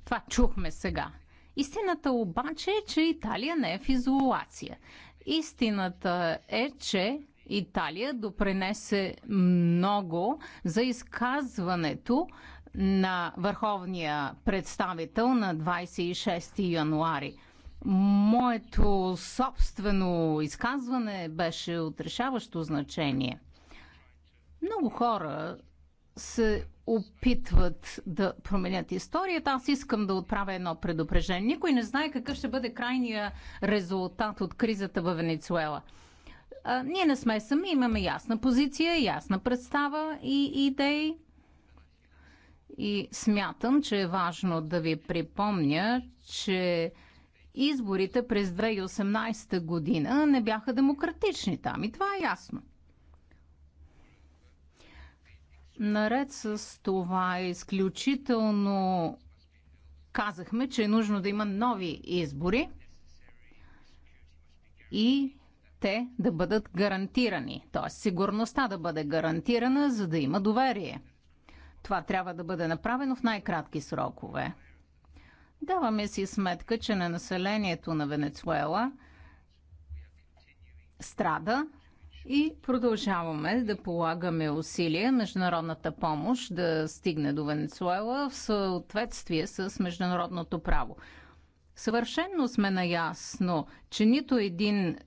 Това чухме сега. Истината обаче е, че Италия не е в изолация. Истината е, че Италия допренесе много за изказването на върховния представител на 26 януари. Моето собствено изказване беше от решаващо значение. Много хора се опитват да променят историята. Аз искам да отправя едно предупреждение. Никой не знае какъв ще бъде крайния резултат от кризата в Венецуела. А, ние не сме сами, имаме ясна позиция, ясна представа и идеи. И смятам, че е важно да ви припомня, че изборите през 2018 година не бяха демократични там и това е ясно. Наред с това е изключително казахме, че е нужно да има нови избори и те да бъдат гарантирани, т.е. сигурността да бъде гарантирана, за да има доверие. Това трябва да бъде направено в най-кратки срокове. Даваме си сметка, че на населението на Венецуела страда и продължаваме да полагаме усилия международната помощ да стигне до Венецуела в съответствие с международното право. Съвършенно сме наясно, че нито един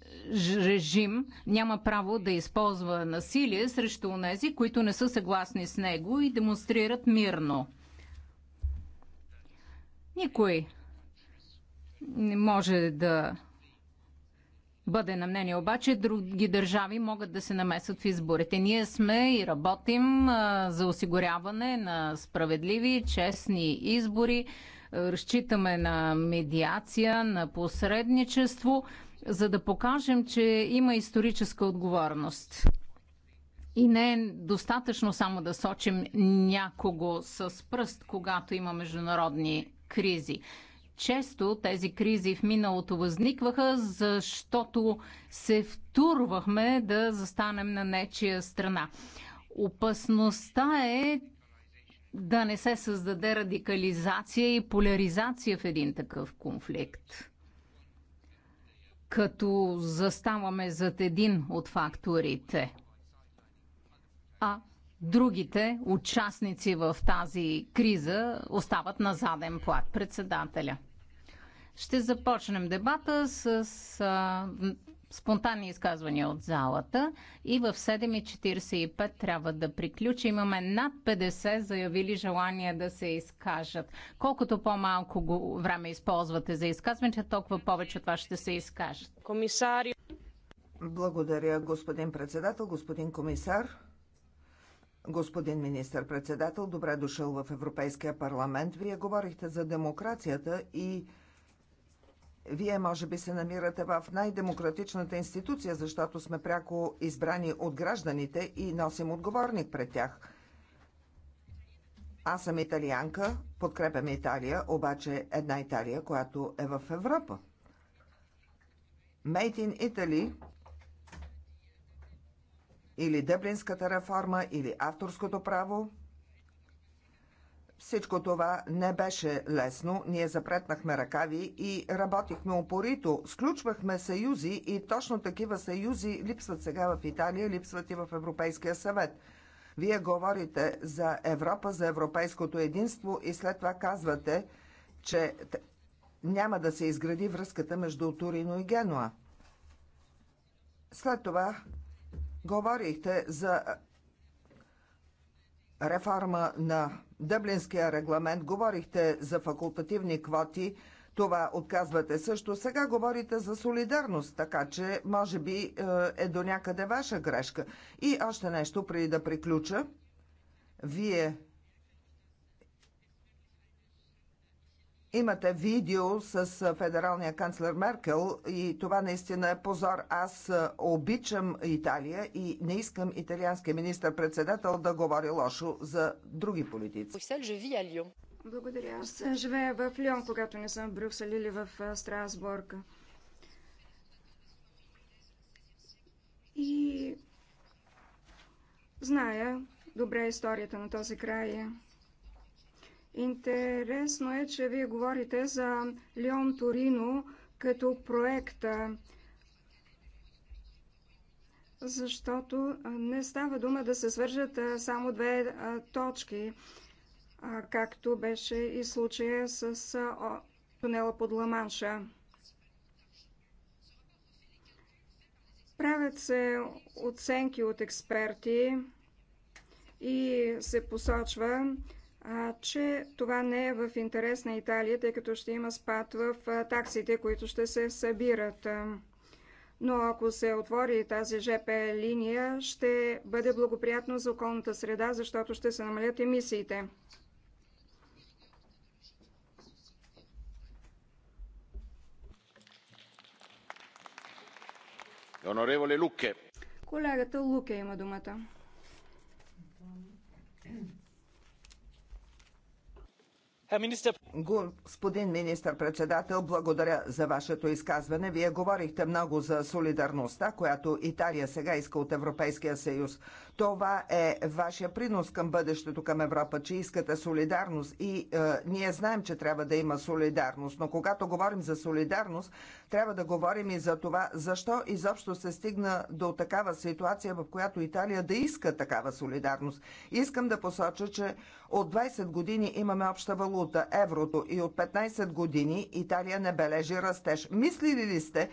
режим няма право да използва насилие срещу онези, които не са съгласни с него и демонстрират мирно. Никой не може да бъде на мнение обаче, други държави могат да се намесат в изборите. Ние сме и работим за осигуряване на справедливи, честни избори. Е, разчитаме на медиация, на посредничество, за да покажем, че има историческа отговорност. И не е достатъчно само да сочим някого с пръст, когато има международни кризи. Често тези кризи в миналото възникваха, защото се втурвахме да застанем на нечия страна. Опасността е да не се създаде радикализация и поляризация в един такъв конфликт. Като заставаме зад един от факторите, а другите участници в тази криза остават на заден плат. Председателя. Ще започнем дебата с а, спонтанни изказвания от залата и в 7.45 трябва да приключи. Имаме над 50 заявили желание да се изкажат. Колкото по-малко време използвате за изказване, толкова повече от вас ще се изкажат. Комисари. Благодаря, господин председател, господин комисар. Господин министър-председател, добре дошъл в Европейския парламент. Вие говорихте за демокрацията и вие може би се намирате в най-демократичната институция, защото сме пряко избрани от гражданите и носим отговорник пред тях. Аз съм италианка, подкрепям Италия, обаче една Италия, която е в Европа. Made in Italy или Дъблинската реформа, или авторското право. Всичко това не беше лесно. Ние запретнахме ръкави и работихме опорито. Сключвахме съюзи и точно такива съюзи липсват сега в Италия, липсват и в Европейския съвет. Вие говорите за Европа, за европейското единство и след това казвате, че няма да се изгради връзката между Турино и Генуа. След това Говорихте за реформа на Дъблинския регламент, говорихте за факултативни квоти, това отказвате също. Сега говорите за солидарност, така че може би е, е до някъде ваша грешка. И още нещо преди да приключа. Вие Имате видео с федералния канцлер Меркел и това наистина е позор. Аз обичам Италия и не искам италианския министр-председател да говори лошо за други политици. Благодаря. Аз живея в Лион, когато не съм в Брюксел или в Страсбург. И зная добре историята на този край. Интересно е, че вие говорите за Леон Торино като проекта, защото не става дума да се свържат само две точки, както беше и случая с тунела под Ламанша. Правят се оценки от експерти и се посочва, а, че това не е в интерес на Италия, тъй като ще има спад в а, таксите, които ще се събират. Но ако се отвори тази ЖП линия, ще бъде благоприятно за околната среда, защото ще се намалят емисиите. Колегата Луке има думата. Господин министър-председател, благодаря за вашето изказване. Вие говорихте много за солидарността, която Италия сега иска от Европейския съюз. Това е вашия принос към бъдещето, към Европа, че искате солидарност и е, ние знаем, че трябва да има солидарност, но когато говорим за солидарност, трябва да говорим и за това, защо изобщо се стигна до такава ситуация, в която Италия да иска такава солидарност. Искам да посоча, че от 20 години имаме обща валута, еврото, и от 15 години Италия не бележи растеж. Мислили ли сте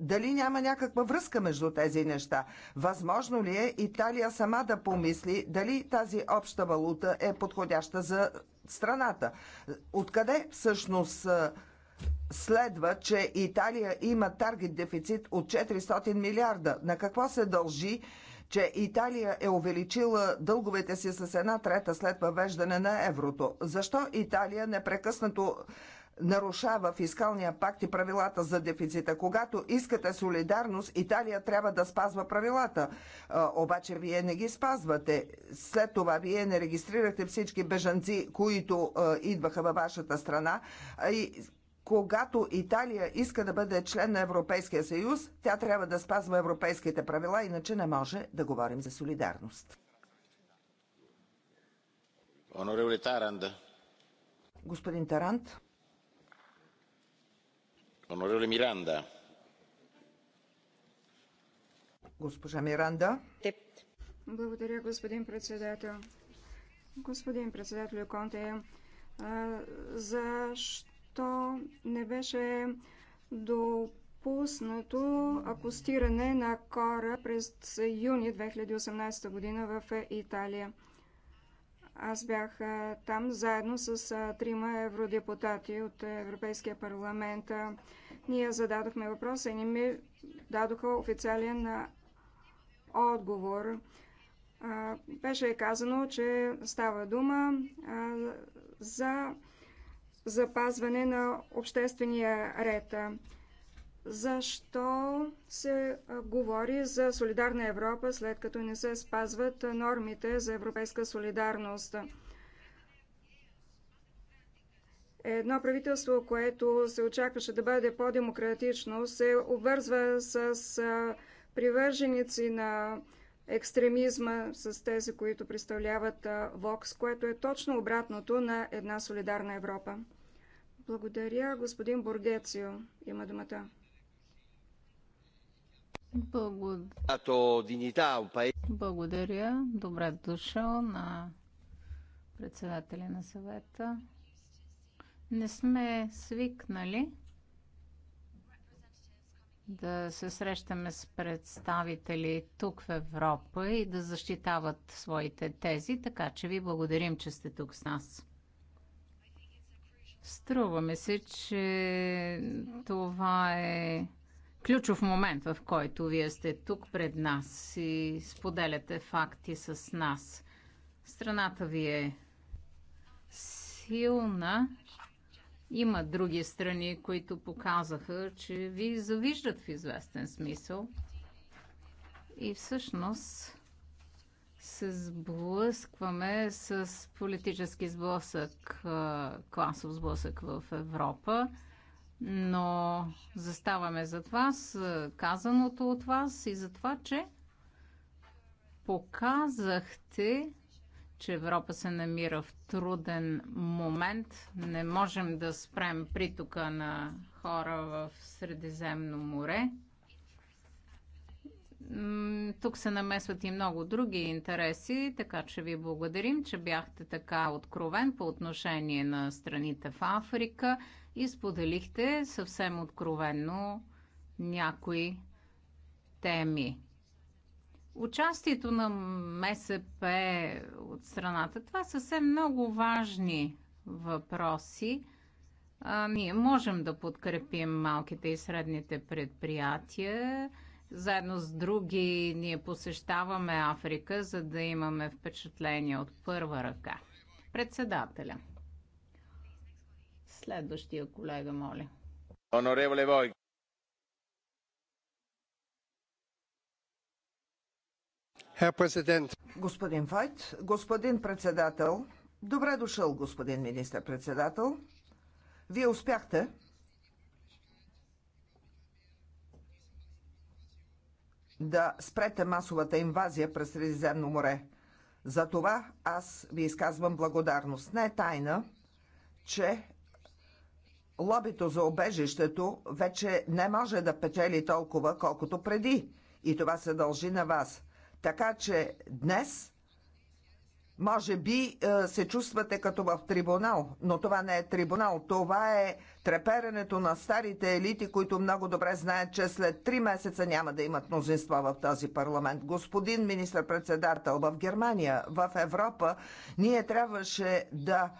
дали няма някаква връзка между тези неща? Възможно ли е Италия сама да помисли дали тази обща валута е подходяща за страната? Откъде всъщност следва, че Италия има таргет дефицит от 400 милиарда? На какво се дължи? че Италия е увеличила дълговете си с една трета след въвеждане на еврото. Защо Италия непрекъснато нарушава фискалния пакт и правилата за дефицита. Когато искате солидарност, Италия трябва да спазва правилата. Обаче вие не ги спазвате. След това вие не регистрирахте всички бежанци, които идваха във вашата страна. И когато Италия иска да бъде член на Европейския съюз, тя трябва да спазва европейските правила, иначе не може да говорим за солидарност. Господин Тарант. Миранда. Госпожа Миранда. Благодаря, господин председател. Господин председател Конте, защо не беше допуснато акустиране на кора през юни 2018 година в Италия? Аз бях там заедно с трима евродепутати от Европейския парламент. Ние зададохме въпроса и ни ми дадоха официален отговор. Беше казано, че става дума за запазване на обществения ред защо се говори за солидарна Европа, след като не се спазват нормите за европейска солидарност. Едно правителство, което се очакваше да бъде по-демократично, се обвързва с привърженици на екстремизма, с тези, които представляват ВОКС, което е точно обратното на една солидарна Европа. Благодаря, господин Бургецио. Има думата. Благодаря. Добре дошъл на председателя на съвета. Не сме свикнали да се срещаме с представители тук в Европа и да защитават своите тези, така че ви благодарим, че сте тук с нас. Струваме се, че това е ключов момент, в който вие сте тук пред нас и споделяте факти с нас. Страната ви е силна. Има други страни, които показаха, че ви завиждат в известен смисъл. И всъщност се сблъскваме с политически сблъсък, класов сблъсък в Европа но заставаме зад вас, е, казаното от вас и за това, че показахте, че Европа се намира в труден момент. Не можем да спрем притока на хора в Средиземно море. Тук се намесват и много други интереси, така че ви благодарим, че бяхте така откровен по отношение на страните в Африка и споделихте съвсем откровенно някои теми. Участието на МСП от страната, това са все много важни въпроси. А, ние можем да подкрепим малките и средните предприятия. Заедно с други ние посещаваме Африка, за да имаме впечатление от първа ръка. Председателя. Следващия колега, моля. Оноревле Войк. Господин Файт, господин председател, добре дошъл, господин министър-председател. Вие успяхте да спрете масовата инвазия през Средиземно море. За това аз ви изказвам благодарност. Не е тайна, че лобито за обежището вече не може да печели толкова, колкото преди. И това се дължи на вас. Така че днес, може би, е, се чувствате като в трибунал, но това не е трибунал. Това е треперенето на старите елити, които много добре знаят, че след три месеца няма да имат мнозинство в този парламент. Господин министр-председател, в Германия, в Европа, ние трябваше да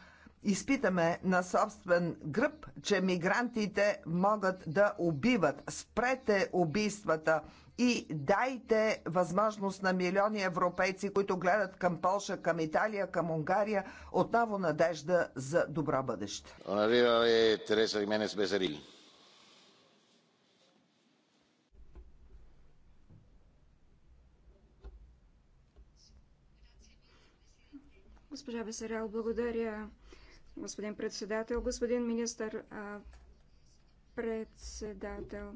изпитаме на собствен гръб, че мигрантите могат да убиват. Спрете убийствата и дайте възможност на милиони европейци, които гледат към Полша, към Италия, към Унгария, отново надежда за добро бъдеще. Тереса Госпожа Бесарел, благодаря господин председател, господин министър председател.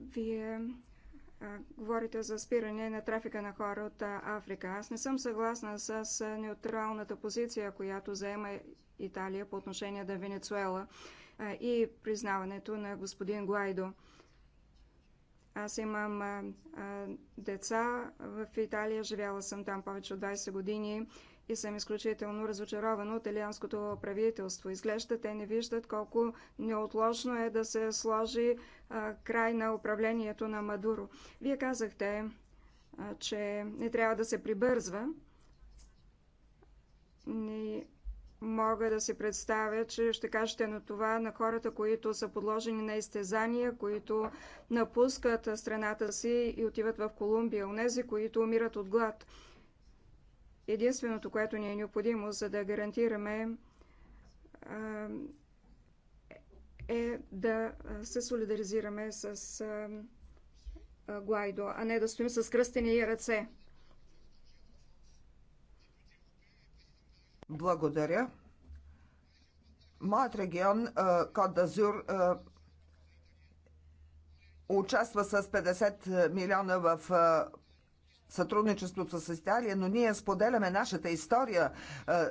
Вие а, говорите за спиране на трафика на хора от а, Африка. Аз не съм съгласна с а, неутралната позиция, която заема Италия по отношение на Венецуела а, и признаването на господин Гуайдо. Аз имам а, а, деца в Италия, живяла съм там повече от 20 години и съм изключително разочарована от италианското правителство. Изглежда те не виждат колко неотложно е да се сложи а, край на управлението на Мадуро. Вие казахте, а, че не трябва да се прибързва. Не мога да си представя, че ще кажете на това на хората, които са подложени на изтезания, които напускат страната си и отиват в Колумбия, нези, които умират от глад единственото, което ни е необходимо, за да гарантираме е да се солидаризираме с Гуайдо, а не да стоим с кръстени и ръце. Благодаря. Моят регион, Кот Дазюр, участва с 50 милиона в сътрудничеството с Италия, но ние споделяме нашата история е, е,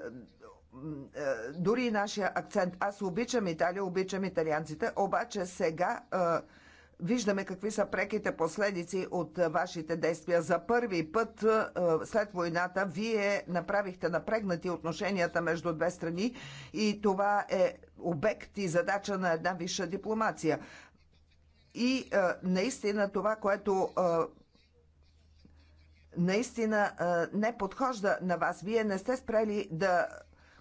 дори и нашия акцент. Аз обичам Италия, обичам италианците, обаче сега е, виждаме какви са преките последици от вашите действия. За първи път след войната вие направихте напрегнати отношенията между две страни и това е обект и задача на една висша дипломация. И наистина това, което наистина не подхожда на вас. Вие не сте спрели да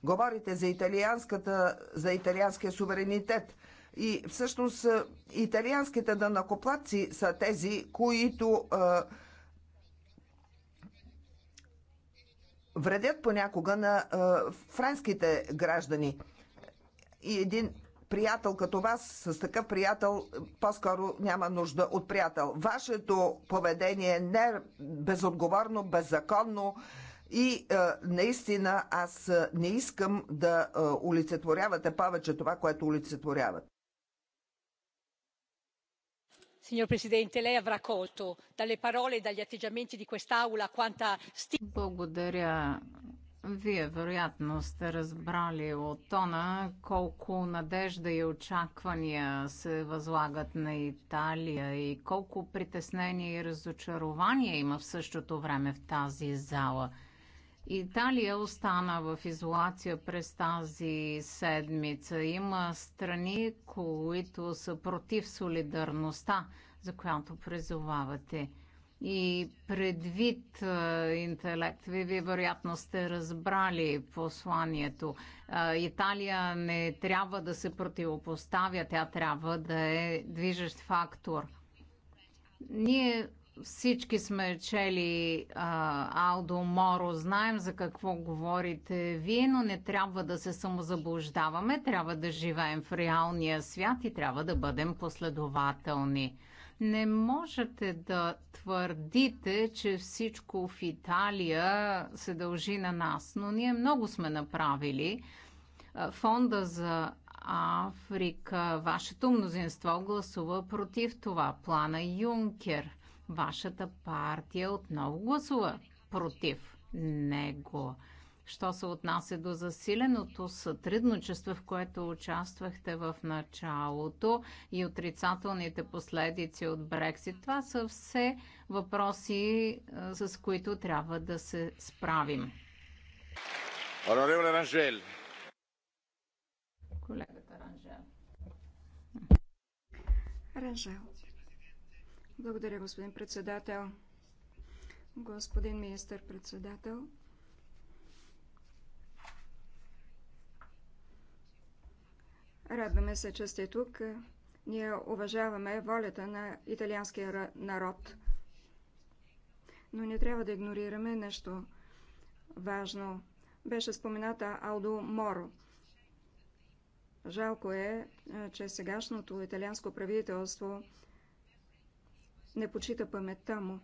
говорите за, италианската, за италианския суверенитет. И всъщност италианските данакоплатци са тези, които а, вредят понякога на а, френските граждани. И един приятел като вас, с такъв приятел по-скоро няма нужда от приятел. Вашето поведение е не безотговорно, беззаконно и е, наистина аз е, не искам да е, олицетворявате повече това, което олицетворявате. Signor Presidente, lei avrà colto dalle parole e dagli atteggiamenti di quest'Aula quanta... stima. Вие вероятно сте разбрали от тона колко надежда и очаквания се възлагат на Италия и колко притеснение и разочарование има в същото време в тази зала. Италия остана в изолация през тази седмица. Има страни, които са против солидарността, за която призовавате. И предвид интелект, вие ви вероятно сте разбрали посланието. Италия не трябва да се противопоставя, тя трябва да е движещ фактор. Ние всички сме чели а, Алдо Моро, знаем за какво говорите вие, но не трябва да се самозаблуждаваме, трябва да живеем в реалния свят и трябва да бъдем последователни. Не можете да твърдите, че всичко в Италия се дължи на нас, но ние много сме направили. Фонда за Африка, вашето мнозинство гласува против това. Плана Юнкер, вашата партия отново гласува против него. Що се отнася до засиленото сътрудничество, в което участвахте в началото и отрицателните последици от Брексит, това са все въпроси, е, с които трябва да се справим. Ранжел. Колегата Ранжел. Ранжел. Благодаря, господин председател. Господин министър-председател, Радваме се, че сте тук. Ние уважаваме волята на италианския народ. Но не трябва да игнорираме нещо важно. Беше спомената Алдо Моро. Жалко е, че сегашното италианско правителство не почита паметта му.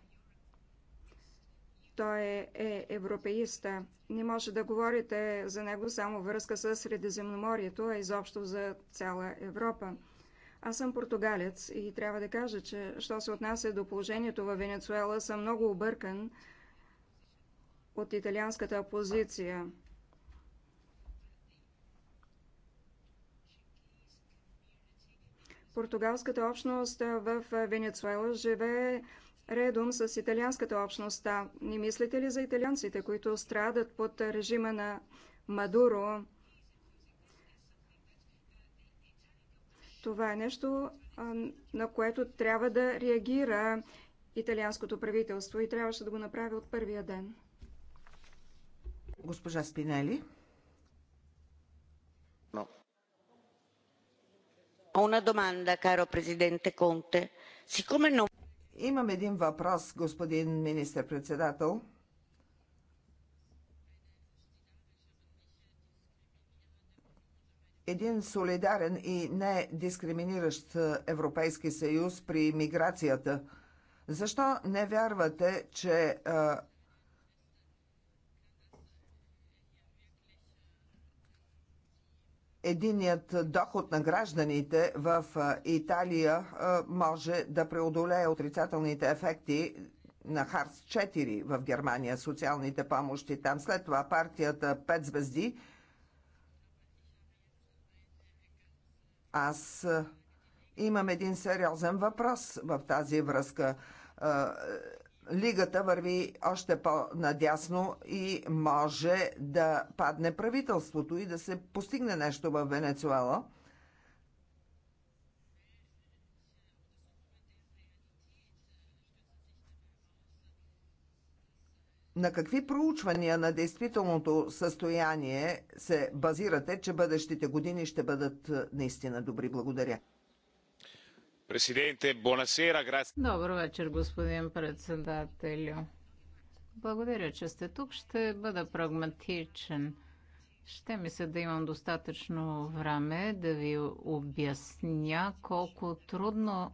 Той е европеиста. Не може да говорите за него само връзка с Средиземноморието, а изобщо за цяла Европа. Аз съм португалец и трябва да кажа, че що се отнася до положението във Венецуела, съм много объркан от италианската опозиция. Португалската общност в Венецуела живее редом с италианската общност. Не мислите ли за италианците, които страдат под режима на Мадуро? Това е нещо, на което трябва да реагира италианското правителство и трябваше да го направи от първия ден. Госпожа Спинели. No. Una domanda, caro Presidente Conte. Siccome non... Имам един въпрос, господин министр-председател. един солидарен и не дискриминиращ Европейски съюз при миграцията. Защо не вярвате, че а, единият доход на гражданите в Италия може да преодолее отрицателните ефекти на Харс 4 в Германия, социалните помощи там. След това партията 5 звезди. Аз имам един сериозен въпрос в тази връзка лигата върви още по-надясно и може да падне правителството и да се постигне нещо в Венецуела. На какви проучвания на действителното състояние се базирате, че бъдещите години ще бъдат наистина добри? Благодаря. Добър вечер, господин председателю. Благодаря, че сте тук. Ще бъда прагматичен. Ще ми се да имам достатъчно време да ви обясня колко трудно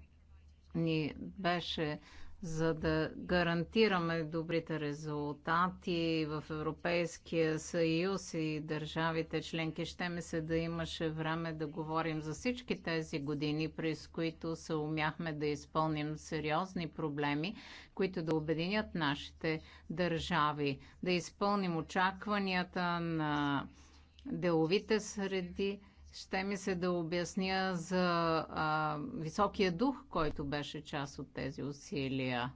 ни беше за да гарантираме добрите резултати в Европейския съюз и държавите членки. Ще ми се да имаше време да говорим за всички тези години, през които се умяхме да изпълним сериозни проблеми, които да обединят нашите държави, да изпълним очакванията на деловите среди, ще ми се да обясня за а, високия дух, който беше част от тези усилия.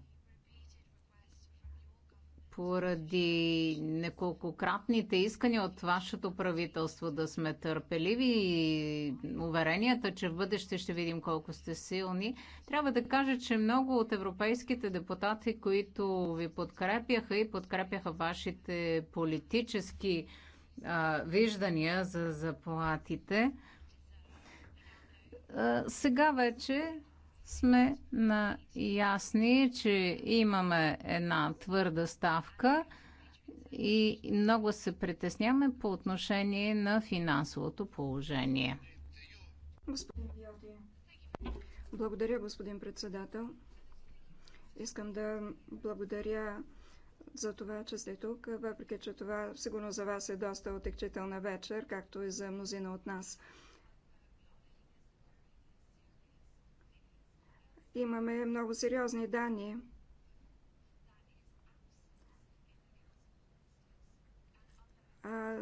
Поради неколкократните искания от вашето правителство да сме търпеливи и уверенията, че в бъдеще ще видим колко сте силни, трябва да кажа, че много от европейските депутати, които ви подкрепяха и подкрепяха вашите политически а, виждания за заплатите. А, сега вече сме наясни, че имаме една твърда ставка и много се притесняваме по отношение на финансовото положение. Господин Благодаря, господин председател. Искам да благодаря за това, че сте тук, въпреки че това сигурно за вас е доста отекчителна вечер, както и за мнозина от нас. Имаме много сериозни данни.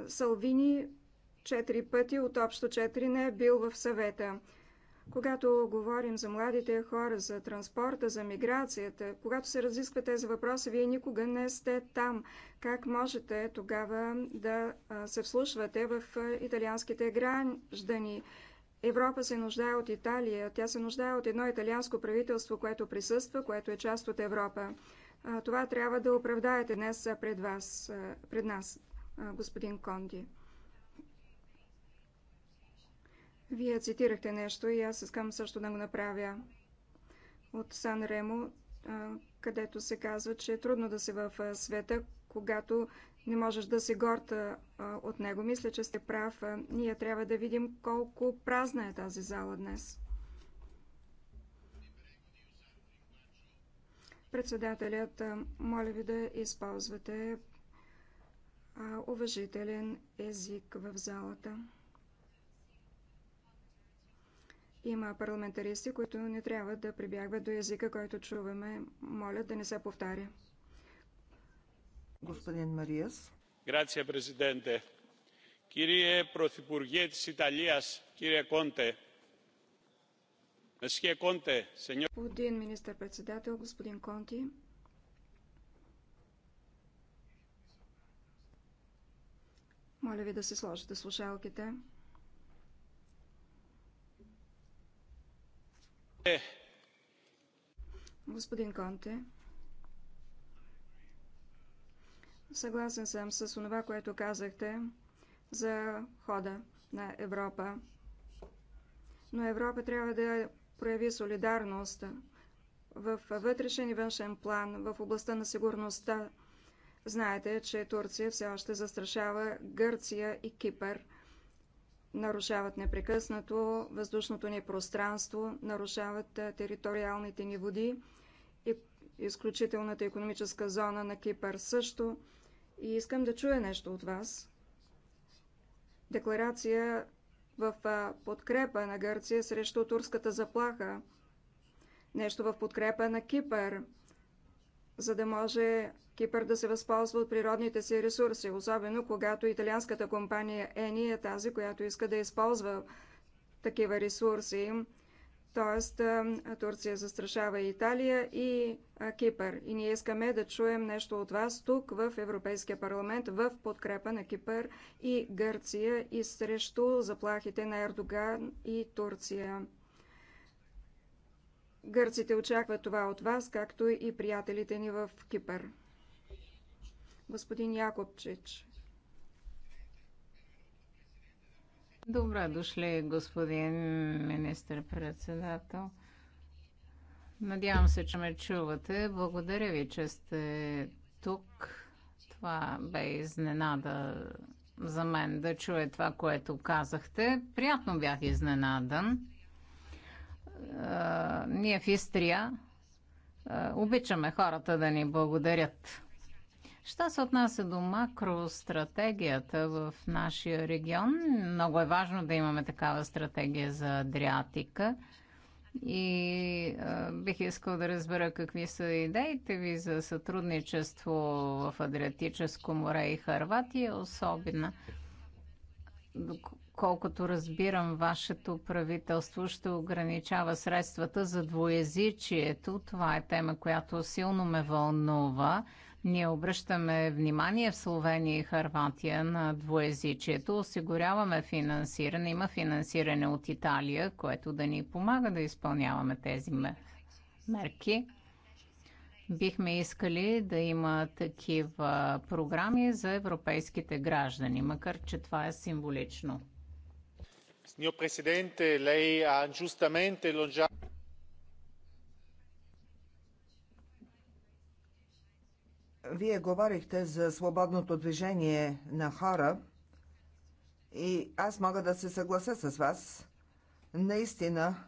Салвини четири пъти от общо четири не е бил в съвета. Когато говорим за младите хора, за транспорта, за миграцията, когато се разисква тези въпроси, вие никога не сте там. Как можете тогава да се вслушвате в италианските граждани? Европа се нуждае от Италия. Тя се нуждае от едно италианско правителство, което присъства, което е част от Европа. Това трябва да оправдаете днес пред вас, пред нас, господин Конди. Вие цитирахте нещо и аз искам също да го направя от Сан Ремо, където се казва, че е трудно да си в света, когато не можеш да се горта от него. Мисля, че сте прав. Ние трябва да видим колко празна е тази зала днес. Председателят, моля ви да използвате уважителен език в залата. Има парламентаристи, които не трябва да прибягват до езика, който чуваме. Моля да не се повтаря. Господин Мариас. Грация, президенте. Кирие Πρωθυπουργέ της Италίας, кирие Конте. Конте, сеньор... Господин министър-председател, господин Конти. Моля ви да се сложите слушалките. Господин Конте, съгласен съм с това, което казахте за хода на Европа. Но Европа трябва да прояви солидарност в вътрешен и външен план, в областта на сигурността. Знаете, че Турция все още застрашава Гърция и Кипър – нарушават непрекъснато въздушното ни пространство, нарушават териториалните ни води, и изключителната економическа зона на Кипър също. И искам да чуя нещо от вас. Декларация в подкрепа на Гърция срещу турската заплаха. Нещо в подкрепа на Кипър – за да може Кипър да се възползва от природните си ресурси, особено когато италианската компания ЕНИ е тази, която иска да използва такива ресурси. Тоест, Турция застрашава Италия и Кипър. И ние искаме да чуем нещо от вас тук в Европейския парламент в подкрепа на Кипър и Гърция и срещу заплахите на Ердоган и Турция. Гърците очакват това от вас, както и приятелите ни в Кипър. Господин Якобчич. Добре дошли, господин министр-председател. Надявам се, че ме чувате. Благодаря ви, че сте тук. Това бе изненада за мен да чуя това, което казахте. Приятно бях изненадан а, ние в Истрия а, обичаме хората да ни благодарят. Що се отнася до макростратегията в нашия регион, много е важно да имаме такава стратегия за Адриатика. И а, бих искал да разбера какви са идеите ви за сътрудничество в Адриатическо море и Харватия, особено доколкото разбирам, вашето правителство ще ограничава средствата за двоязичието. Това е тема, която силно ме вълнува. Ние обръщаме внимание в Словения и Харватия на двоязичието, осигуряваме финансиране, има финансиране от Италия, което да ни помага да изпълняваме тези мерки. Бихме искали да има такива програми за европейските граждани, макар че това е символично signor presidente lei ha giustamente elogiato. Вие говорихте за свободното движение на хора и аз мога да се съглася с вас. Наистина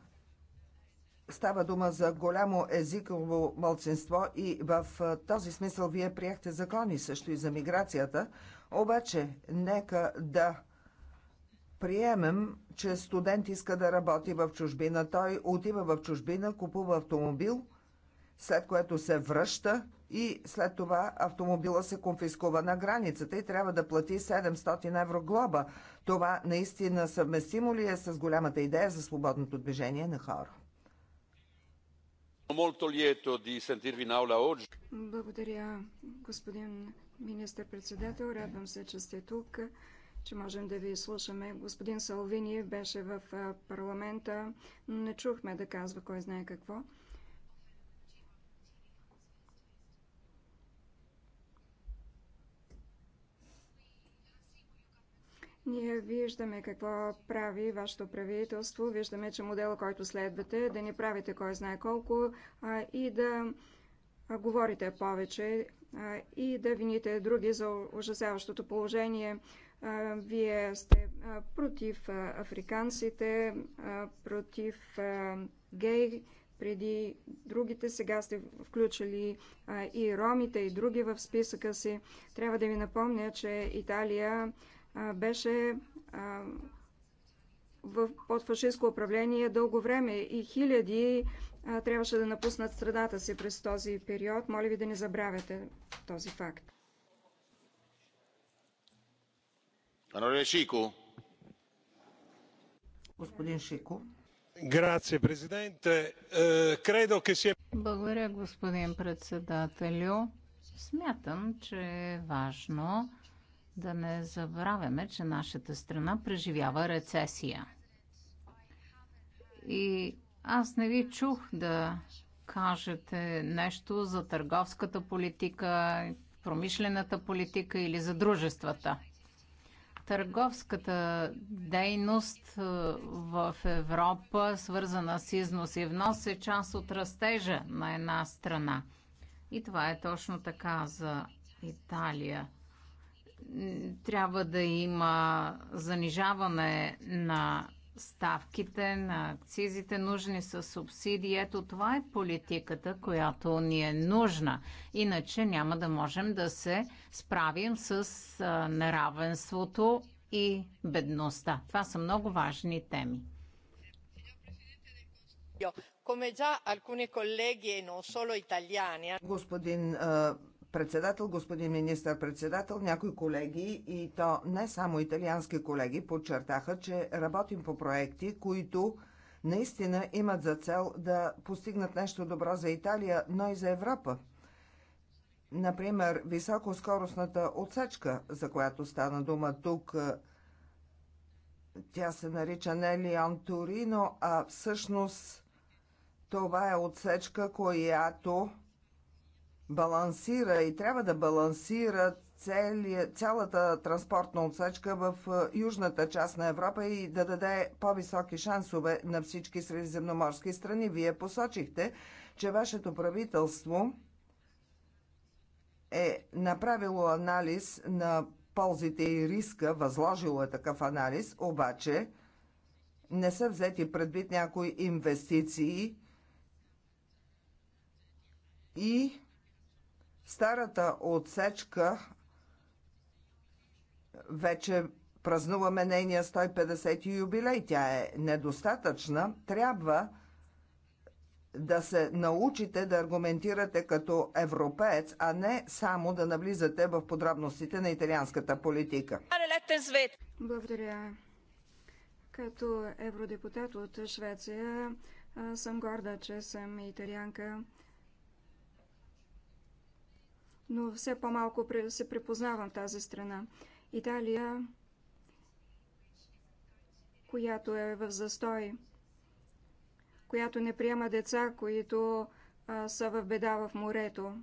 става дума за голямо езиково мълцинство и в този смисъл вие приехте закони също и за миграцията. Обаче, нека да приемем, че студент иска да работи в чужбина. Той отива в чужбина, купува автомобил, след което се връща и след това автомобила се конфискува на границата и трябва да плати 700 евро глоба. Това наистина съвместимо ли е с голямата идея за свободното движение на хора? Благодаря, господин министър-председател. Радвам се, че сте тук че можем да ви слушаме. Господин Салвини беше в парламента, но не чухме да казва кой знае какво. Ние виждаме какво прави вашето правителство, виждаме, че модела, който следвате, да не правите кой знае колко а, и да а, говорите повече а, и да вините други за ужасяващото положение вие сте против африканците, против гей, преди другите. Сега сте включили и ромите, и други в списъка си. Трябва да ви напомня, че Италия беше в подфашистско управление дълго време и хиляди трябваше да напуснат страдата си през този период. Моля ви да не забравяте този факт. Господин eh, Благодаря, господин председателю. Смятам, че е важно да не забравяме, че нашата страна преживява рецесия. И аз не ви чух да кажете нещо за търговската политика, промишлената политика или за дружествата търговската дейност е, в Европа, свързана с износ и внос, е част от растежа на една страна. И това е точно така за Италия. Трябва да има занижаване на ставките на акцизите, нужни са субсидии. Ето това е политиката, която ни е нужна. Иначе няма да можем да се справим с неравенството и бедността. Това са много важни теми. E Господин председател, господин министър-председател, някои колеги и то не само италиански колеги подчертаха, че работим по проекти, които наистина имат за цел да постигнат нещо добро за Италия, но и за Европа. Например, високоскоростната отсечка, за която стана дума тук, тя се нарича не Лион Торино, а всъщност това е отсечка, която балансира и трябва да балансира цели, цялата транспортна отсечка в е, южната част на Европа и да даде по-високи шансове на всички средиземноморски страни. Вие посочихте, че вашето правителство е направило анализ на ползите и риска, възложило е такъв анализ, обаче не са взети предвид някои инвестиции и старата отсечка вече празнуваме нейния 150 юбилей. Тя е недостатъчна. Трябва да се научите да аргументирате като европеец, а не само да навлизате в подробностите на италианската политика. Благодаря. Като евродепутат от Швеция съм горда, че съм италианка но все по-малко се препознавам тази страна. Италия, която е в застой, която не приема деца, които а, са в беда в морето.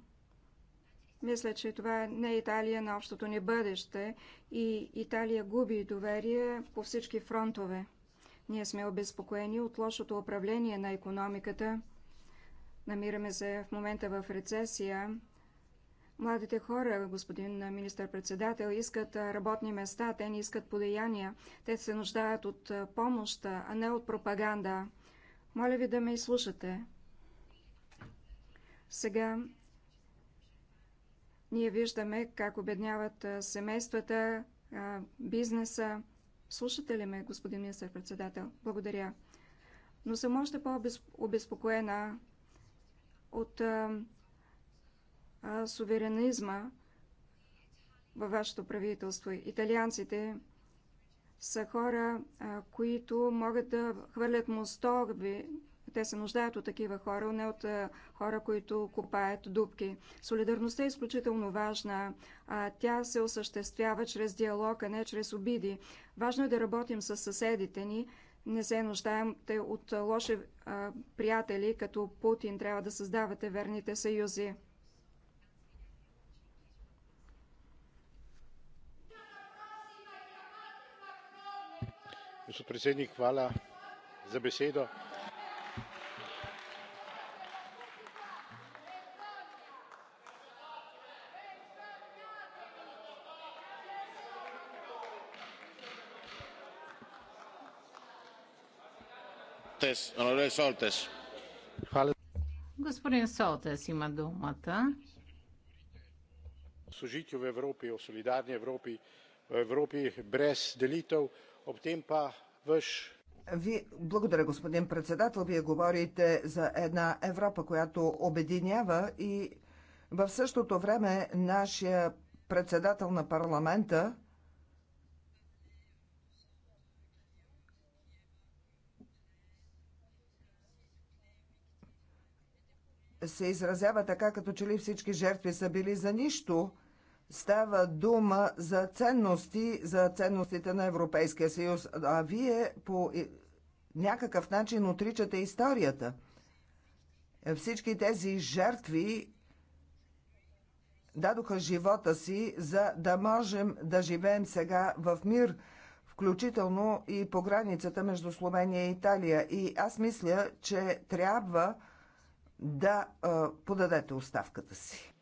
Мисля, че това не е Италия на общото ни бъдеще и Италия губи доверие по всички фронтове. Ние сме обезпокоени от лошото управление на економиката. Намираме се в момента в рецесия. Младите хора, господин министър-председател, искат работни места, те не искат подеяния. Те се нуждаят от помощ, а не от пропаганда. Моля ви да ме изслушате. Сега ние виждаме как обедняват семействата, бизнеса. Слушате ли ме, господин министър-председател? Благодаря. Но съм още по-обезпокоена от суверенизма във вашето правителство. Италианците са хора, които могат да хвърлят мостови. Те се нуждаят от такива хора, не от хора, които копаят дубки. Солидарността е изключително важна. А тя се осъществява чрез диалог, а не чрез обиди. Важно е да работим с съседите ни. Не се нуждаем от лоши а, приятели, като Путин. Трябва да създавате верните съюзи. gospod predsednik hvala za besedo. sožitju v evropi o solidarni evropi o evropi brez delitev Ob tem pa vaš ви, благодаря, господин председател. Вие говорите за една Европа, която обединява и в същото време нашия председател на парламента се изразява така, като че ли всички жертви са били за нищо – Става дума за ценности, за ценностите на Европейския съюз, а вие по някакъв начин отричате историята. Всички тези жертви дадоха живота си, за да можем да живеем сега в мир, включително и по границата между Словения и Италия. И аз мисля, че трябва да подадете оставката си.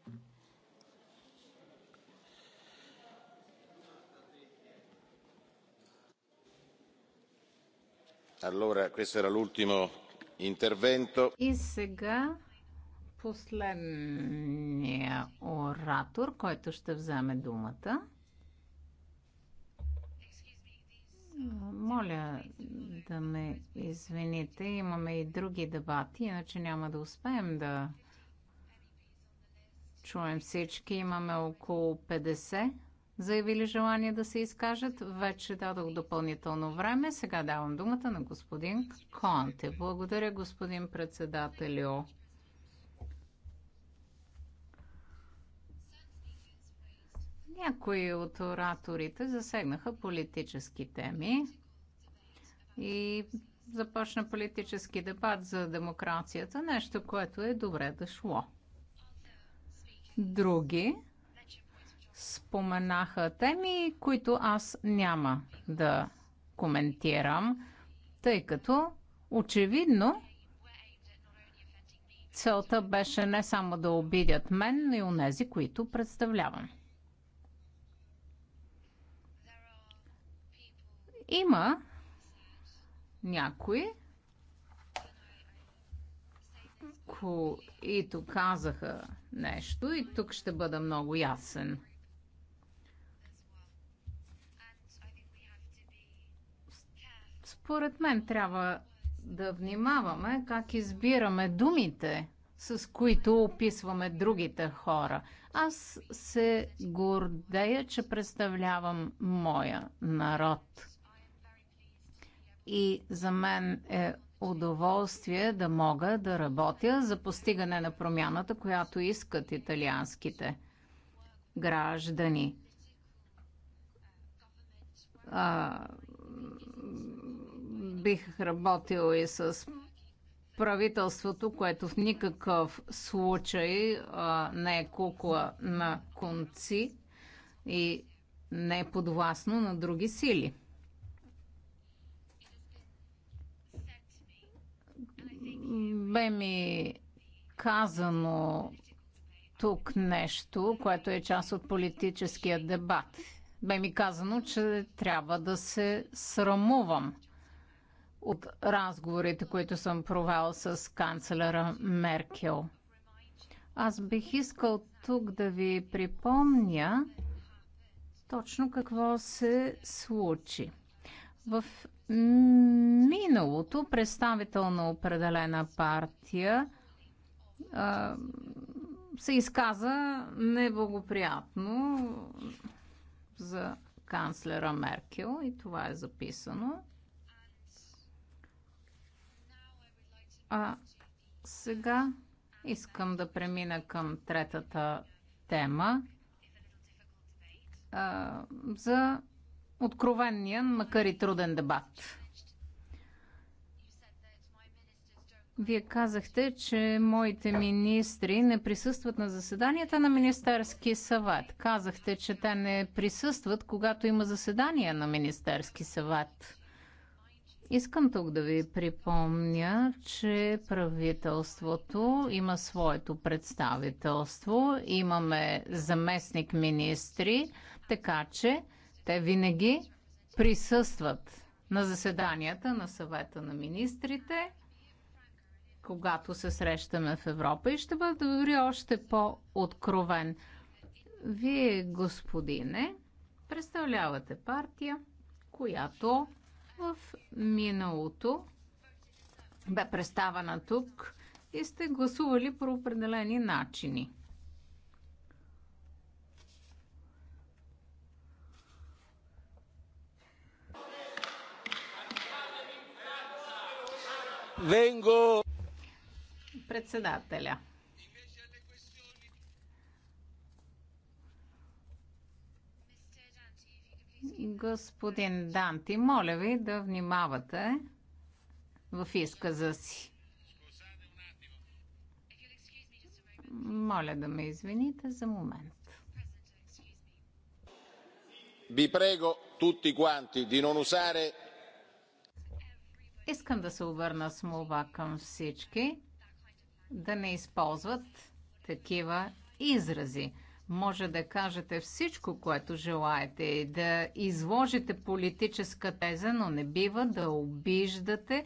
Allora, questo era l'ultimo intervento. И сега последния оратор, който ще вземе думата. Моля да ме извините, имаме и други дебати, иначе няма да успеем да чуем всички. Имаме около 50 заявили желание да се изкажат. Вече дадох допълнително време. Сега давам думата на господин Конте. Благодаря, господин председателю. Някои от ораторите засегнаха политически теми и започна политически дебат за демокрацията, нещо, което е добре дошло. Други споменаха теми, които аз няма да коментирам, тъй като очевидно целта беше не само да обидят мен, но и онези, които представлявам. Има някои, които казаха нещо и тук ще бъда много ясен – Според мен трябва да внимаваме как избираме думите, с които описваме другите хора. Аз се гордея, че представлявам моя народ. И за мен е удоволствие да мога да работя за постигане на промяната, която искат италианските граждани. А, бих работил и с правителството, което в никакъв случай а, не е кукла на конци и не е подвластно на други сили. Бе ми казано тук нещо, което е част от политическия дебат. Бе ми казано, че трябва да се срамувам от разговорите, които съм провел с канцлера Меркел. Аз бих искал тук да ви припомня точно какво се случи. В миналото представител на определена партия се изказа неблагоприятно за канцлера Меркел и това е записано. А сега искам да премина към третата тема а, за откровения, макар и труден дебат. Вие казахте, че моите министри не присъстват на заседанията на Министерски съвет. Казахте, че те не присъстват, когато има заседания на Министерски съвет. Искам тук да ви припомня, че правителството има своето представителство, имаме заместник министри, така че те винаги присъстват на заседанията на съвета на министрите, когато се срещаме в Европа и ще бъде дори още по-откровен. Вие, господине, представлявате партия, която в миналото бе представена тук и сте гласували по определени начини. Венго! Председателя. Господин Данти, моля ви да внимавате в изказа си. Моля да ме извините за момент. Ви прего tutti quanti di non usare Искам да се обърна с молба към всички да не използват такива изрази може да кажете всичко, което желаете и да изложите политическа теза, но не бива да обиждате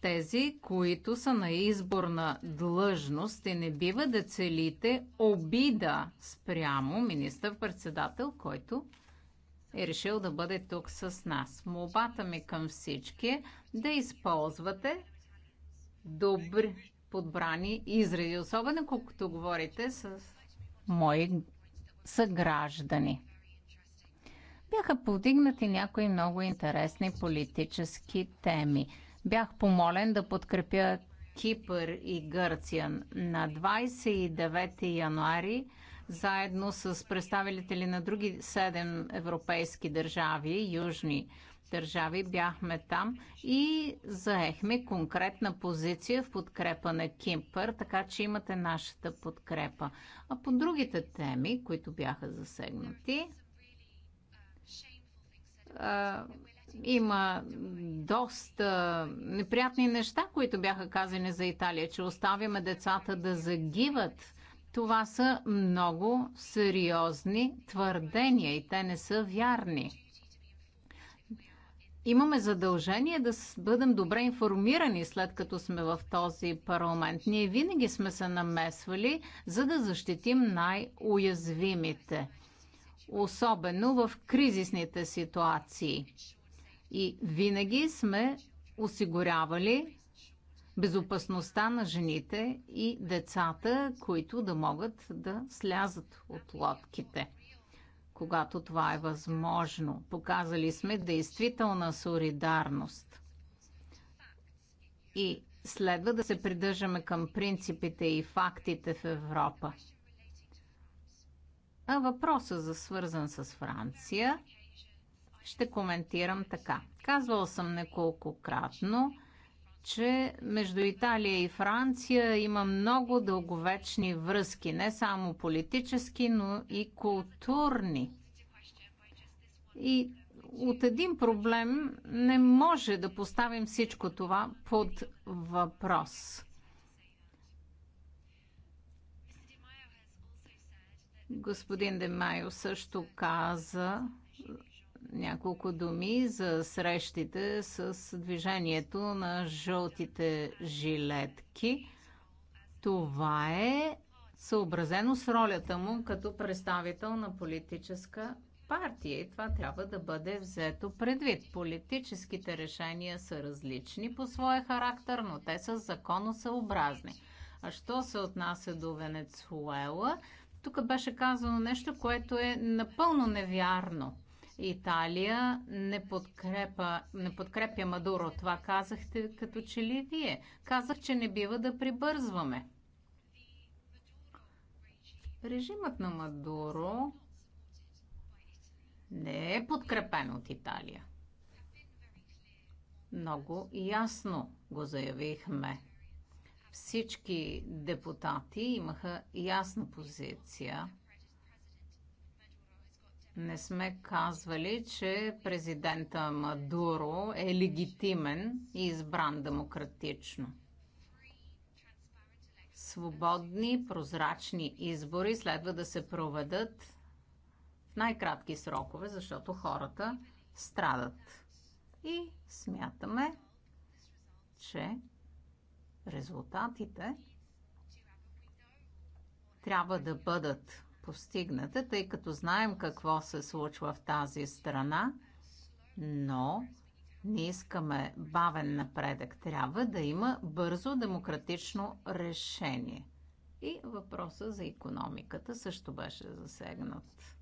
тези, които са на изборна длъжност и не бива да целите обида спрямо министър-председател, който е решил да бъде тук с нас. Молбата ми към всички е да използвате добри подбрани изреди, особено колкото говорите с мои съграждани. Бяха повдигнати някои много интересни политически теми. Бях помолен да подкрепя Кипър и Гърция. На 29 януари, заедно с представители на други седем европейски държави, южни държави бяхме там и заехме конкретна позиция в подкрепа на Кимпър, така че имате нашата подкрепа. А по другите теми, които бяха засегнати, има доста неприятни неща, които бяха казани за Италия, че оставяме децата да загиват. Това са много сериозни твърдения и те не са вярни имаме задължение да бъдем добре информирани след като сме в този парламент. Ние винаги сме се намесвали, за да защитим най-уязвимите, особено в кризисните ситуации. И винаги сме осигурявали безопасността на жените и децата, които да могат да слязат от лодките когато това е възможно. Показали сме действителна солидарност. И следва да се придържаме към принципите и фактите в Европа. А въпроса за свързан с Франция ще коментирам така. Казвал съм неколкократно, че между Италия и Франция има много дълговечни връзки, не само политически, но и културни. И от един проблем не може да поставим всичко това под въпрос. Господин Демайо също каза няколко думи за срещите с движението на жълтите жилетки. Това е съобразено с ролята му като представител на политическа партия и това трябва да бъде взето предвид. Политическите решения са различни по своя характер, но те са законосъобразни. А що се отнася до Венецуела, тук беше казано нещо, което е напълно невярно. Италия не, подкрепа, не подкрепя Мадуро. Това казахте като че ли вие. Казах, че не бива да прибързваме. Режимът на Мадуро не е подкрепен от Италия. Много ясно го заявихме. Всички депутати имаха ясна позиция не сме казвали, че президента Мадуро е легитимен и избран демократично. Свободни, прозрачни избори следва да се проведат в най-кратки срокове, защото хората страдат. И смятаме, че резултатите трябва да бъдат постигната, тъй като знаем какво се случва в тази страна, но не искаме бавен напредък. Трябва да има бързо демократично решение. И въпроса за економиката също беше засегнат.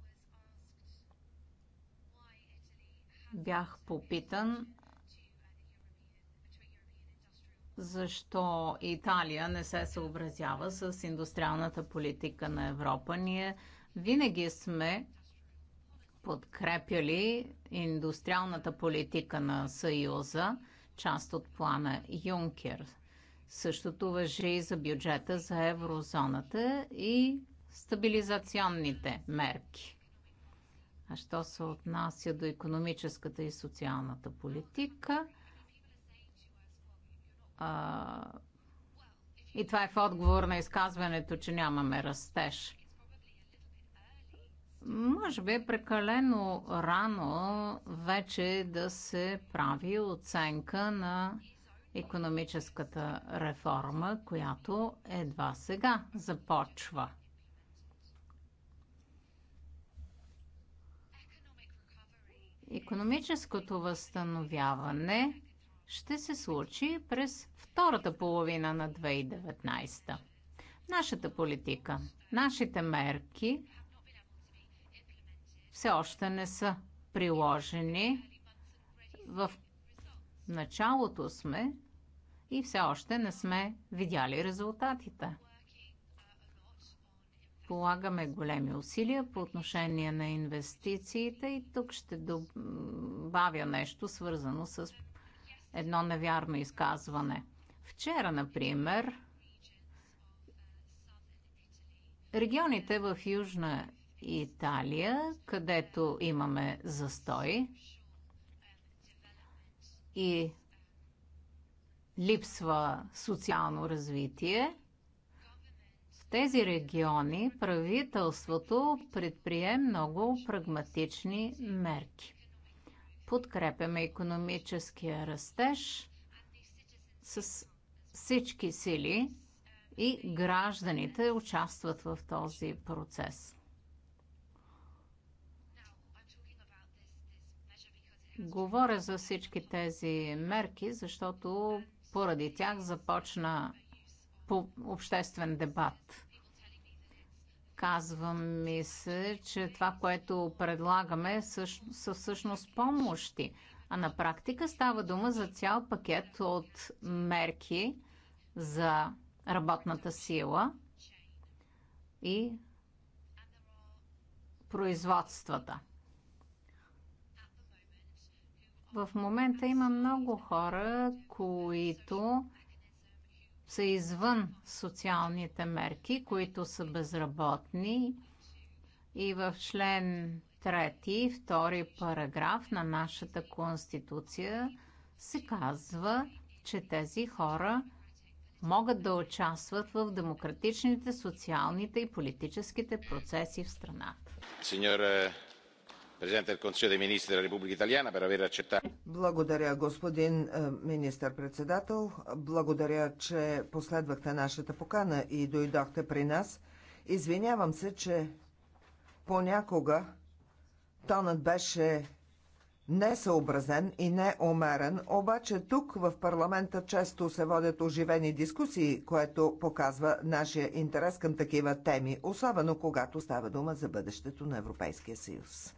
Бях попитан защо Италия не се съобразява с индустриалната политика на Европа. Ние винаги сме подкрепяли индустриалната политика на Съюза, част от плана Юнкер. Същото въжи и за бюджета за еврозоната и стабилизационните мерки. А що се отнася до економическата и социалната политика – а, и това е в отговор на изказването, че нямаме растеж. Може би е прекалено рано вече да се прави оценка на економическата реформа, която едва сега започва. Економическото възстановяване ще се случи през втората половина на 2019. Нашата политика, нашите мерки все още не са приложени. В началото сме и все още не сме видяли резултатите. Полагаме големи усилия по отношение на инвестициите и тук ще добавя нещо свързано с едно невярно изказване. Вчера, например, регионите в Южна Италия, където имаме застой и липсва социално развитие, в тези региони правителството предприе много прагматични мерки подкрепяме економическия растеж с всички сили и гражданите участват в този процес. Говоря за всички тези мерки, защото поради тях започна обществен дебат. Казва ми се, че това, което предлагаме, са всъщност помощи. А на практика става дума за цял пакет от мерки за работната сила и производствата. В момента има много хора, които са извън социалните мерки, които са безработни и в член 3, втори параграф на нашата конституция се казва, че тези хора могат да участват в демократичните, социалните и политическите процеси в страната. Сеньоре, Президента на министри на Република Италия, за да Благодаря, господин е, министър-председател. Благодаря, че последвахте нашата покана и дойдохте при нас. Извинявам се, че понякога тонът беше несъобразен и неумерен, обаче тук в парламента често се водят оживени дискусии, което показва нашия интерес към такива теми, особено когато става дума за бъдещето на Европейския съюз.